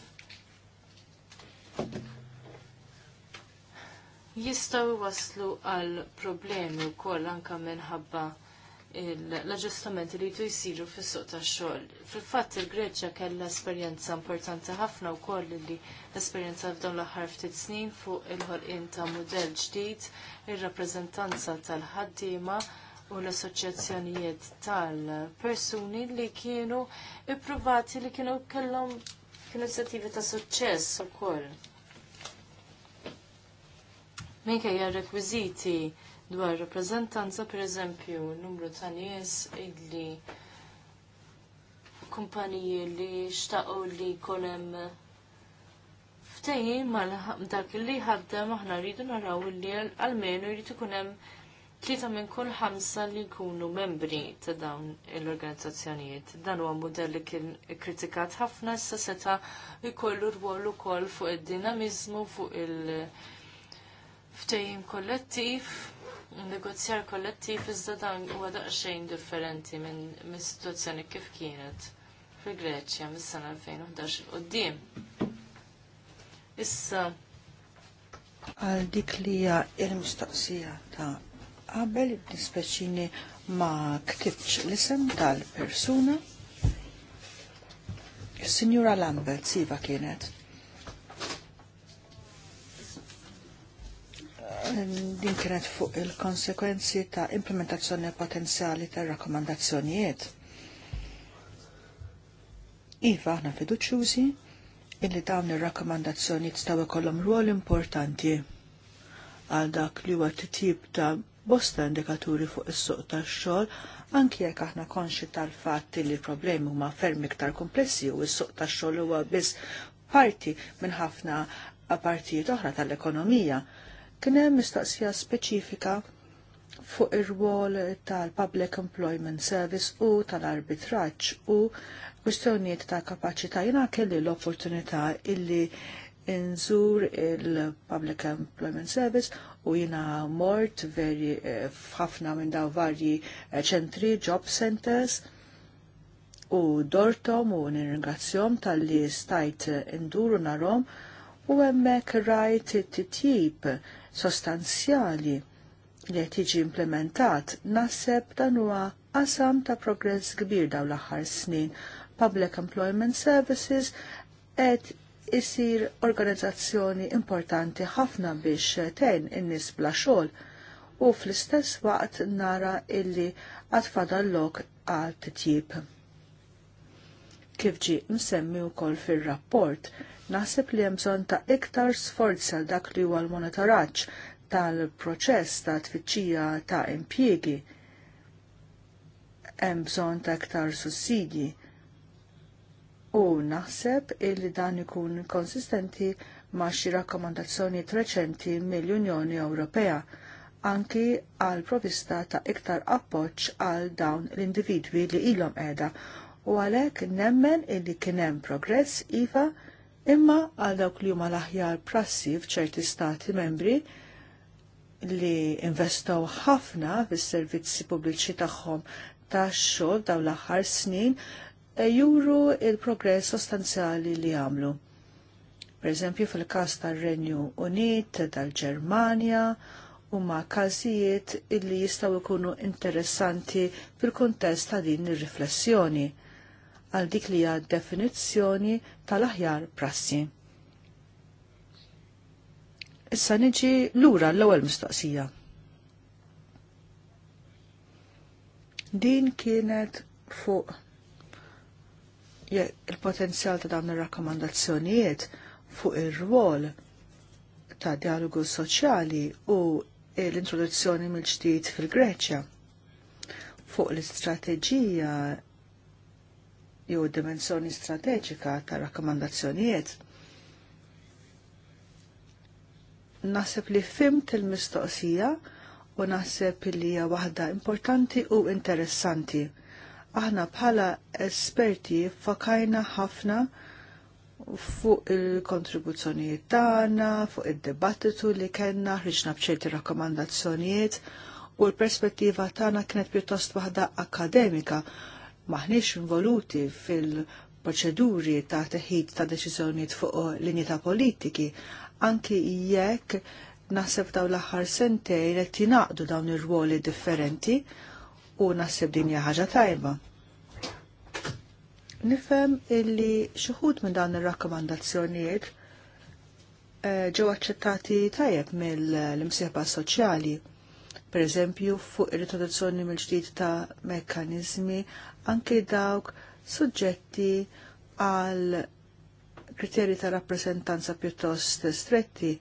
jistaw waslu għal problemi u koll anka minħabba l-aġustamenti li jtu jisiru fis suq ta' xogħol. Fil-fatt il-Greċja kellha esperjenza importanti ħafna wkoll li esperjenza f'dawn l-aħħar ftit snin fuq il-ħolqien ta' mudell ġdid, ir-rappreżentanza tal-ħaddiema, u l-assoċjazzjonijiet tal-persuni li kienu ippruvati li kienu kellhom kienu inizjattivi ta' suċċess ukoll. Minkejja rekwiżiti dwar rappreżentanza pereżempju numru ta' nies illi kumpaniji li xtaqgħu li kolem ftejjim mal dak li ħaddem aħna rridu naraw li għalmenu jrid ikun hemm tlieta minn kull ħamsa li jkunu membri ta' dawn l-organizzazzjonijiet. Dan huwa mudell li kien kritikat ħafna issa seta' jkollu rwol ukoll fuq id-dinamiżmu fuq il- ftejim kollettiv, negozjar kollettiv iżda dan huwa daqsxejn differenti minn situazzjoni kif kienet fil-Greċja mis-sena 2011 qudiem. Issa għal dik li hija l-mistoqsija ta' qabel id-dispeċini ma ktibx l-isem tal-persuna. Signora Lambert, siva kienet. Din kienet fuq il-konsekwenzi ta' implementazzjoni potenzjali ta' rakkomandazzjonijiet. Iva, aħna fiduċjużi illi dawn ir-rakkomandazzjonijiet staw ikollhom ruol importanti għal dak li huwa tip ta' bosta indikaturi fuq is-suq tax-xogħol anki jekk aħna konxi tal-fatt li l-problemi huma ferm iktar komplessi u s-suq tax-xogħol huwa biss parti minn ħafna partijiet oħra tal-ekonomija. Kien hemm mistoqsija speċifika fuq ir-rwol tal-Public Employment Service u tal-arbitraġġ u kwistjonijiet ta' kapaċità jiena kelli l-opportunità illi inżur il-Public Employment Service u jina mort veri eh, f'ħafna minn daw varji eh, ċentri, job centers u dortom u nirringrazzjom tal-li stajt induru narom u emmek rajt t-tip sostanzjali li tiġi implementat naħseb dan huwa qasam ta' progress kbir daw l-aħħar snin. Public Employment Services qed isir organizzazzjoni importanti ħafna biex ten in-nies bla xogħol u fl-istess waqt nara illi għatfada l-lok għal titjib. Kif ġi msemmi u kol fil-rapport, naħseb li jemżon ta' iktar sforza dak li huwa l-monitoraġġ tal-proċess ta' tfittxija ta' impjiegi. Hemm bżonn ta' iktar sussidji u naħseb illi dan ikun konsistenti ma' xi rakkomandazzjonijiet reċenti mill-Unjoni Ewropea anki għal provista ta' iktar appoġġ għal dawn l-individwi li ilhom qiegħda u għalhekk nemmen illi kien hemm progress iva imma għal dawk li huma l-aħjar prassi f'ċerti stati membri li investow ħafna fis-servizzi pubbliċi tagħhom tax xogħol dawn l-aħħar snin E juru il-progress sostanzjali li għamlu. Per eżempju fil-kas tal-Renju Unit, tal-Ġermanja, huma każijiet illi jistgħu jkunu interessanti fil-kuntest ta' din ir-riflessjoni għal dik li hija definizzjoni tal-aħjar prassi. Issa niġi lura l-ewwel mistoqsija. Din kienet fuq il-potenzjal ta' dawn ir-rakkomandazzjonijiet fuq ir-rwol ta' dialogu soċjali u l-introduzzjoni mill-ġdid fil-Greċja fuq l-istrateġija jew dimensjoni strateġika ta' rakkomandazzjonijiet. Naħseb li fimt il-mistoqsija u naħseb li hija waħda importanti u interessanti aħna bħala esperti fakajna ħafna fuq il-kontribuzzjonijiet tagħna, fuq id-dibattitu li kellna, ħriġna b'ċerti rakkomandazzjonijiet u l-perspettiva tagħna kienet pjuttost waħda akademika maħniex involuti fil-proċeduri ta' teħid ta' deċiżjonijiet fuq linji ta' politiki, anki jekk naħseb daw l-aħħar sentejn qed jingħaqdu dawn ir-ruoli differenti u nasib din hija ħaġa tajba. Nifhem illi xi minn dawn ir-rakkomandazzjonijiet eh, ġew aċċettati tajjeb mill-imsieħba soċjali, pereżempju fuq ir-introduzzjoni mill-ġdid ta' mekkaniżmi anke dawk suġġetti għal kriterji ta' rappresentanza pjuttost stretti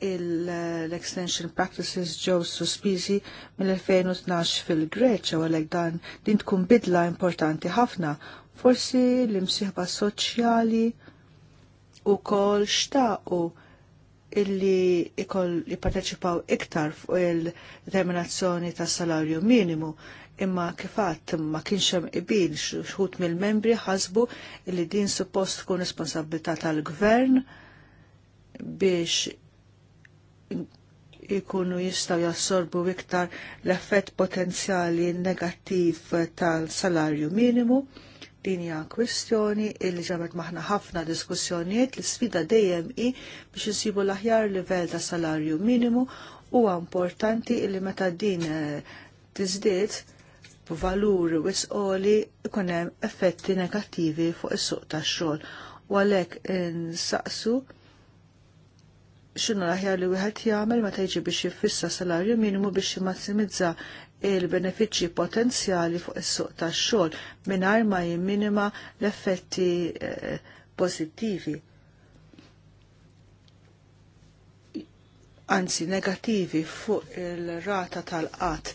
l-extension practices ġew suspiżi mill-2012 fil-Greċa u għalhekk dan din tkun bidla importanti ħafna. Forsi l-imsieħba soċjali u kol xtaqu illi ikoll jipparteċipaw iktar fuq il-determinazzjoni tas salarju minimu imma kifat ma kienx hemm qibil xħut mill-membri ħasbu li din suppost tkun responsabilità tal-gvern biex ikunu jistaw jassorbu iktar l-effett potenzjali negattiv tal-salarju minimu. Din hija kwistjoni li ġabet maħna ħafna diskussjonijiet li sfida dejjem hi biex insibu l-aħjar livell ta' salarju minimu huwa importanti li meta din eh, tiżdied b'valur wisqoli ikun hemm effetti negattivi fuq is-suq tax-xogħol. U għalhekk insaqsu xinu l li wieħed jagħmel ma jiġi biex jiffissa salarju minimu biex jimmassimizza il-benefiċċji potenzjali fuq is-suq tax-xogħol mingħajr ma jimminima l-effetti eh, pożittivi. Anzi, negattivi fuq il-rata tal-qatt.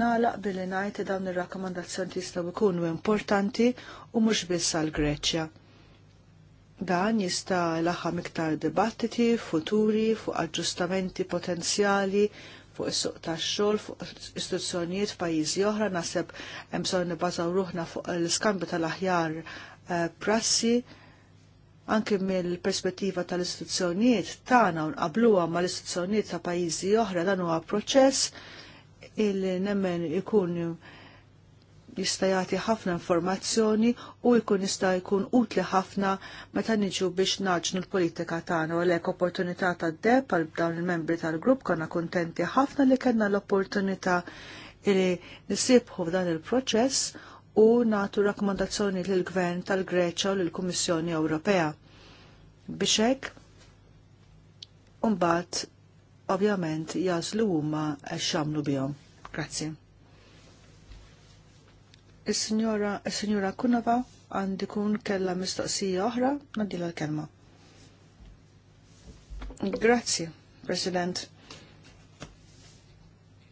Nalaq billi ngħid dawn ir-rakkomandazzjoni jistgħu jkunu importanti u mhux biss għall-Greċja Dan jista' laħam iktar dibattiti futuri fuq aġġustamenti potenzjali fuq is-suq tax-xogħol fuq istituzzjonijiet f'pajjiżi oħra naħseb hemm bżonn nibbażaw ruħna fuq l-iskambju tal-aħjar eh, prassi anke mill-perspettiva tal-istituzzjonijiet tagħna u nqabluha mal-istituzzjonijiet ta' pajjiżi oħra dan huwa proċess illi nemmen ikun jista' jagħti ħafna informazzjoni u jkun jista' jkun utli ħafna meta niġu biex naġnu l-politika tagħna u lek opportunità tad-deb għal dawn il-membri tal-grupp konna kuntenti ħafna li kellna l-opportunità li nisibħu f'dan il-proċess u nagħtu rakkomandazzjoni lill gvern tal-Greċja u lill-Kummissjoni Ewropea. Biex hekk mbagħad ovvjament jażlu huma x'jagħmlu bihom. Grazie. Is-Sinjora Kunova għandi kun kella mistoqsija oħra, nadila l-kelma. Grazzi, President.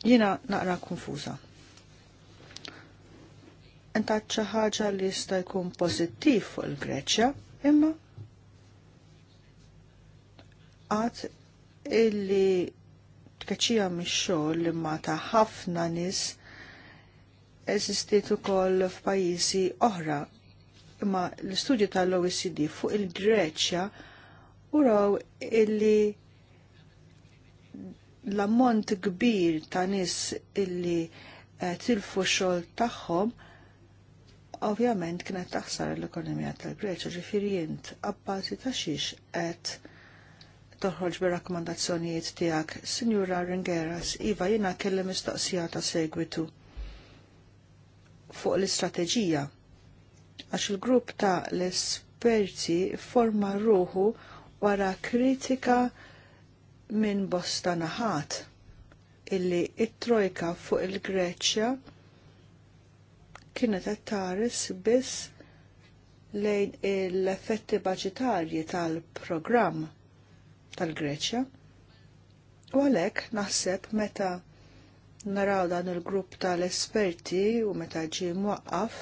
Jina naqra konfuza. Intaċċa ħaġa li jista' jkun pożittiv fuq il-Greċja, imma għad illi tkeċija mix-xogħol ma ta' ħafna nies eżistiet ukoll f'pajjiżi oħra imma l-istudju tal-OECD fuq il-Greċja uraw illi l-ammont kbir ta' nis illi tilfu xol tagħhom ovvjament kienet taħsar l-ekonomija tal-Greċja ġifieri jint abbażi ta' xiex qed toħroġ bir-rakkomandazzjonijiet tiegħek. Sinjura Ringeras, iva jiena kellem mistoqsija ta' segwitu fuq l-istrateġija għax il-grupp ta' l-esperti forma ruħu wara kritika minn bosta naħat illi it-trojka fuq il-Greċja kienet qed tares biss lejn l-effetti baġitarji tal-programm tal-Greċja. U għalhekk naħseb meta naraw dan il-grupp tal-esperti u meta ġie mwaqqaf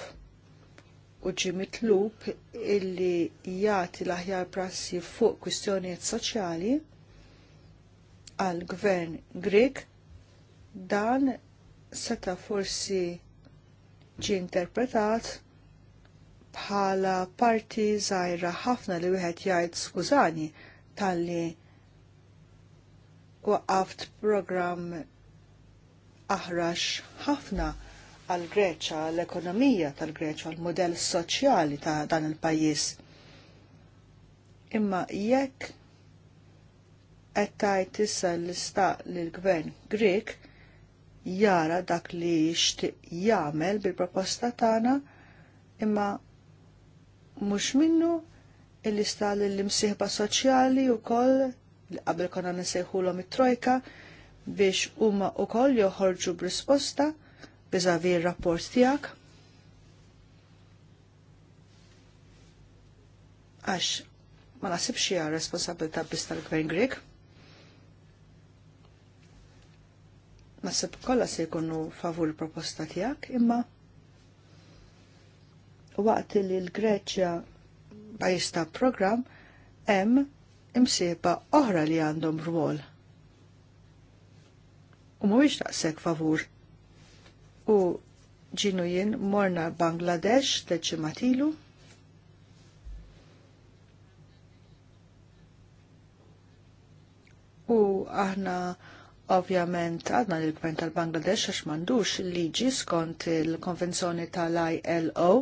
u ġi mitlub illi jagħti l-aħjar prassi fuq kwistjonijiet soċjali għal gvern Grek dan seta forsi ġi interpretat bħala parti zaħira ħafna li wieħed jgħid skużani talli waqqaft programm aħrax ħafna għal Greċa, l-ekonomija tal-Greċa, l-modell soċjali ta' dan il-pajis. Imma jekk qed tissa issa l-istaq l-gvern Grek jara dak li jixtieq jagħmel bil-proposta tagħna imma mhux minnu l-istaq l-imsieħba soċjali wkoll li qabel konna nsejħulhom it-trojka biex huma wkoll joħorġu b'risposta biżavi r-rapport tiegħek. Għax ma nasibx hija responsabilità biss tal-Gvern Grek. Nasib kollha se jkunu favur proposta tiegħek imma waqt li l-Greċja bajista program, em hemm imsieba oħra li għandhom rwol u mhuwiex daqshekk favur. U ġinu jien morna Bangladesh matilu. u aħna Ovvjament, għadna l-gvern tal-Bangladesh għax mandux liġi skont il-konvenzjoni tal-ILO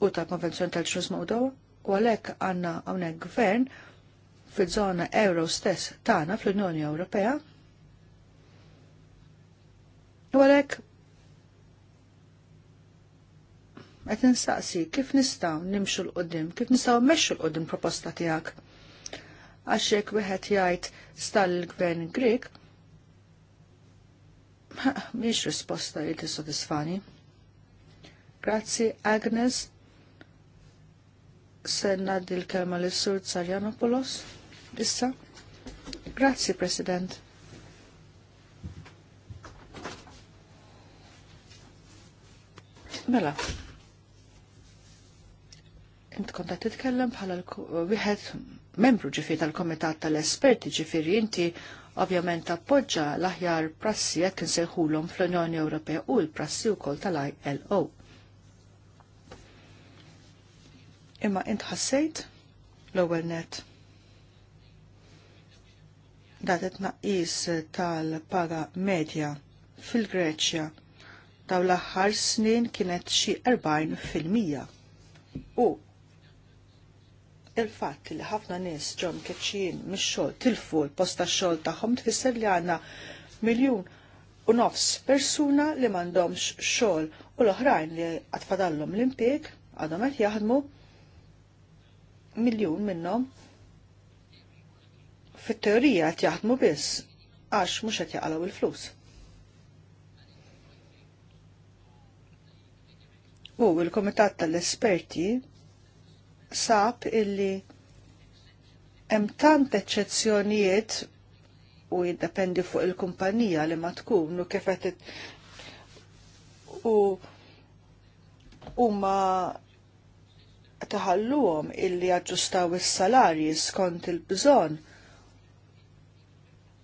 u tal-konvenzjoni tal-ċnus Mawdow, u għalek għanna għawnek gvern fil-żona euro stess tagħna fl-Unjoni Ewropea. U għalhekk qed nistaqsi kif nistgħu nimxu l qudiem kif nistgħu mmexxu l qudiem proposta tiegħek. Għax jekk wieħed jgħid stal il-Gvern Grik, mhix risposta li tissodisfani. Grazzi Agnes, senna dil-kelma l-Sur Tsarjanopoulos issa. Grazzi, President. Mela, Inti konta titkellem bħala wieħed membru ġifi tal-Komitat tal-Esperti ġifieri inti ovvjament appoġġa l-aħjar prassi qed insejħulhom fl-Unjoni Ewropea u l-prassi wkoll tal-ILO. Imma int ħassejt l-ewwel net datet naqis tal-paga medja fil-Greċja daw l-aħħar snin kienet xi 40 fil-mija. U il-fatt li ħafna nies ġom keċċin mix-xogħol tilfu l-posta xogħol tagħhom tfisser li għandna miljun u nofs persuna li m'għandhomx xogħol u l-oħrajn li għatfadallhom l-impjeg għadhom qed jaħdmu miljun minnhom fit-teorija qed jaħdmu biss għax mhux qed jaqalgħu il-flus. U il-Komitat tal-Esperti sab illi hemm tant eċċezzjonijiet u jiddependi fuq il-kumpanija li ma tkun u kif qed u huma taħalluhom illi aġġustaw is-salarji skont il-bżonn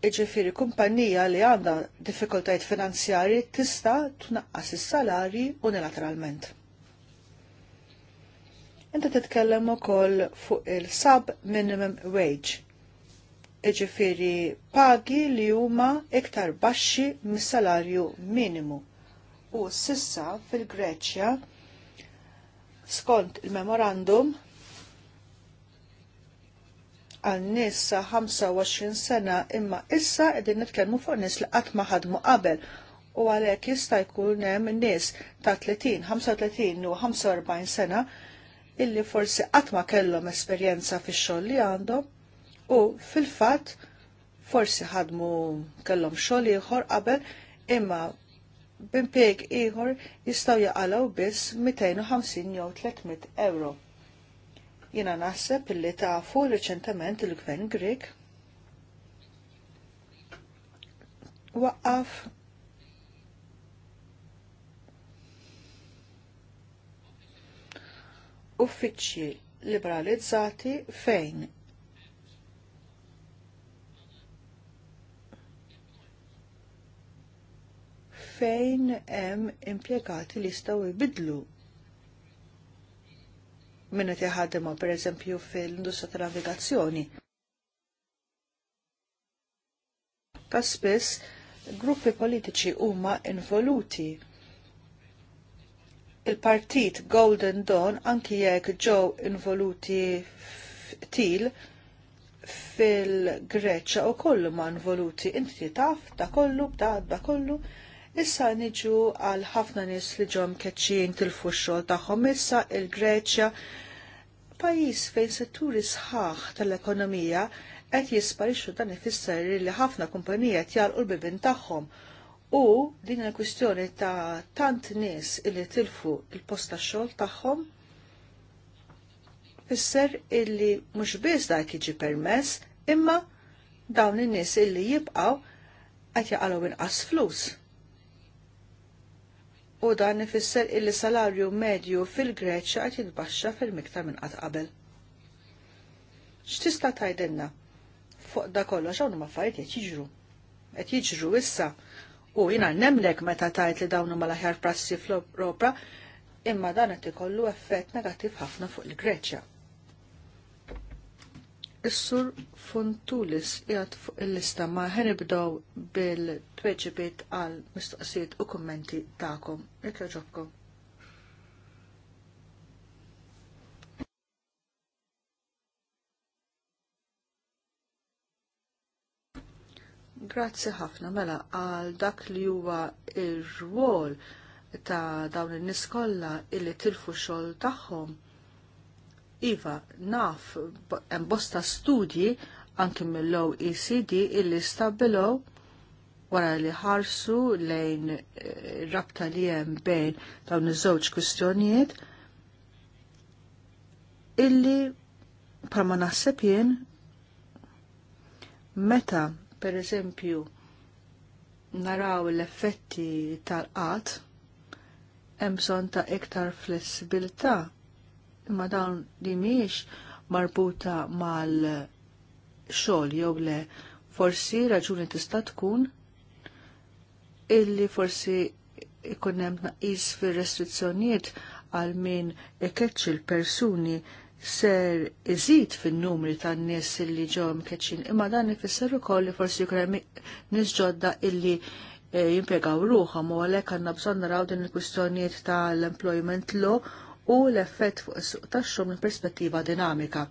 Iġifiri kumpanija li għandha diffikultajt finanzjari tista' tnaqqas is-salari unilateralment. Inta titkellem ukoll fuq il-sub minimum wage. Iġifiri pagi li huma iktar baxxi mis-salarju minimu. U sissa fil-Greċja skont il-memorandum għal nies 25 sena imma issa qegħdin nitkellmu fuq nies li qatt ma ħadmu qabel u għalhekk jista' jkun hemm nies ta' 30, 35 u 45 sena illi forsi qatt ma kellhom esperjenza fix-xogħol li għandhom u fil-fatt forsi ħadmu kellhom xogħol ieħor qabel imma bimpeg ieħor jistgħu jaqalgħu biss 250 jew 300 euro Jena naħseb li tafu reċentament il-gvern Grek waqqaf uffiċċji liberalizzati fejn fejn hemm impjegati li jistgħu jbidlu minnet jaħadema per eżempju fil-industrija tal-navigazzjoni. Ta' spiss, gruppi politiċi huma involuti. Il-partit Golden Dawn anki jekk ġew involuti til fil-Greċċa u kollu ma' involuti. Inti taf, ta' kollu, ta' da kollu. kollu Issa niġu għal ħafna nies li ġom keċċin til xogħol tagħhom issa il-Greċja pajjiż fejn setturi sħaħ tal-ekonomija qed jisparixxu dan ifisser li ħafna kumpanija qed jarqu l-bibin tagħhom u din il-kwistjoni ta' tant nies illi tilfu il-post tax-xogħol tagħhom fisser illi mhux biss dak jiġi permess imma dawn in-nies illi jibqgħu qed jaqalgħu inqas flus u dan ifisser illi salarju medju fil-Greċja qed jitbaxxa fil-miktar minn qatt qabel. X'tista' tgħidilna? Fuq da kollox hawn huma affarijiet qed jiġru. Qed jiġru issa u jiena nemlek meta tgħid li dawn huma l-aħjar prassi fl-Ewropa imma dan qed ikollu effett negattiv ħafna fuq il-Greċja. Is-sur Funtulis jgħat fuq il-lista ma ħenibdow bil-tweġibiet għal mistoqsijiet u kommenti ta'kom. Ikkaġobkom. Grazzi ħafna mela għal dak li huwa ir-rwol ta' dawn in-nies kollha illi tilfu xogħol tagħhom Iva, naf bosta studji anki mill-OECD illi stabilow wara li ħarsu lejn eh, rabta li hemm bejn dawn iż-żewġ kwistjonijiet illi bħal ma naħseb jien meta pereżempju naraw l-effetti tal qat hemm bżonn ta' iktar flessibilità imma dawn li miex marbuta mal xogħol jew le forsi raġuni tista' tkun illi forsi ikun hemm tnaqqis fir-restrizzjonijiet għal min ikeċċi l-persuni ser iżid fin-numri tan nies illi ġew mkeċċin imma dan ifisser ukoll li forsi jkun hemm nies ġodda illi eh, jimpjegaw ruħhom u għalhekk għandna bżonn naraw din il-kwistjonijiet tal-employment law u l-effett fuq is-suq tax-xogħol minn perspettiva dinamika.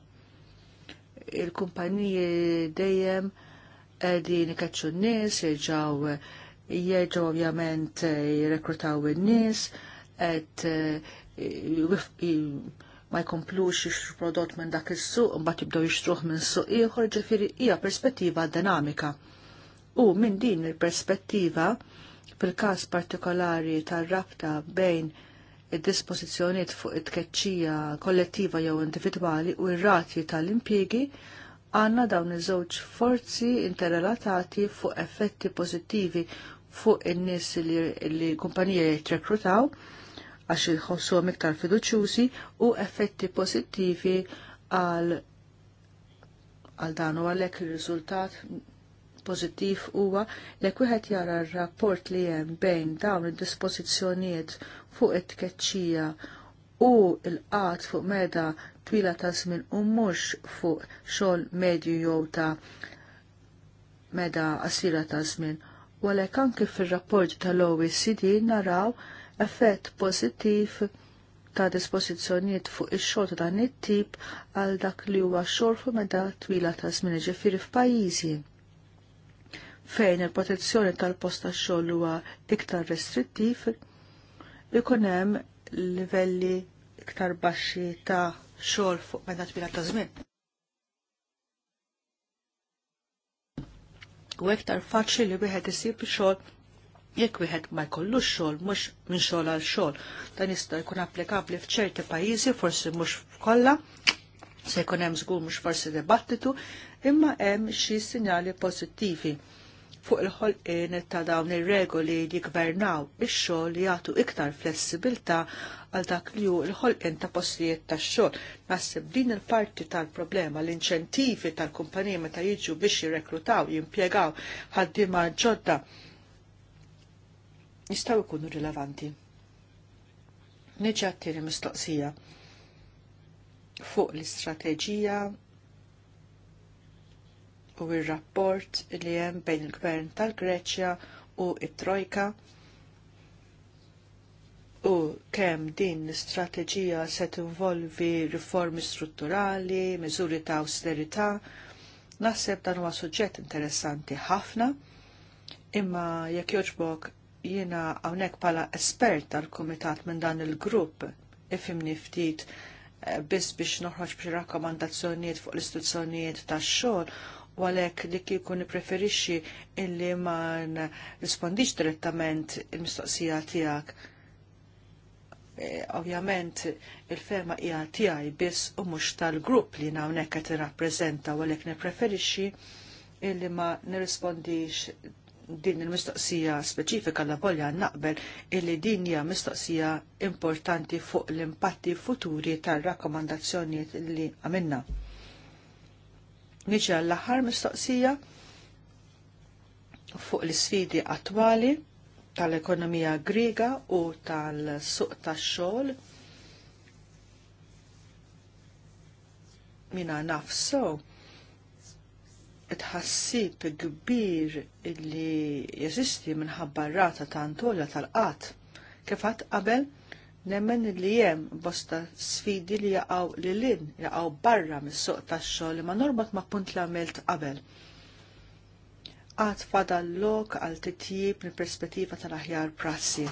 Il-kumpaniji dejjem qegħdin ikaċċu n-nies, jerġgħu jerġgħu ovvjament eh, jirrekrutaw in-nies, qed eh, ma jkomplux jixtru prodott minn dak is-suq, mbagħad jibdew jixtruh minn suq ieħor, ġifieri hija perspettiva dinamika. U minn din il-perspettiva fil-każ partikolari tar-rabta bejn id-dispożizzjonijiet fuq it-tkeċċija kollettiva jew individwali u r-ratji tal-impjiegi għanna dawn iż-żewġ forzi interrelatati fuq effetti pożittivi fuq in-nies li kumpanija jitrekrutaw għax iħossuhom iktar fiduċjużi u effetti pożittivi għal għal dan u għalhekk ir-riżultat Pozittiv huwa li wieħed jara r-rapport li hemm bejn dawn id-dispożizzjonijiet fuq it-tkeċċija u l-qat fuq meda twila ta' żmien u mhux fuq xogħol medju jew ta' meda qasira ta' żmien. U għalhekk anke fir-rapport tal-OECD naraw effett pożittiv ta' dispożizzjonijiet fuq ix-xogħol ta' dan it-tip għal dak li huwa xogħol fuq meta twila ta' żmien ġifieri f'pajjiżi fejn il-protezzjoni tal posta xoll xogħol huwa iktar restrittiv, ikun hemm livelli iktar baxxi ta' xogħol fuq meta twila ta' żmien. U iktar faċli li wieħed isib xogħol jekk wieħed ma jkollux xogħol mhux minn xogħol għal xogħol, dan jista' jkun applikabbli f'ċerti pajjiżi, forsi mhux f'kollha, se jkun hemm żgur mhux forsi dibattitu, imma hemm xi sinjali pożittivi fuq il-ħolqien ta' dawn ir-regoli li gvernaw ix-xogħol li jagħtu iktar flessibilità għal dak li hu l-ħolqien ta' postijiet tax-xogħol. Naħseb din il-parti tal-problema l-inċentivi tal kumpaniji meta jiġu biex jirreklutaw, jimpjegaw ħaddiema ġodda jistgħu jkunu rilevanti. Niġi għattieni mistoqsija fuq l-istrateġija u ir-rapport li hemm bejn il-Gvern tal-Greċja u it-Trojka u kemm din l-istrateġija se tinvolvi riformi strutturali, miżuri ta' austerità, naħseb dan huwa suġġett interessanti ħafna, imma jekk joġbok jiena hawnhekk bħala espert tal-kumitat minn dan il-grupp ifimni ftit eh, biss biex noħroġ b'xi rakkomandazzjonijiet fuq l-istituzzjonijiet tax-xogħol għalek għalhekk li kieku nippreferixxi illi ma nrispondix direttament il-mistoqsija tiegħek. E, ovvjament il ferma hija tiegħi biss u mhux tal-grupp li hawnhekk qed irrappreżenta u għalhekk nippreferixxi illi ma nirrispondix din il-mistoqsija speċifika la volja naqbel illi din hija mistoqsija importanti fuq l-impatti futuri tal-rakkomandazzjonijiet li għamilna. Niġi għall-aħħar mistoqsija fuq l-sfidi attwali tal-ekonomija griga u tal-suq tax-xogħol. Mina nafso tħassib kbir li jeżisti minħabba rata ta' antolja tal-qat kif qatt qabel Nemmen li jem bosta sfidi li jaqaw li lin, jaqaw barra mis-suq tax-xogħol li ma norbot ma' punt li għamilt qabel. Għad fada l-lok għal titjib mill perspettiva tal-aħjar prassi.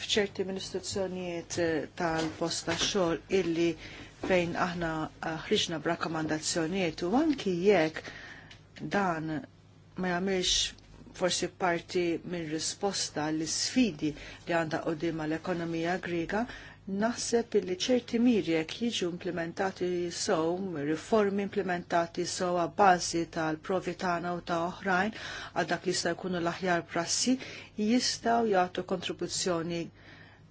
F'ċerti minn istituzzjonijiet eh, tal-posta xogħol illi fejn aħna eh, ħriġna b'rakkomandazzjonijiet u anki jekk dan ma jagħmilx forsi parti minn risposta l sfidi li għandha qudiem l-ekonomija grega naħseb li ċerti miri jekk jiġu implementati sow, riformi implementati sow għabbażi tal-provi tagħna u ta' oħrajn għal dak li jista' jkunu l-aħjar prassi, jistgħu jagħtu kontribuzzjoni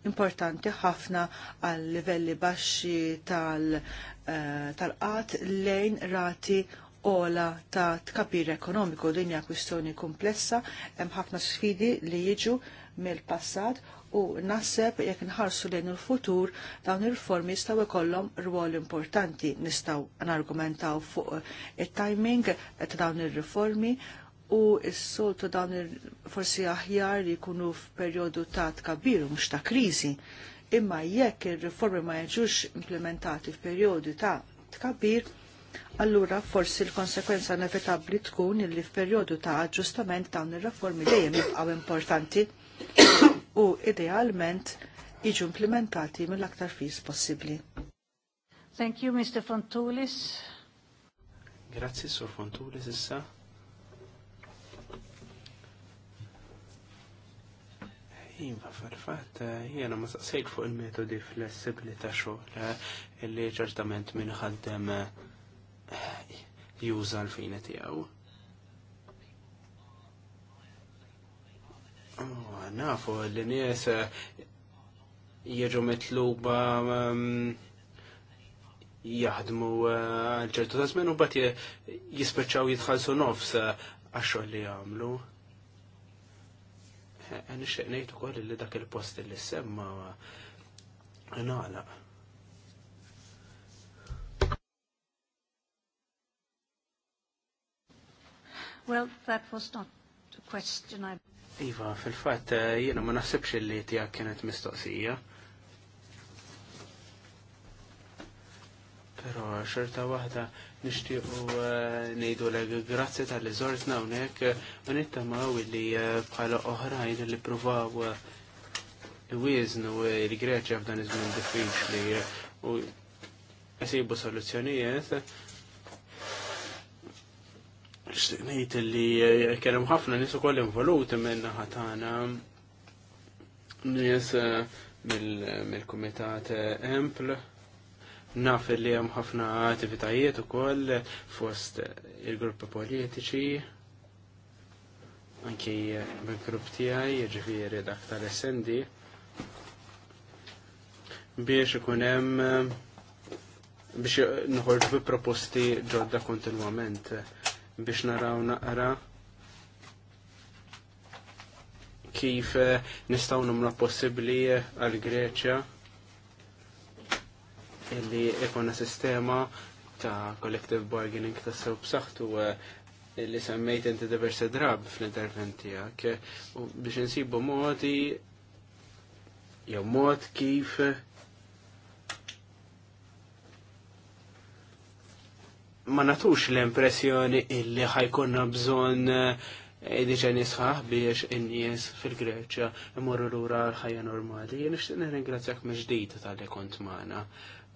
importanti ħafna għal livelli baxxi eh, tal-qat lejn rati ola ta' tkapir ekonomiku dinja kwistjoni komplessa, hemm ħafna sfidi li jiġu mill-passat u naseb jekk nħarsu lejn il-futur dawn il riformi jistgħu ikollhom rwol importanti nistgħu nargumentaw fuq it-timing ta' dawn ir-riformi u s-soltu dawn forsi aħjar li jkunu f'perjodu ta' tkabbir mhux ta' kriżi. Imma jekk ir-riformi ma jiġux implementati f'perjodi ta' tkabbir, allura forsi l-konsekwenza inevitabli tkun illi f'perjodu ta' aġġustament dawn ir-reformi dejjem jibqgħu importanti u idealment jiġu implementati mill-aktar fis possibbli. Thank you, Mr. Fontulis. Grazzi, Sur Fontulis, issa. Iva, farfat, jiena jena ma saqsejt fuq il-metodi flessibli ta' xogħol eh, illi ċertament minn ħaddem eh, juża l fejna tijaw. Oh, nafu li nies eh, jieġu mitluba mm, jaħdmu eh, ċertu ta' żmien u bat jispeċċaw jitħallsu nofs eh, għaxo li jagħmlu. Għan ngħid ukoll li dak il-post li semma nagħlaq Well, that was not a question I... Iva, fil-fat, eh, jena ma naħsebx li tijak kienet mistoqsija. Pero xorta wahda nishtiqu eh, nejdu l grazzi tal-li zortna unek, eh, unittamaw li bħala oħrajn li provaw wiznu il greċi f'dan izmin diffiċ diffiċli u jisibu soluzzjonijiet nixtieq li kena mħafna ħafna nies ukoll involuti minn ħatana nies eh, mill-kumitat eh, Empl naf li hemm ħafna attivitajiet ukoll fost eh, il-gruppi politiċi anki mill-grupp tiegħi jiġifieri dak tal-essendi biex ikun hemm biex nħorġu bi proposti ġodda kontinwament biex naraw naqra kif eh, nistaw numra possibli eh, għal Greċja illi ikona sistema ta' collective bargaining ta' sew b'saħħtu eh, illi semmejt inti diversi drab fl interventi tiegħek u biex insibu modi jew mod kif ma natux l-impressjoni illi ħajkonna bżon eh, diġa nisħaħ biex in-nies fil-Greċja imorru lura l-ħajja normali. Jien nixtieq nirringrazzjak meġdid tal-li kont magħna.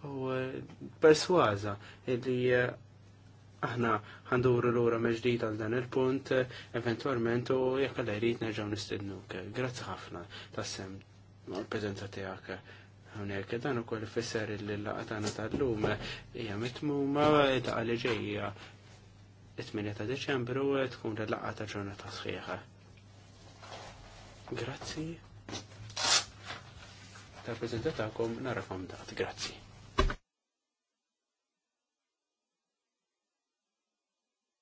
U eh, perswaza illi eh, aħna ħanduru lura meġdid għal dan il-punt eventualment u jekk għal jrid nerġgħu nistidnuk. Grazzi ħafna tas-sem mal-preżenza tiegħek hawnhekk dan ukoll ifisser li l-laqgħa tagħna tal-lum hija mitmuma ta' li ġejja 8 ta' Deċembru tkun l-laqgħa ta' ġurnata sħiħa. Grazzi. Ta' prezentatakom, narakom dat. Grazzi.